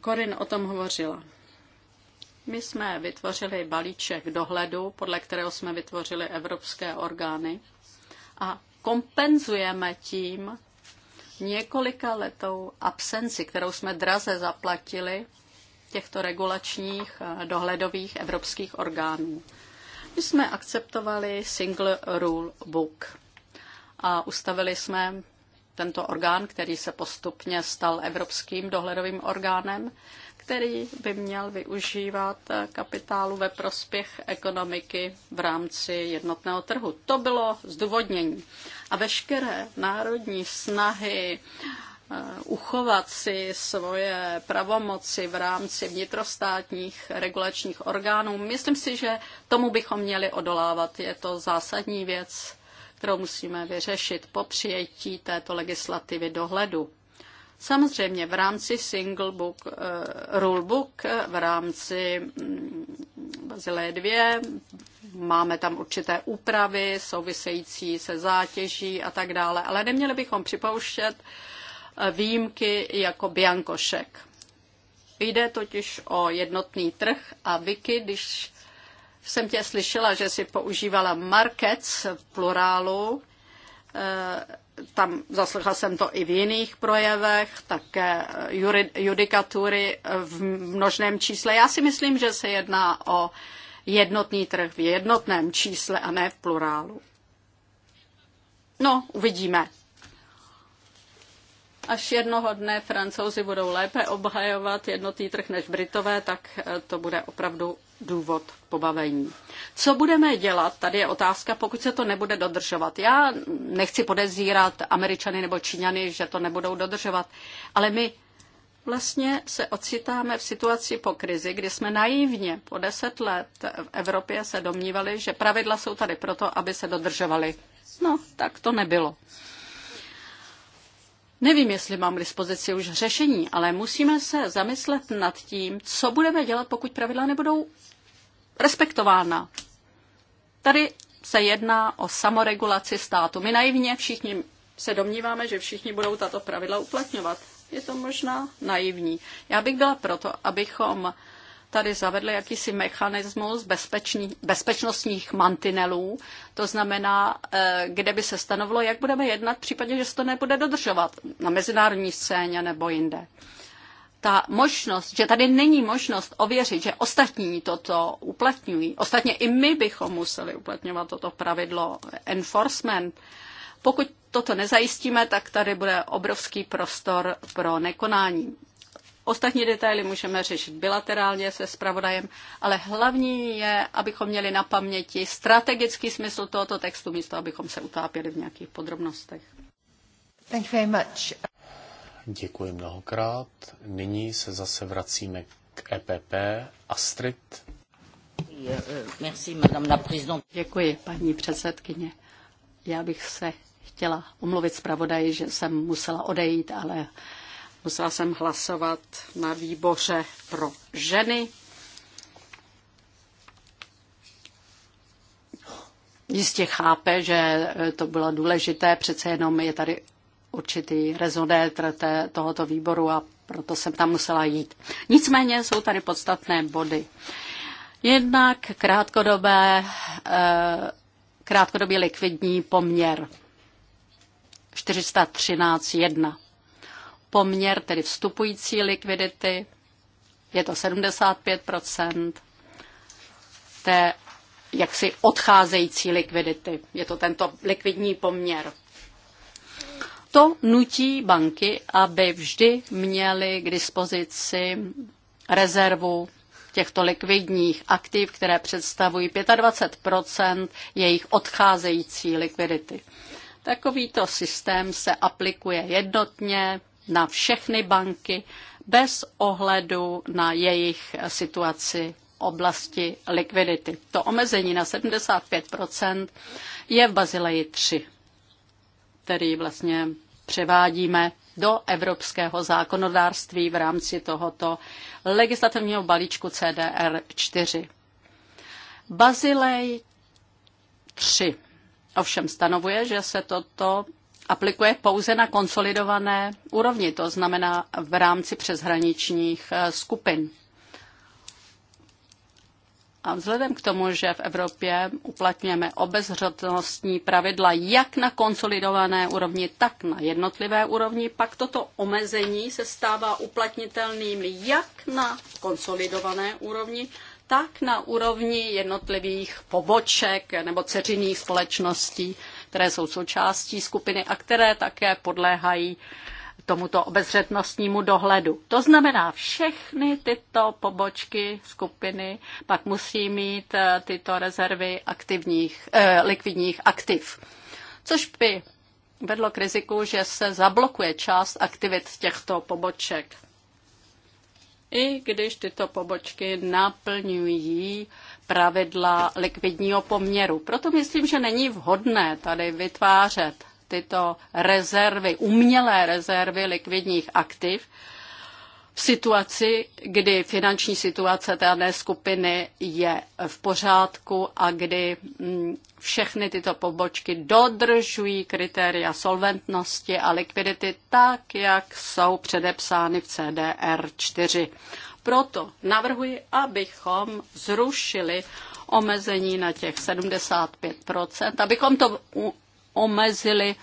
Korin o tom hovořila. My jsme vytvořili balíček dohledu, podle kterého jsme vytvořili evropské orgány a kompenzujeme tím několika letou absenci, kterou jsme draze zaplatili těchto regulačních eh, dohledových evropských orgánů. My jsme akceptovali single rule book a ustavili jsme tento orgán, který se postupně stal evropským dohledovým orgánem, který by měl využívat kapitálu ve prospěch ekonomiky v rámci jednotného trhu. To bylo zdůvodnění. A veškeré národní snahy eh, uchovat si svoje pravomoci v rámci vnitrostátních regulačních orgánů. Myslím si, že tomu bychom měli odolávat. Je to zásadní věc kterou musíme vyřešit po přijetí této legislativy dohledu. Samozřejmě v rámci single book, uh, rule book, v rámci mm, Bazilé 2, máme tam určité úpravy související se zátěží a tak dále, ale neměli bychom připouštět eh, výjimky jako biankošek. Jde totiž o jednotný trh a Vicky, když jsem tě slyšela, že jsi používala markets v plurálu. Eh, tam zaslechla jsem to i v jiných projevech, také judikatury v množném čísle. Já si myslím, že se jedná o jednotný trh v jednotném čísle a ne v plurálu. No, uvidíme. Až jednoho dne francouzi budou lépe obhajovat jednotný trh než Britové, tak eh, to bude opravdu důvod pobavení. Co budeme dělat? Tady je otázka, pokud se to nebude dodržovat. Já nechci podezírat Američany nebo Číňany, že to nebudou dodržovat, ale my vlastně se ocitáme v situaci po krizi, kdy jsme naivně po deset let v Evropě se domnívali, že pravidla jsou tady proto, aby se dodržovaly. No, tak to nebylo. Nevím, jestli mám k dispozici už řešení, ale musíme se zamyslet nad tím, co budeme dělat, pokud pravidla nebudou respektována. Tady se jedná o samoregulaci státu. My naivně všichni se domníváme, že všichni budou tato pravidla uplatňovat. Je to možná naivní. Já bych byla proto, abychom tady zavedl jakýsi mechanismus bezpečnostních mantinelů, to znamená, eh, kde by se stanovilo, jak budeme jednat v případě, že se to nebude dodržovat na mezinárodní scéně nebo jinde. Ta možnost, že tady není možnost ověřit, že ostatní toto uplatňují, ostatně i my bychom museli uplatňovat toto pravidlo enforcement, pokud toto nezajistíme, tak tady bude obrovský prostor pro nekonání. Ostatní detaily můžeme řešit bilaterálně se spravodajem, ale hlavní je, abychom měli na paměti strategický smysl tohoto textu, místo abychom se utápěli v nějakých podrobnostech. Thank you very much. Děkuji mnohokrát. Nyní se zase vracíme k EPP. Astrid. Euh, Děkuji, paní předsedkyně. Já bych se chtěla omluvit zpravodaji, že jsem musela odejít, ale Musela jsem hlasovat na výboře pro ženy. Jistě chápe, že to bylo důležité, přece jenom je tady určitý rezonétr tohoto výboru a proto jsem tam musela jít. Nicméně jsou tady podstatné body. Jednak krátkodobé, eh, krátkodobý likvidní poměr 413.1 poměr tedy vstupující likvidity, je to 75 té jaksi odcházející likvidity. Je to tento likvidní poměr. To nutí banky, aby vždy měly k dispozici rezervu těchto likvidních aktiv, které představují 25 jejich odcházející likvidity. Takovýto systém se aplikuje jednotně na všechny banky bez ohledu na jejich situaci oblasti likvidity. To omezení na 75 je v Bazileji 3, který vlastně převádíme do evropského zákonodárství v rámci tohoto legislativního balíčku CDR 4. Bazilej 3 ovšem stanovuje, že se toto aplikuje pouze na konsolidované úrovni, to znamená v rámci přeshraničních eh, skupin. A vzhledem k tomu, že v Evropě uplatňujeme obezřetnostní pravidla jak na konsolidované úrovni, tak na jednotlivé úrovni, pak toto omezení se stává uplatnitelným jak na konsolidované úrovni, tak na úrovni jednotlivých poboček nebo ceřinných společností které jsou součástí skupiny a které také podléhají tomuto obezřetnostnímu dohledu. To znamená, všechny tyto pobočky skupiny pak musí mít eh, tyto rezervy aktivních, eh, likvidních aktiv, což by vedlo k riziku, že se zablokuje část aktivit těchto poboček. I když tyto pobočky naplňují pravidla likvidního poměru. Proto myslím, že není vhodné tady vytvářet tyto rezervy, umělé rezervy likvidních aktiv v situaci, kdy finanční situace té skupiny je v pořádku a kdy mm, všechny tyto pobočky dodržují kritéria solventnosti a likvidity tak, jak jsou předepsány v CDR 4. Proto navrhuji, abychom zrušili omezení na těch 75%, abychom to omezili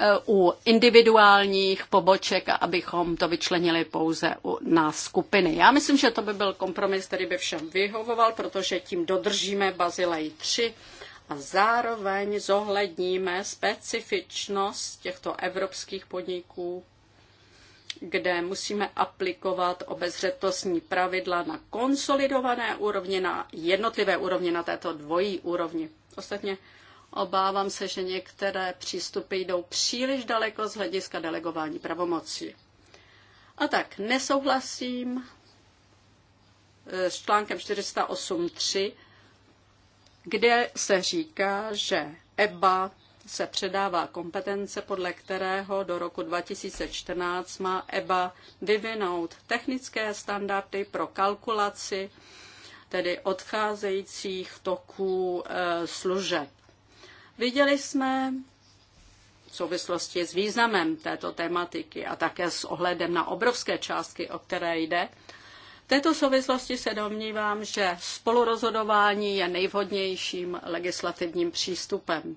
eh, u individuálních poboček a abychom to vyčlenili pouze u na skupiny. Já myslím, že to by byl kompromis, který by všem vyhovoval, protože tím dodržíme Bazilej 3 a zároveň zohledníme specifičnost těchto evropských podniků kde musíme aplikovat obezřetnostní pravidla na konsolidované úrovni, na jednotlivé úrovni, na této dvojí úrovni. Ostatně obávám se, že některé přístupy jdou příliš daleko z hlediska delegování pravomocí. A tak nesouhlasím eh, s článkem 408.3, kde se říká, že EBA se předává kompetence, podle kterého do roku 2014 má EBA vyvinout technické standardy pro kalkulaci tedy odcházejících toků e, služeb. Viděli jsme v souvislosti s významem této tematiky a také s ohledem na obrovské částky, o které jde, v této souvislosti se domnívám, že spolurozhodování je nejvhodnějším legislativním přístupem.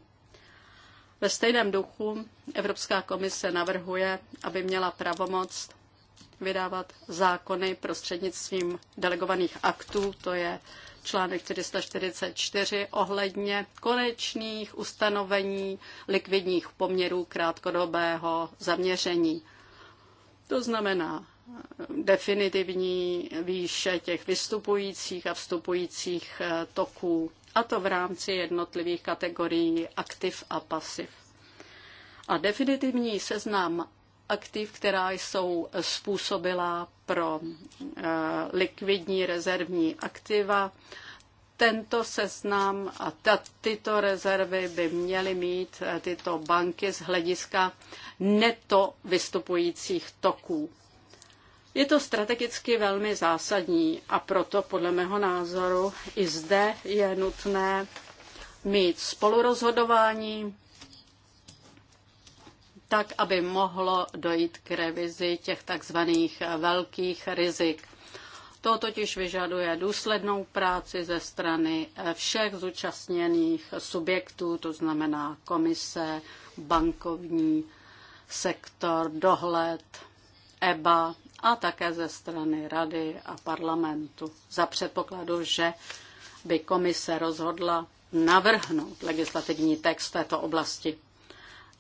Ve stejném duchu Evropská komise navrhuje, aby měla pravomoc vydávat zákony prostřednictvím delegovaných aktů, to je článek 444 ohledně konečných ustanovení likvidních poměrů krátkodobého zaměření. To znamená eh, definitivní výše těch vystupujících a vstupujících eh, toků a to v rámci jednotlivých kategorií aktiv a pasiv. A definitivní seznam aktiv, která jsou způsobila pro eh, likvidní rezervní aktiva, tento seznam a ta, tyto rezervy by měly mít eh, tyto banky z hlediska neto vystupujících toků. Je to strategicky velmi zásadní a proto podle mého názoru i zde je nutné mít spolurozhodování, tak, aby mohlo dojít k revizi těch takzvaných velkých rizik. To totiž vyžaduje důslednou práci ze strany všech zúčastněných subjektů, to znamená komise, bankovní sektor, dohled, EBA a také ze strany Rady a parlamentu. Za předpokladu, že by komise rozhodla navrhnout legislativní text této oblasti.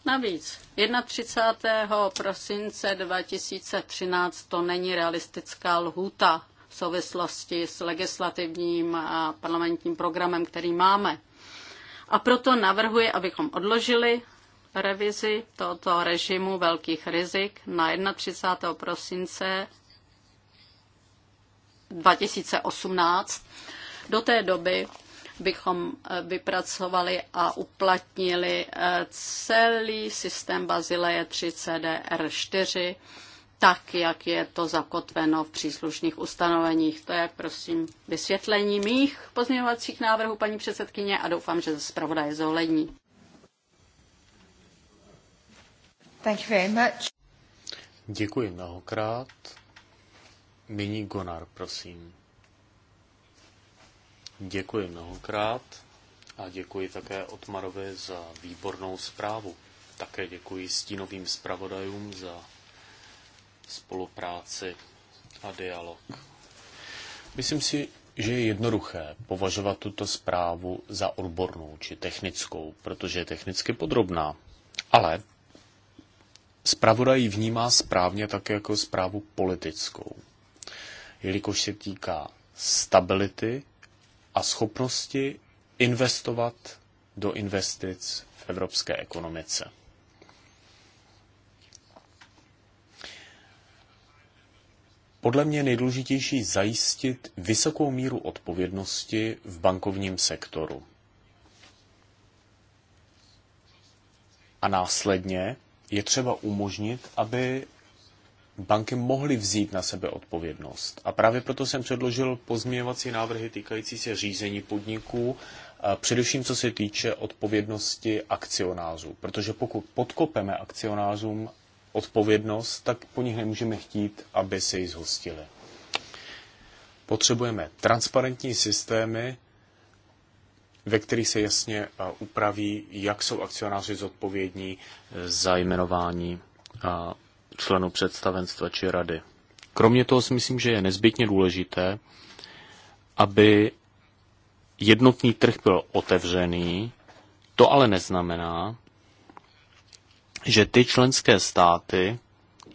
Navíc 31. prosince 2013 to není realistická lhůta v souvislosti s legislativním a parlamentním programem, který máme. A proto navrhuji, abychom odložili revizi tohoto režimu velkých rizik na 31. prosince 2018. Do té doby bychom eh, vypracovali a uplatnili eh, celý systém Bazileje 3 CDR 4, tak, jak je to zakotveno v příslušných ustanoveních. To je, prosím, vysvětlení mých pozměňovacích návrhů, paní předsedkyně, a doufám, že zpravodaj zohlední. Thank you very much. Děkuji mnohokrát. Nyní Gonar, prosím. Děkuji mnohokrát a děkuji také Otmarovi za výbornou zprávu. Také děkuji stínovým zpravodajům za spolupráci a dialog. Myslím si, že je jednoduché považovat tuto zprávu za odbornou či technickou, protože je technicky podrobná. Ale zpravodaj vnímá správně také jako zprávu politickou, jelikož se týká stability a schopnosti investovat do investic v evropské ekonomice. Podle mě nejdůležitější zajistit vysokou míru odpovědnosti v bankovním sektoru. A následně je třeba umožnit, aby banky mohly vzít na sebe odpovědnost. A právě proto jsem předložil pozměňovací návrhy týkající se řízení podniků, především co se týče odpovědnosti akcionářů. Protože pokud podkopeme akcionářům odpovědnost, tak po nich nemůžeme chtít, aby se ji zhostili. Potřebujeme transparentní systémy, ve který se jasně upraví, jak jsou akcionáři zodpovědní e, za jmenování členů představenstva či rady. Kromě toho si myslím, že je nezbytně důležité, aby jednotný trh byl otevřený. To ale neznamená, že ty členské státy,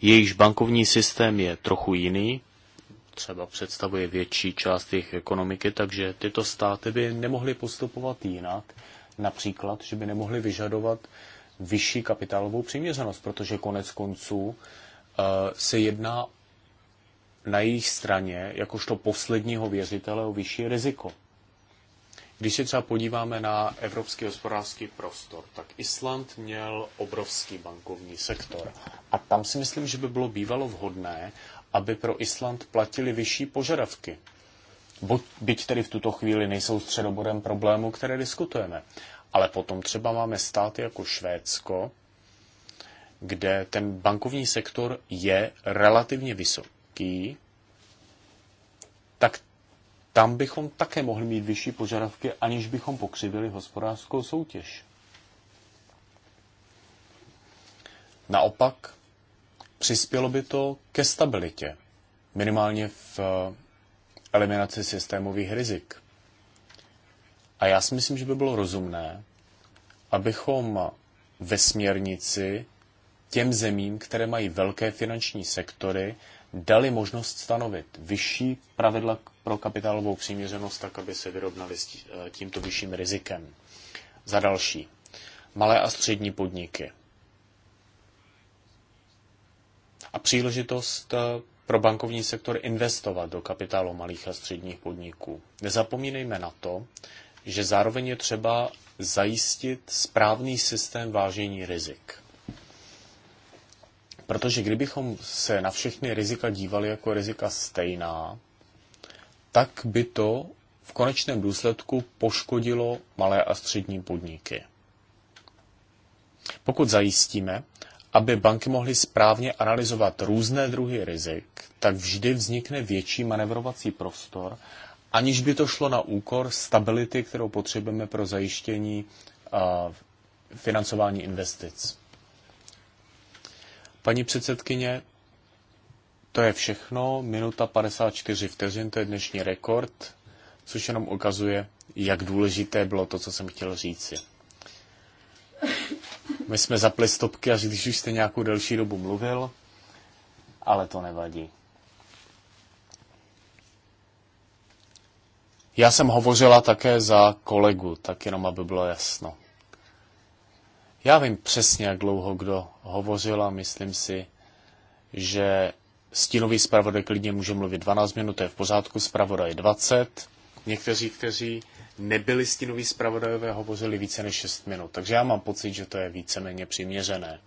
jejichž bankovní systém je trochu jiný, třeba představuje větší část jejich ekonomiky, takže tyto státy by nemohly postupovat jinak, například, že by nemohly vyžadovat vyšší kapitálovou přiměřenost, protože konec konců eh, se jedná na jejich straně, jakožto posledního věřitele, o vyšší riziko. Když se třeba podíváme na evropský hospodářský prostor, tak Island měl obrovský bankovní sektor. A tam si myslím, že by bylo bývalo vhodné, aby pro Island platili vyšší požadavky. Buď, byť tedy v tuto chvíli nejsou středobodem problému, které diskutujeme. Ale potom třeba máme státy jako Švédsko, kde ten bankovní sektor je relativně vysoký, tak tam bychom také mohli mít vyšší požadavky, aniž bychom pokřivili hospodářskou soutěž. Naopak, Přispělo by to ke stabilitě, minimálně v eh, eliminaci systémových rizik. A já si myslím, že by bylo rozumné, abychom ve směrnici těm zemím, které mají velké finanční sektory, dali možnost stanovit vyšší pravidla pro kapitálovou přiměřenost, tak aby se vyrovnali s eh, tímto vyšším rizikem. Za další, malé a střední podniky a příležitost eh, pro bankovní sektor investovat do kapitálu malých a středních podniků. Nezapomínejme na to, že zároveň je třeba zajistit správný systém vážení rizik. Protože kdybychom se na všechny rizika dívali jako rizika stejná, tak by to v konečném důsledku poškodilo malé a střední podniky. Pokud zajistíme, aby banky mohly správně analyzovat různé druhy rizik, tak vždy vznikne větší manevrovací prostor, aniž by to šlo na úkor stability, kterou potřebujeme pro zajištění financování investic. Paní předsedkyně, to je všechno. Minuta 54 vteřin, to je dnešní rekord, což jenom ukazuje, jak důležité bylo to, co jsem chtěl říci. My jsme zapli stopky, až když už jste nějakou delší dobu mluvil, ale to nevadí. Já jsem hovořila také za kolegu, tak jenom aby bylo jasno. Já vím přesně, jak dlouho kdo hovořil a myslím si, že stínový zpravodaj klidně může mluvit 12 minut, to je v pořádku, zpravodaj 20. Někteří, kteří nebyli stínoví zpravodajové, hovořili více než 6 minut. Takže já mám pocit, že to je víceméně přiměřené.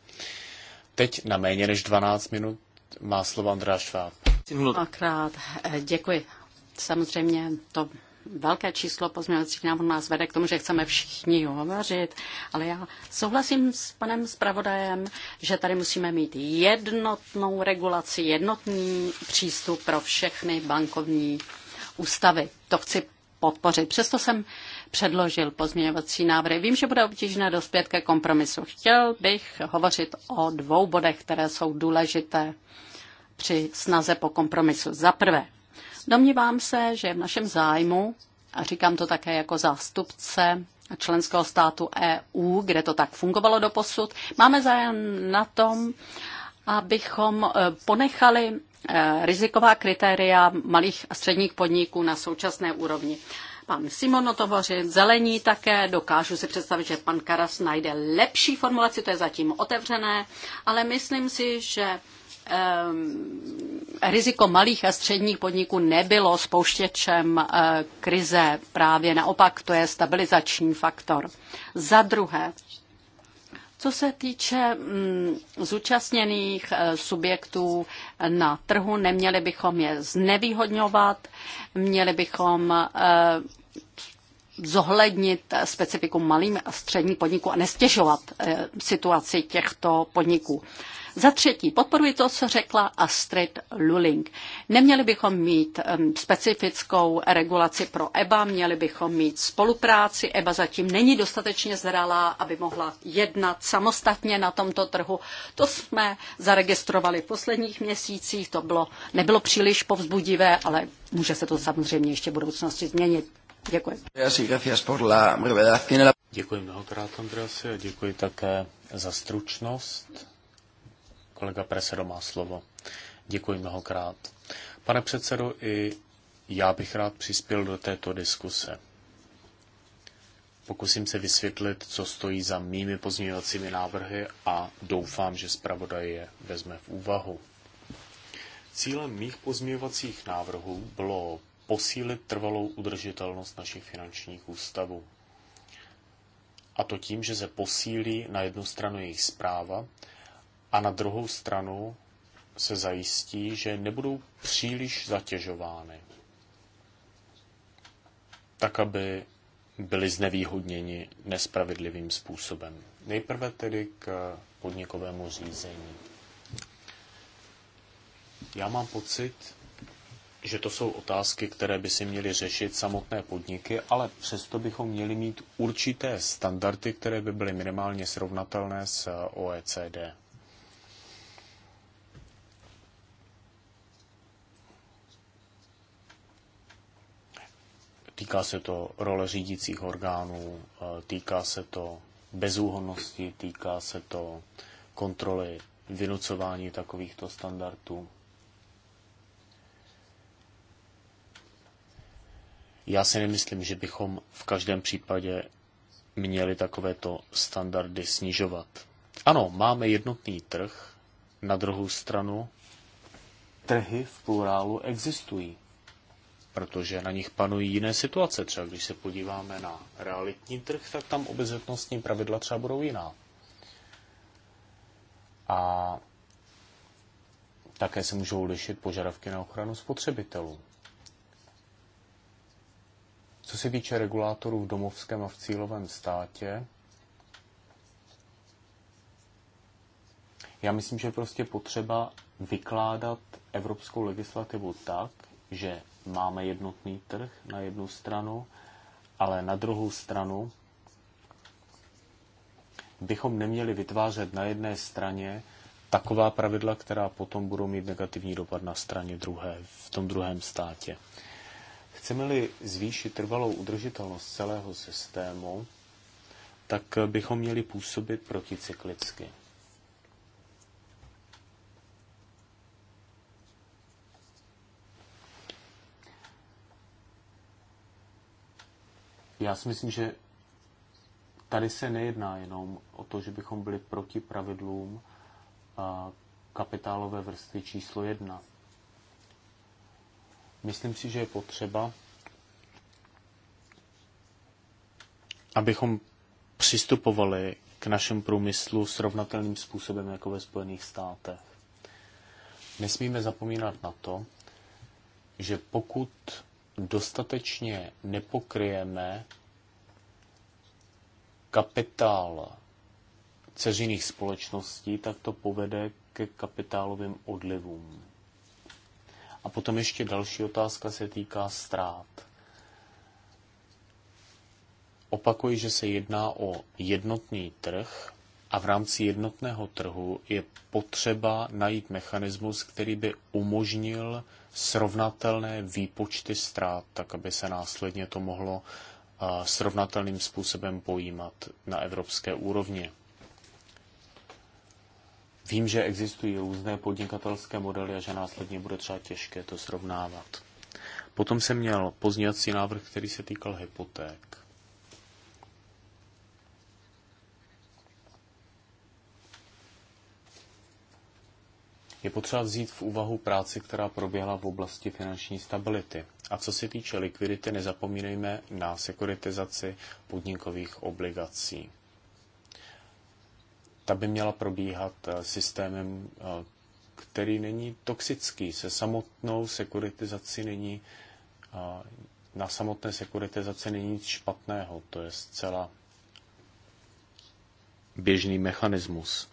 Teď na méně než 12 minut má slovo Andrá Šváb. Akrát, eh, děkuji. Samozřejmě to velké číslo pozměňovacích návrhů nás vede k tomu, že chceme všichni hovořit, ale já souhlasím s panem zpravodajem, že tady musíme mít jednotnou regulaci, jednotný přístup pro všechny bankovní ústavy. To chci podpořit. Přesto jsem předložil pozměňovací návrhy. Vím, že bude obtížné dospět ke kompromisu. Chtěl bych hovořit o dvou bodech, které jsou důležité při snaze po kompromisu. Za prvé, domnívám se, že je v našem zájmu, a říkám to také jako zástupce členského státu EU, kde to tak fungovalo do posud, máme zájem na tom, abychom eh, ponechali Eh, riziková kritéria malých a středních podniků na současné úrovni. Pan Simon o to hovořil, zelení také, dokážu si představit, že pan Karas najde lepší formulaci, to je zatím otevřené, ale myslím si, že eh, riziko malých a středních podniků nebylo spouštěčem eh, krize, právě naopak to je stabilizační faktor. Za druhé, co se týče mm, zúčastněných eh, subjektů na trhu, neměli bychom je znevýhodňovat, měli bychom eh, zohlednit eh, specifikum malým a středním podniku a nestěžovat eh, situaci těchto podniků. Za třetí, podporuji to, co řekla Astrid Luling. Neměli bychom mít um, specifickou regulaci pro EBA, měli bychom mít spolupráci. EBA zatím není dostatečně zralá, aby mohla jednat samostatně na tomto trhu. To jsme zaregistrovali v posledních měsících, to bylo, nebylo příliš povzbudivé, ale může se to samozřejmě ještě v budoucnosti změnit. Děkuji. Děkuji mnohokrát, Andreasi, a děkuji také za stručnost. Kolega Presedo má slovo. Děkuji mnohokrát. Pane předsedo, i já bych rád přispěl do této diskuse. Pokusím se vysvětlit, co stojí za mými pozměňovacími návrhy a doufám, že zpravodaj je vezme v úvahu. Cílem mých pozměňovacích návrhů bylo posílit trvalou udržitelnost našich finančních ústavů. A to tím, že se posílí na jednu stranu jejich zpráva a na druhou stranu se zajistí, že nebudou příliš zatěžovány, tak aby byli znevýhodněni nespravedlivým způsobem. Nejprve tedy k podnikovému řízení. Já mám pocit, že to jsou otázky, které by si měly řešit samotné podniky, ale přesto bychom měli mít určité standardy, které by byly minimálně srovnatelné s eh, OECD. Týká se to role řídících orgánů, eh, týká se to bezúhonnosti, týká se to kontroly vynucování takovýchto standardů. Já si nemyslím, že bychom v každém případě měli takovéto standardy snižovat. Ano, máme jednotný trh, na druhou stranu trhy v plurálu existují, protože na nich panují jiné situace. Třeba když se podíváme na realitní trh, tak tam obezřetnostní pravidla třeba budou jiná. A také se můžou lišit požadavky na ochranu spotřebitelů. Co se týče regulátorů v domovském a v cílovém státě, já myslím, že je prostě potřeba vykládat evropskou legislativu tak, že máme jednotný trh na jednu stranu, ale na druhou stranu bychom neměli vytvářet na jedné straně taková pravidla, která potom budou mít negativní dopad na straně druhé, v tom druhém státě. Chceme-li zvýšit trvalou udržitelnost celého systému, tak bychom měli působit proticyklicky. Já si myslím, že tady se nejedná jenom o to, že bychom byli proti pravidlům kapitálové vrstvy číslo jedna. Myslím si, že je potřeba, abychom přistupovali k našemu průmyslu srovnatelným způsobem jako ve Spojených státech. Nesmíme zapomínat na to, že pokud dostatečně nepokryjeme kapitál ceřiných společností, tak to povede ke kapitálovým odlivům. A potom ještě další otázka se týká ztrát. Opakuji, že se jedná o jednotný trh a v rámci jednotného trhu je potřeba najít mechanismus, který by umožnil srovnatelné výpočty ztrát, tak aby se následně to mohlo eh, srovnatelným způsobem pojímat na evropské úrovni. Vím, že existují různé podnikatelské modely a že následně bude třeba těžké to srovnávat. Potom jsem měl pozněvací návrh, který se týkal hypoték. Je potřeba vzít v úvahu práci, která proběhla v oblasti finanční stability. A co se týče likvidity, nezapomínejme na sekuritizaci podnikových obligací ta by měla probíhat eh, systémem, eh, který není toxický. Se samotnou sekuritizací není, eh, na samotné sekuritizaci není nic špatného. To je zcela běžný mechanismus.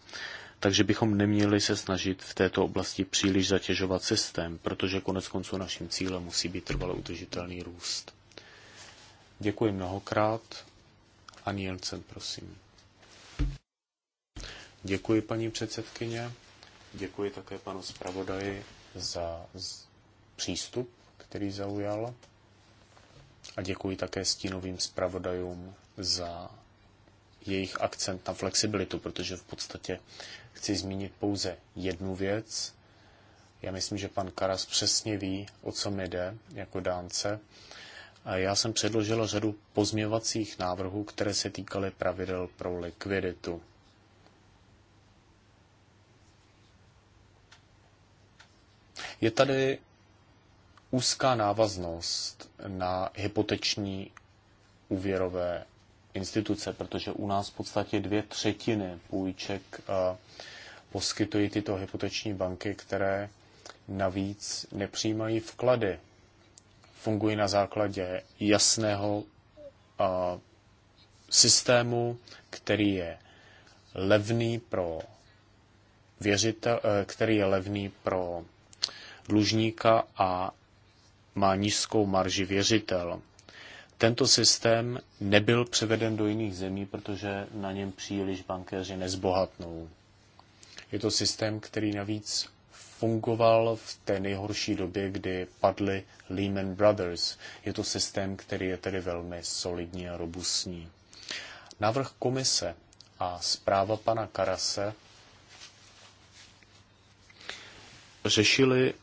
Takže bychom neměli se snažit v této oblasti příliš zatěžovat systém, protože konec konců naším cílem musí být trvale udržitelný růst. Děkuji mnohokrát. Ani prosím. Děkuji, paní předsedkyně. Děkuji také panu zpravodaji za přístup, který zaujal. A děkuji také stínovým zpravodajům za jejich akcent na flexibilitu, protože v podstatě chci zmínit pouze jednu věc. Já myslím, že pan Karas přesně ví, o co mi jde jako dánce. A já jsem předložila řadu pozměvacích návrhů, které se týkaly pravidel pro likviditu. Je tady úzká návaznost na hypoteční úvěrové instituce, protože u nás v podstatě dvě třetiny půjček eh, poskytují tyto hypoteční banky, které navíc nepřijímají vklady. Fungují na základě jasného eh, systému, který je levný pro věřitel, eh, který je levný pro dlužníka a má nízkou marži věřitel. Tento systém nebyl převeden do jiných zemí, protože na něm příliš bankéři nezbohatnou. Je to systém, který navíc fungoval v té nejhorší době, kdy padly Lehman Brothers. Je to systém, který je tedy velmi solidní a robustní. Návrh komise a zpráva pana Karase řešili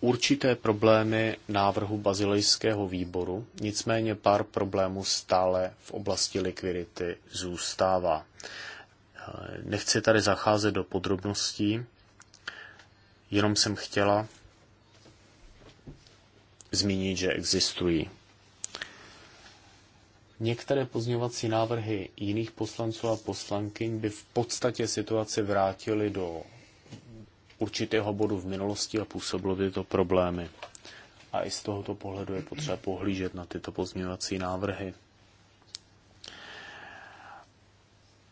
určité problémy návrhu bazilejského výboru, nicméně pár problémů stále v oblasti likvidity zůstává. Nechci tady zacházet do podrobností, jenom jsem chtěla zmínit, že existují. Některé pozňovací návrhy jiných poslanců a poslankyň by v podstatě situaci vrátily do určitého bodu v minulosti a působilo to problémy. A i z tohoto pohledu je potřeba pohlížet na tyto pozměňovací návrhy.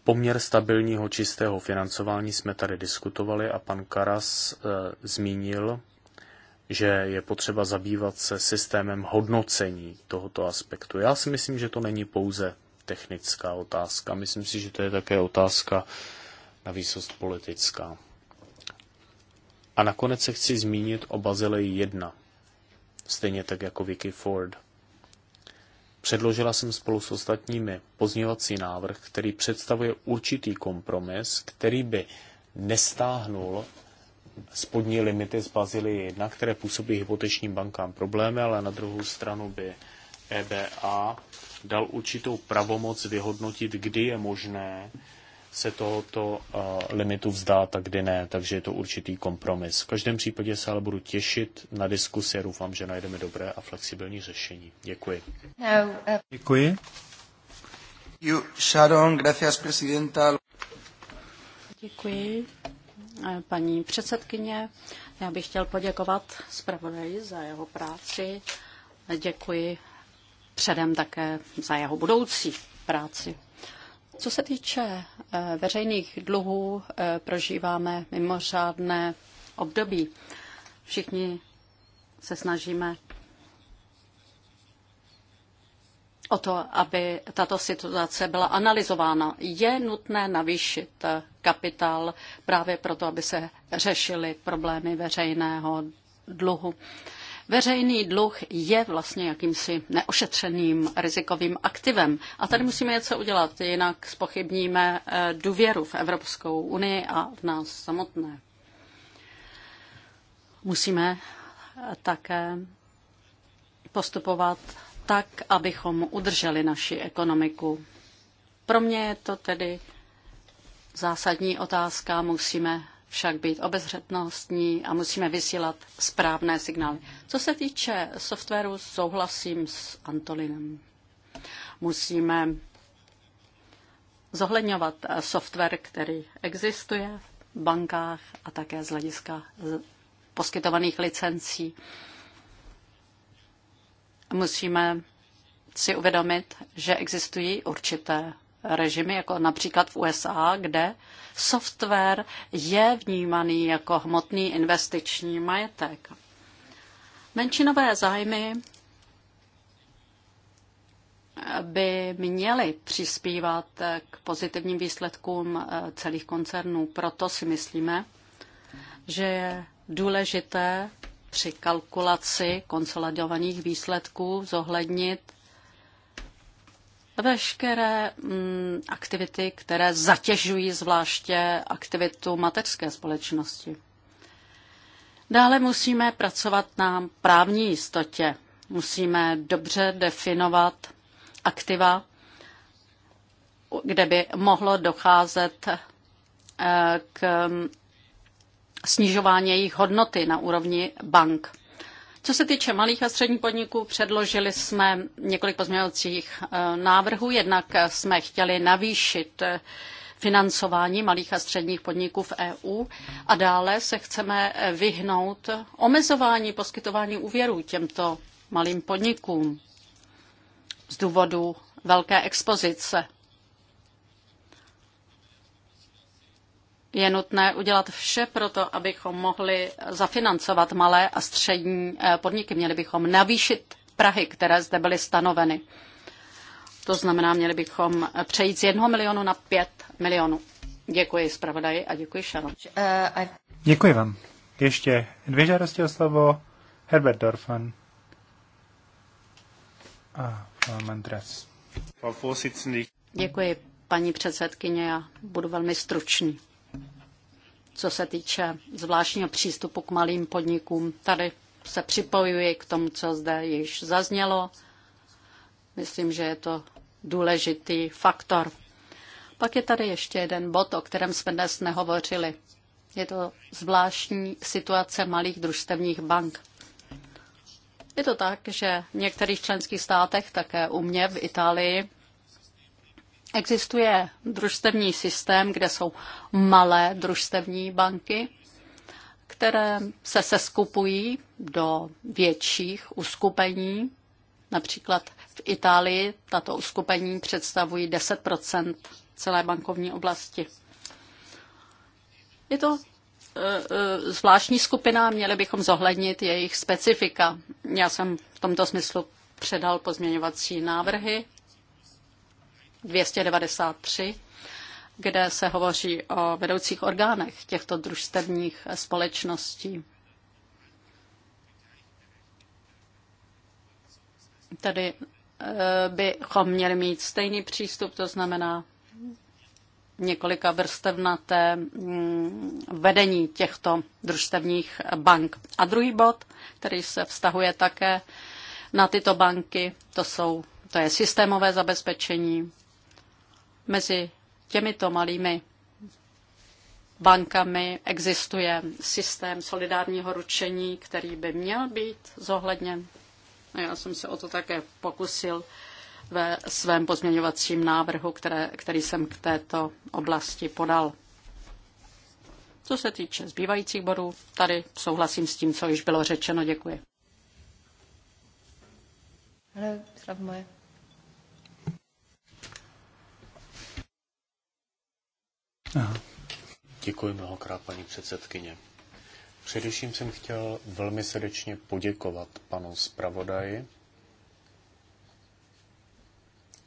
Poměr stabilního čistého financování jsme tady diskutovali a pan Karas e, zmínil, že je potřeba zabývat se systémem hodnocení tohoto aspektu. Já si myslím, že to není pouze technická otázka. Myslím si, že to je také otázka na výsost politická. A nakonec se chci zmínit o Bazileji 1, stejně tak jako Vicky Ford. Předložila jsem spolu s ostatními pozměvací návrh, který představuje určitý kompromis, který by nestáhnul spodní limity z Bazilie 1, které působí hypotečním bankám problémy, ale na druhou stranu by EBA dal určitou pravomoc vyhodnotit, kdy je možné se tohoto eh, limitu vzdát tak kdy ne, takže je to určitý kompromis. V každém případě se ale budu těšit na diskusi a doufám, že najdeme dobré a flexibilní řešení. Děkuji. No, uh... Děkuji. You, Sharon, gracias, presidenta. Děkuji, eh, paní předsedkyně. Já bych chtěl poděkovat zpravodaji za jeho práci. Děkuji předem také za jeho budoucí práci. Co se týče eh, veřejných dluhů, eh, prožíváme mimořádné období. Všichni se snažíme o to, aby tato situace byla analyzována. Je nutné navýšit eh, kapitál právě proto, aby se řešily problémy veřejného dluhu. Veřejný dluh je vlastně jakýmsi neošetřeným rizikovým aktivem. A tady musíme něco udělat, jinak spochybníme eh, důvěru v Evropskou unii a v nás samotné. Musíme eh, také postupovat tak, abychom udrželi naši ekonomiku. Pro mě je to tedy zásadní otázka. Musíme však být obezřetnostní a musíme vysílat správné signály. Co se týče softwaru, souhlasím s Antolinem. Musíme zohledňovat software, který existuje v bankách a také z hlediska poskytovaných licencí. Musíme si uvědomit, že existují určité režimy, jako například v USA, kde software je vnímaný jako hmotný investiční majetek. Menšinové zájmy by měly přispívat k pozitivním výsledkům eh, celých koncernů. Proto si myslíme, že je důležité při kalkulaci konsolidovaných výsledků zohlednit veškeré mm, aktivity, které zatěžují zvláště aktivitu mateřské společnosti. Dále musíme pracovat na právní jistotě. Musíme dobře definovat aktiva, kde by mohlo docházet eh, k mm, snižování jejich hodnoty na úrovni bank. Co se týče malých a středních podniků, předložili jsme několik pozměňovacích eh, návrhů. Jednak eh, jsme chtěli navýšit eh, financování malých a středních podniků v EU a dále se chceme vyhnout omezování poskytování úvěrů těmto malým podnikům z důvodu velké expozice. je nutné udělat vše pro to, abychom mohli zafinancovat malé a střední eh, podniky. Měli bychom navýšit Prahy, které zde byly stanoveny. To znamená, měli bychom eh, přejít z jednoho milionu na pět milionů. Děkuji zpravodaji a děkuji Sharon. Eh, děkuji vám. Ještě dvě žádosti o slovo. Herbert Dorfan a pan Mandras. Děkuji, paní předsedkyně, já budu velmi stručný co se týče zvláštního přístupu k malým podnikům. Tady se připojuji k tomu, co zde již zaznělo. Myslím, že je to důležitý faktor. Pak je tady ještě jeden bod, o kterém jsme dnes nehovořili. Je to zvláštní situace malých družstevních bank. Je to tak, že v některých členských státech, také u mě v Itálii, Existuje družstevní systém, kde jsou malé družstevní banky, které se seskupují do větších uskupení. Například v Itálii tato uskupení představují 10 celé bankovní oblasti. Je to e, e, zvláštní skupina, měli bychom zohlednit jejich specifika. Já jsem v tomto smyslu předal pozměňovací návrhy 293, kde se hovoří o vedoucích orgánech těchto družstevních společností. tady eh, bychom měli mít stejný přístup, to znamená několika té mm, vedení těchto družstevních bank. A druhý bod, který se vztahuje také na tyto banky, to, jsou, to je systémové zabezpečení. Mezi těmito malými bankami existuje systém solidárního ručení, který by měl být zohledněn. Já jsem se o to také pokusil ve svém pozměňovacím návrhu, které, který jsem k této oblasti podal. Co se týče zbývajících bodů, tady souhlasím s tím, co již bylo řečeno. Děkuji. Hello, Aha. Děkuji mnohokrát, paní předsedkyně. Především jsem chtěl velmi srdečně poděkovat panu zpravodaji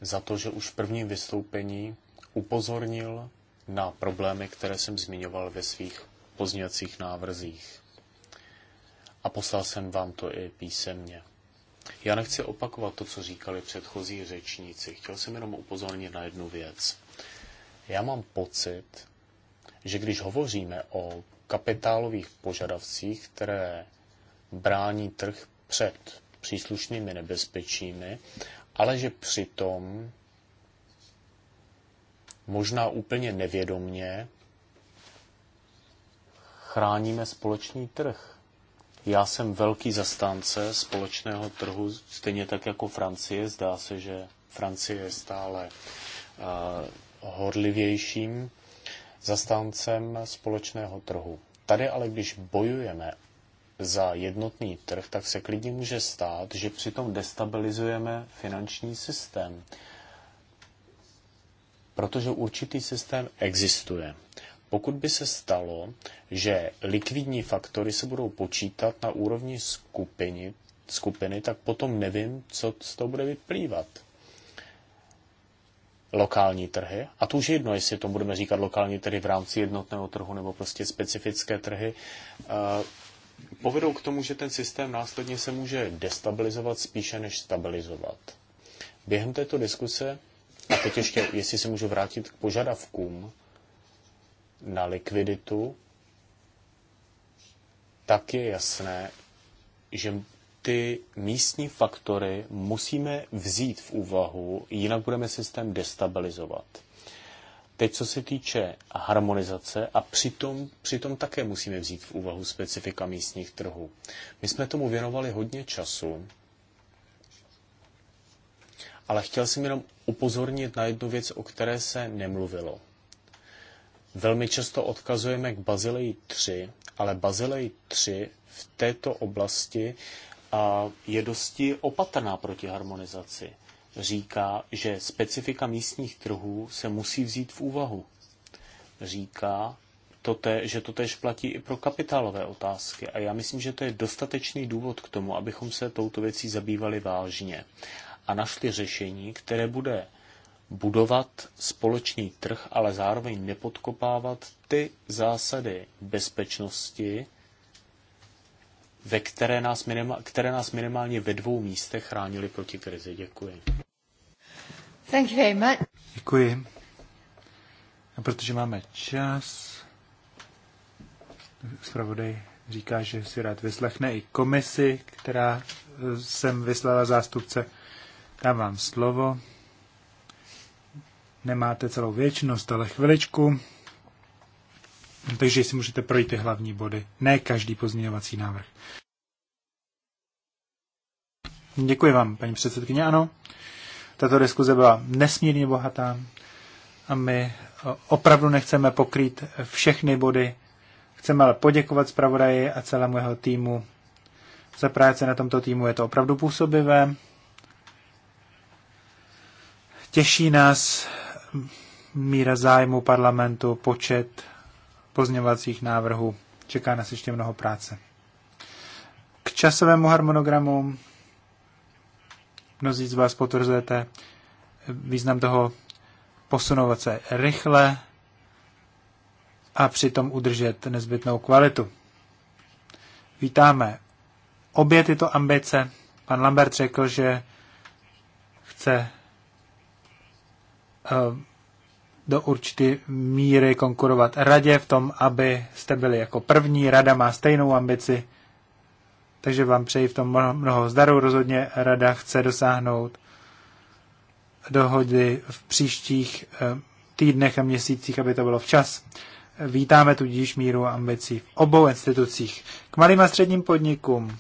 za to, že už v prvním vystoupení upozornil na problémy, které jsem zmiňoval ve svých pozněcích návrzích. A poslal jsem vám to i písemně. Já nechci opakovat to, co říkali předchozí řečníci. Chtěl jsem jenom upozornit na jednu věc. Já mám pocit, že když hovoříme o kapitálových požadavcích, které brání trh před příslušnými nebezpečími, ale že přitom možná úplně nevědomně chráníme společný trh. Já jsem velký zastánce společného trhu, stejně tak jako Francie. Zdá se, že Francie je stále eh, horlivějším zastáncem společného trhu. Tady ale, když bojujeme za jednotný trh, tak se klidně může stát, že přitom destabilizujeme finanční systém. Protože určitý systém existuje. Pokud by se stalo, že likvidní faktory se budou počítat na úrovni skupiny, skupiny tak potom nevím, co z toho bude vyplývat lokální trhy. A to už je jedno, jestli to budeme říkat lokální trhy v rámci jednotného trhu nebo prostě specifické trhy. Eh, povedou k tomu, že ten systém následně se může destabilizovat spíše než stabilizovat. Během této diskuse, a teď ještě, jestli se můžu vrátit k požadavkům na likviditu, tak je jasné, že ty místní faktory musíme vzít v úvahu, jinak budeme systém destabilizovat. Teď, co se týče harmonizace, a přitom, přitom také musíme vzít v úvahu specifika místních trhů. My jsme tomu věnovali hodně času, ale chtěl jsem jenom upozornit na jednu věc, o které se nemluvilo. Velmi často odkazujeme k Bazileji 3, ale Bazilej 3 v této oblasti je dosti opatrná proti harmonizaci. Říká, že specifika místních trhů se musí vzít v úvahu. Říká, te, že to tež platí i pro kapitálové otázky. A já myslím, že to je dostatečný důvod k tomu, abychom se touto věcí zabývali vážně a našli řešení, které bude budovat společný trh, ale zároveň nepodkopávat ty zásady bezpečnosti, ve které nás, minima, které nás minimálně ve dvou místech chránili proti krizi. Děkuji. Thank you very much. Děkuji. A protože máme čas, zpravodaj říká, že si rád vyslechne i komisi, která jsem eh, vyslala zástupce. Dám vám slovo. Nemáte celou věčnost, ale chviličku. Takže si můžete projít ty hlavní body, ne každý pozměňovací návrh. Děkuji vám, paní předsedkyně. Ano, tato diskuze byla nesmírně bohatá a my eh, opravdu nechceme pokrýt všechny body. Chceme ale poděkovat zpravodaji a celému jeho týmu za práci na tomto týmu. Je to opravdu působivé. Těší nás míra zájmu parlamentu, počet pozměňovacích návrhů. Čeká nás ještě mnoho práce. K časovému harmonogramu mnozí z vás potvrzujete význam toho posunovat se rychle a přitom udržet nezbytnou kvalitu. Vítáme obě tyto ambice. Pan Lambert řekl, že chce eh, do určité míry konkurovat radě v tom, aby jste byli jako první. Rada má stejnou ambici, takže vám přeji v tom mnoho zdaru. Rozhodně rada chce dosáhnout dohody v příštích eh, týdnech a měsících, aby to bylo včas. Vítáme tudíž míru ambicí v obou institucích. K malým a středním podnikům.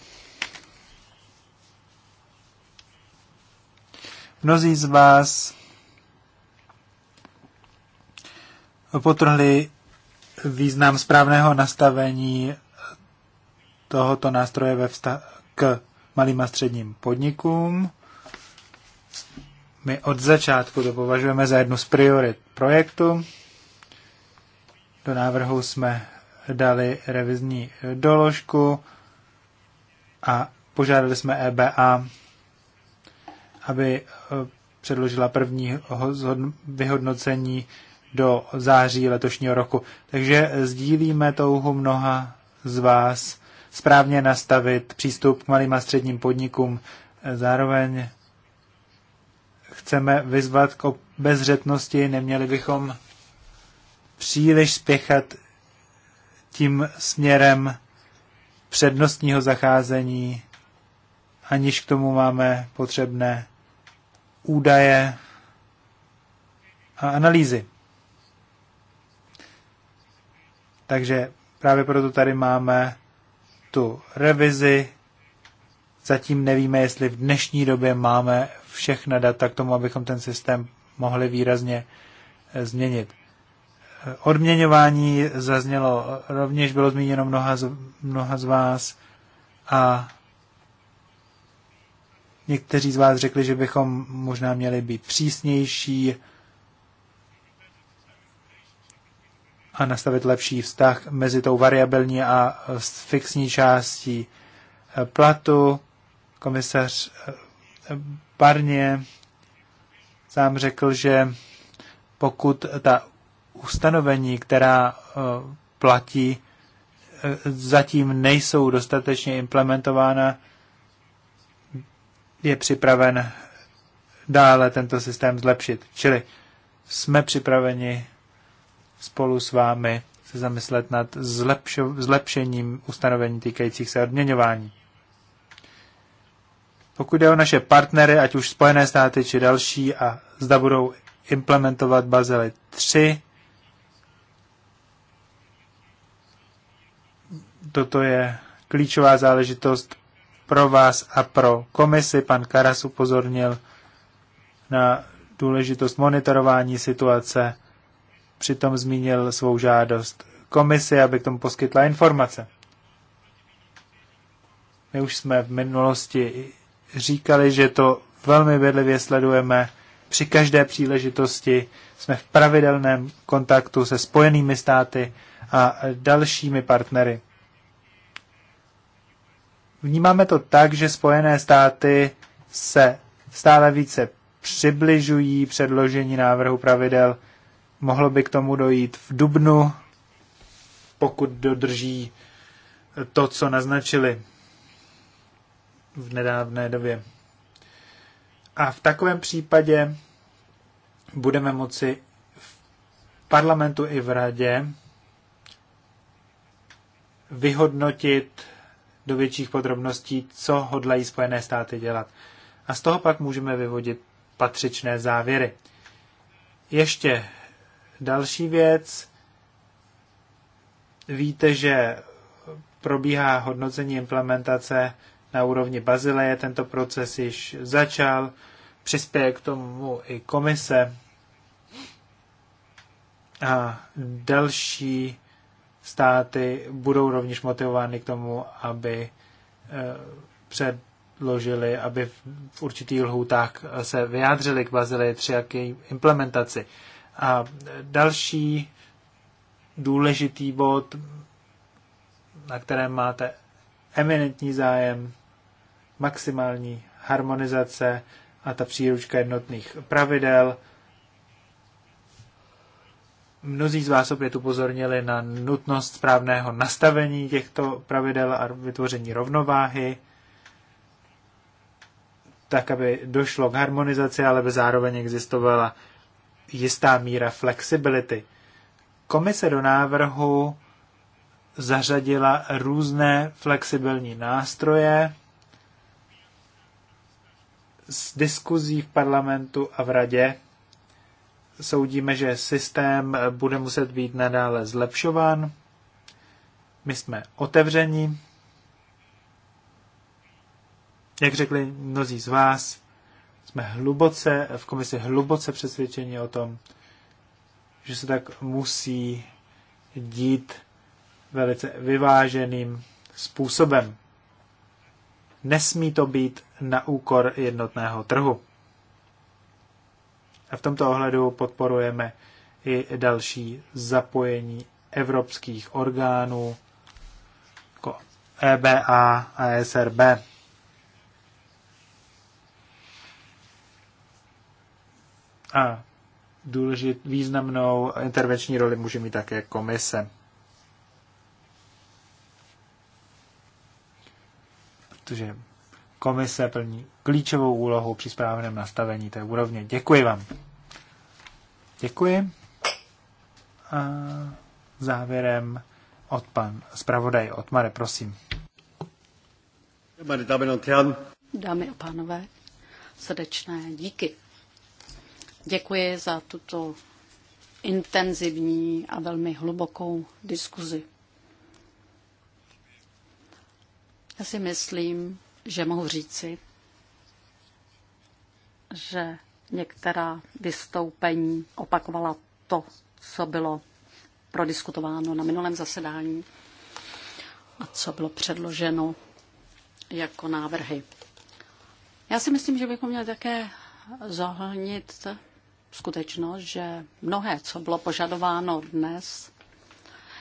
Mnozí z vás potrhli význam správného nastavení tohoto nástroje ve vztah k malým a středním podnikům. My od začátku to považujeme za jednu z priorit projektu. Do návrhu jsme dali revizní doložku a požádali jsme EBA, aby eh, předložila první vyhodnocení do září letošního roku. Takže sdílíme touhu mnoha z vás správně nastavit přístup k malým a středním podnikům. Zároveň chceme vyzvat k bezřetnosti, neměli bychom příliš spěchat tím směrem přednostního zacházení, aniž k tomu máme potřebné údaje a analýzy. Takže právě proto tady máme tu revizi. Zatím nevíme, jestli v dnešní době máme všechna data k tomu, abychom ten systém mohli výrazně eh, změnit. Eh, odměňování zaznělo, eh, rovněž bylo zmíněno mnoha z, mnoha z vás a někteří z vás řekli, že bychom možná měli být přísnější, a nastavit lepší vztah mezi tou variabilní a eh, fixní částí eh, platu. Komisař eh, Barně sám řekl, že pokud ta ustanovení, která platí, zatím nejsou dostatečně implementována, je připraven dále tento systém zlepšit. Čili jsme připraveni spolu s vámi se zamyslet nad zlepšo, zlepšením ustanovení týkajících se odměňování. Pokud jde o naše partnery, ať už Spojené státy či další, a zda budou implementovat Bazely 3, toto je klíčová záležitost pro vás a pro komisi. Pan Karas upozornil na důležitost monitorování situace přitom zmínil svou žádost komisi, aby k tomu poskytla informace. My už jsme v minulosti říkali, že to velmi vědlivě sledujeme. Při každé příležitosti jsme v pravidelném kontaktu se spojenými státy a dalšími partnery. Vnímáme to tak, že spojené státy se stále více přibližují předložení návrhu pravidel Mohlo by k tomu dojít v dubnu, pokud dodrží to, co naznačili v nedávné době. A v takovém případě budeme moci v parlamentu i v radě vyhodnotit do větších podrobností, co hodlají Spojené státy dělat. A z toho pak můžeme vyvodit patřičné závěry. Ještě Další věc, víte, že probíhá hodnocení implementace na úrovni Bazileje, tento proces již začal, přispěje k tomu i komise a další státy budou rovněž motivovány k tomu, aby eh, předložili, aby v určitých lhůtách se vyjádřili k bazileje 3 a k její implementaci. A další důležitý bod, na kterém máte eminentní zájem, maximální harmonizace a ta příručka jednotných pravidel. Mnozí z vás opět upozornili na nutnost správného nastavení těchto pravidel a vytvoření rovnováhy, tak aby došlo k harmonizaci, ale by zároveň existovala jistá míra flexibility. Komise do návrhu zařadila různé flexibilní nástroje z diskuzí v parlamentu a v radě. Soudíme, že systém bude muset být nadále zlepšován. My jsme otevření. Jak řekli mnozí z vás, jsme hluboce, v komisi hluboce přesvědčeni o tom, že se tak musí dít velice vyváženým způsobem. Nesmí to být na úkor jednotného trhu. A v tomto ohledu podporujeme i další zapojení evropských orgánů jako EBA a SRB. A důležit, významnou intervenční roli může mít také komise. Protože komise plní klíčovou úlohu při správném nastavení té úrovně. Děkuji vám. Děkuji. A závěrem od pan zpravodaj Otmare, prosím. Dámy a pánové, srdečné díky Děkuji za tuto intenzivní a velmi hlubokou diskuzi. Já si myslím, že mohu říci, že některá vystoupení opakovala to, co bylo prodiskutováno na minulém zasedání a co bylo předloženo jako návrhy. Já si myslím, že bychom měli také zohlednit skutečnost, že mnohé, co bylo požadováno dnes,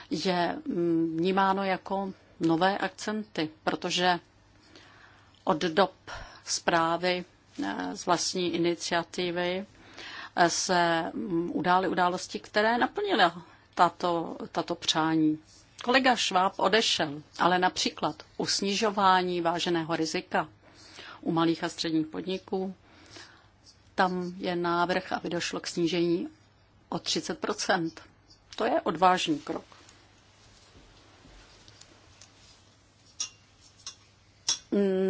je mm, vnímáno jako nové akcenty, protože od dob zprávy eh, z vlastní iniciativy eh, se mm, udály události, které naplnily tato, tato přání. Kolega Šváb odešel, ale například u snižování váženého rizika u malých a středních podniků tam je návrh, aby došlo k snížení o 30 To je odvážný krok.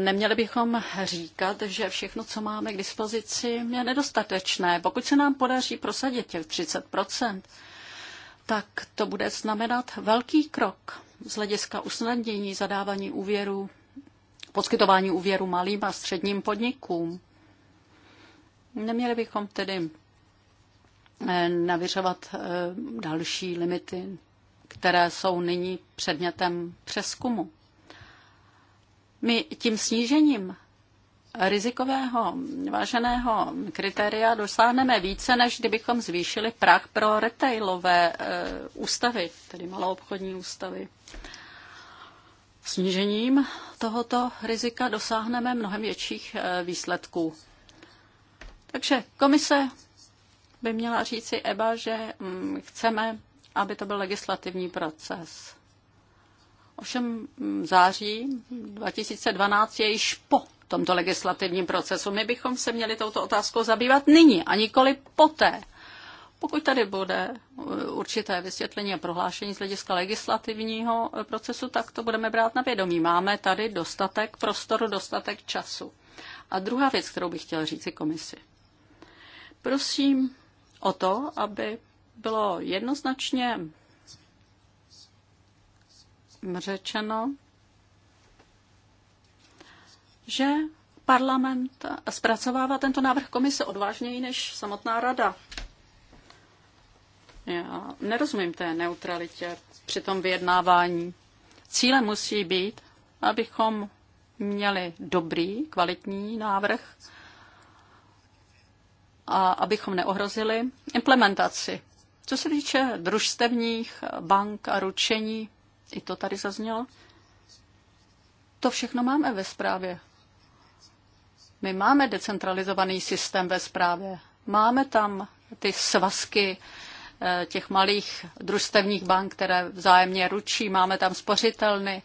Neměli bychom říkat, že všechno, co máme k dispozici, je nedostatečné. Pokud se nám podaří prosadit těch 30 tak to bude znamenat velký krok z hlediska usnadnění zadávání úvěru, poskytování úvěru malým a středním podnikům. Neměli bychom tedy eh, navyřovat eh, další limity, které jsou nyní předmětem přeskumu. My tím snížením rizikového váženého kritéria dosáhneme více, než kdybychom zvýšili prach pro retailové eh, ústavy, tedy maloobchodní ústavy. Snížením tohoto rizika dosáhneme mnohem větších výsledků. Takže komise by měla říci EBA, že mm, chceme, aby to byl legislativní proces. Ovšem mm, v září 2012 je již po tomto legislativním procesu. My bychom se měli touto otázkou zabývat nyní a nikoli poté. Pokud tady bude uh, určité vysvětlení a prohlášení z hlediska legislativního uh, procesu, tak to budeme brát na vědomí. Máme tady dostatek prostoru, dostatek času. A druhá věc, kterou bych chtěl říci komisi. Prosím o to, aby bylo jednoznačně řečeno, že parlament zpracovává tento návrh komise odvážněji než samotná rada. Já nerozumím té neutralitě při tom vyjednávání. Cílem musí být, abychom měli dobrý, kvalitní návrh, a abychom neohrozili implementaci. Co se týče družstevních bank a ručení, i to tady zaznělo, to všechno máme ve zprávě. My máme decentralizovaný systém ve zprávě. Máme tam ty svazky eh, těch malých družstevních bank, které vzájemně ručí, máme tam spořitelny.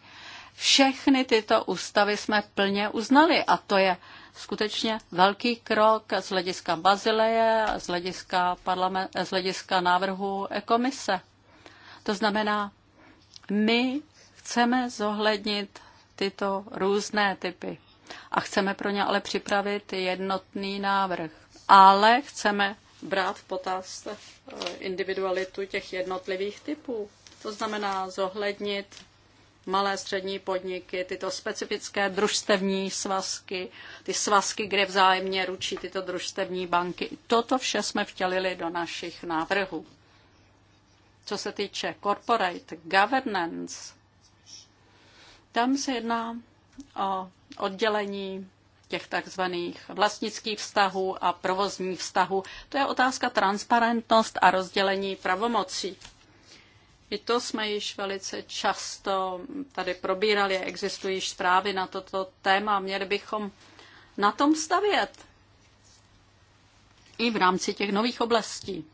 Všechny tyto ústavy jsme plně uznali a to je skutečně velký krok z hlediska Bazileje, z hlediska, parlament, z hlediska návrhu komise. To znamená, my chceme zohlednit tyto různé typy a chceme pro ně ale připravit jednotný návrh. Ale chceme brát v potaz eh, individualitu těch jednotlivých typů. To znamená zohlednit malé střední podniky, tyto specifické družstevní svazky, ty svazky, kde vzájemně ručí tyto družstevní banky. Toto vše jsme vtělili do našich návrhů. Co se týče corporate governance, tam se jedná o oddělení těch takzvaných vlastnických vztahů a provozních vztahů. To je otázka transparentnost a rozdělení pravomocí. I to jsme již velice často tady probírali, existují již zprávy na toto téma, měli bychom na tom stavět i v rámci těch nových oblastí.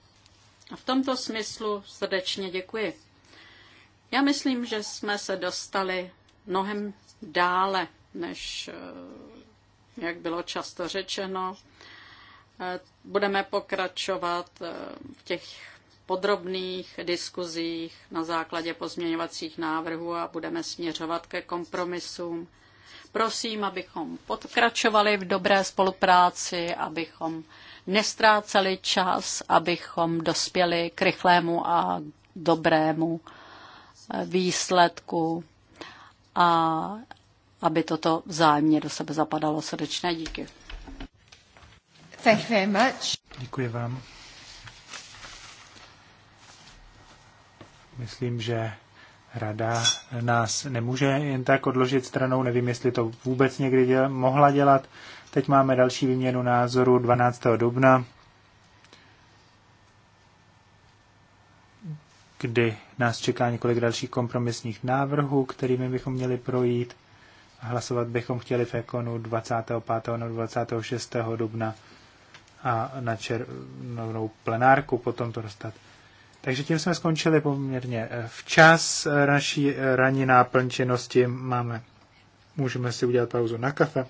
A v tomto smyslu srdečně děkuji. Já myslím, že jsme se dostali mnohem dále, než eh, jak bylo často řečeno. Eh, budeme pokračovat eh, v těch podrobných diskuzích na základě pozměňovacích návrhů a budeme směřovat ke kompromisům. Prosím, abychom pokračovali v dobré spolupráci, abychom nestráceli čas, abychom dospěli k rychlému a dobrému eh, výsledku a aby toto vzájemně do sebe zapadalo. Srdečné díky. Thank you very much. Děkuji vám. Myslím, že rada nás nemůže jen tak odložit stranou, nevím, jestli to vůbec někdy děl, mohla dělat. Teď máme další výměnu názoru 12. dubna, kdy nás čeká několik dalších kompromisních návrhů, kterými bychom měli projít. Hlasovat bychom chtěli v Ekonu 25. nebo 26. dubna a na červnou plenárku potom to dostat. Takže tím jsme skončili poměrně eh, včas eh, naší eh, ranní náplň činnosti. Máme, můžeme si udělat pauzu na kafe.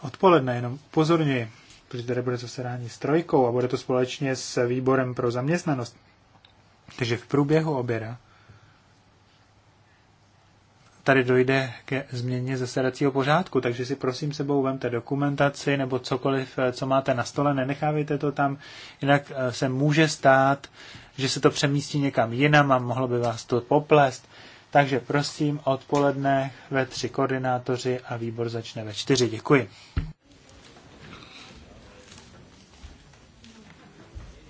Odpoledne jenom pozorněji, protože tady bude zasedání s trojkou a bude to společně s výborem pro zaměstnanost. Takže v průběhu oběda tady dojde ke změně zasedacího pořádku, takže si prosím sebou vemte dokumentaci nebo cokoliv, eh, co máte na stole, nenechávejte to tam, jinak eh, se může stát, že se to přemístí někam jinam a mohlo by vás to poplést. Takže prosím, odpoledne ve tři koordinátoři a výbor začne ve čtyři. Děkuji.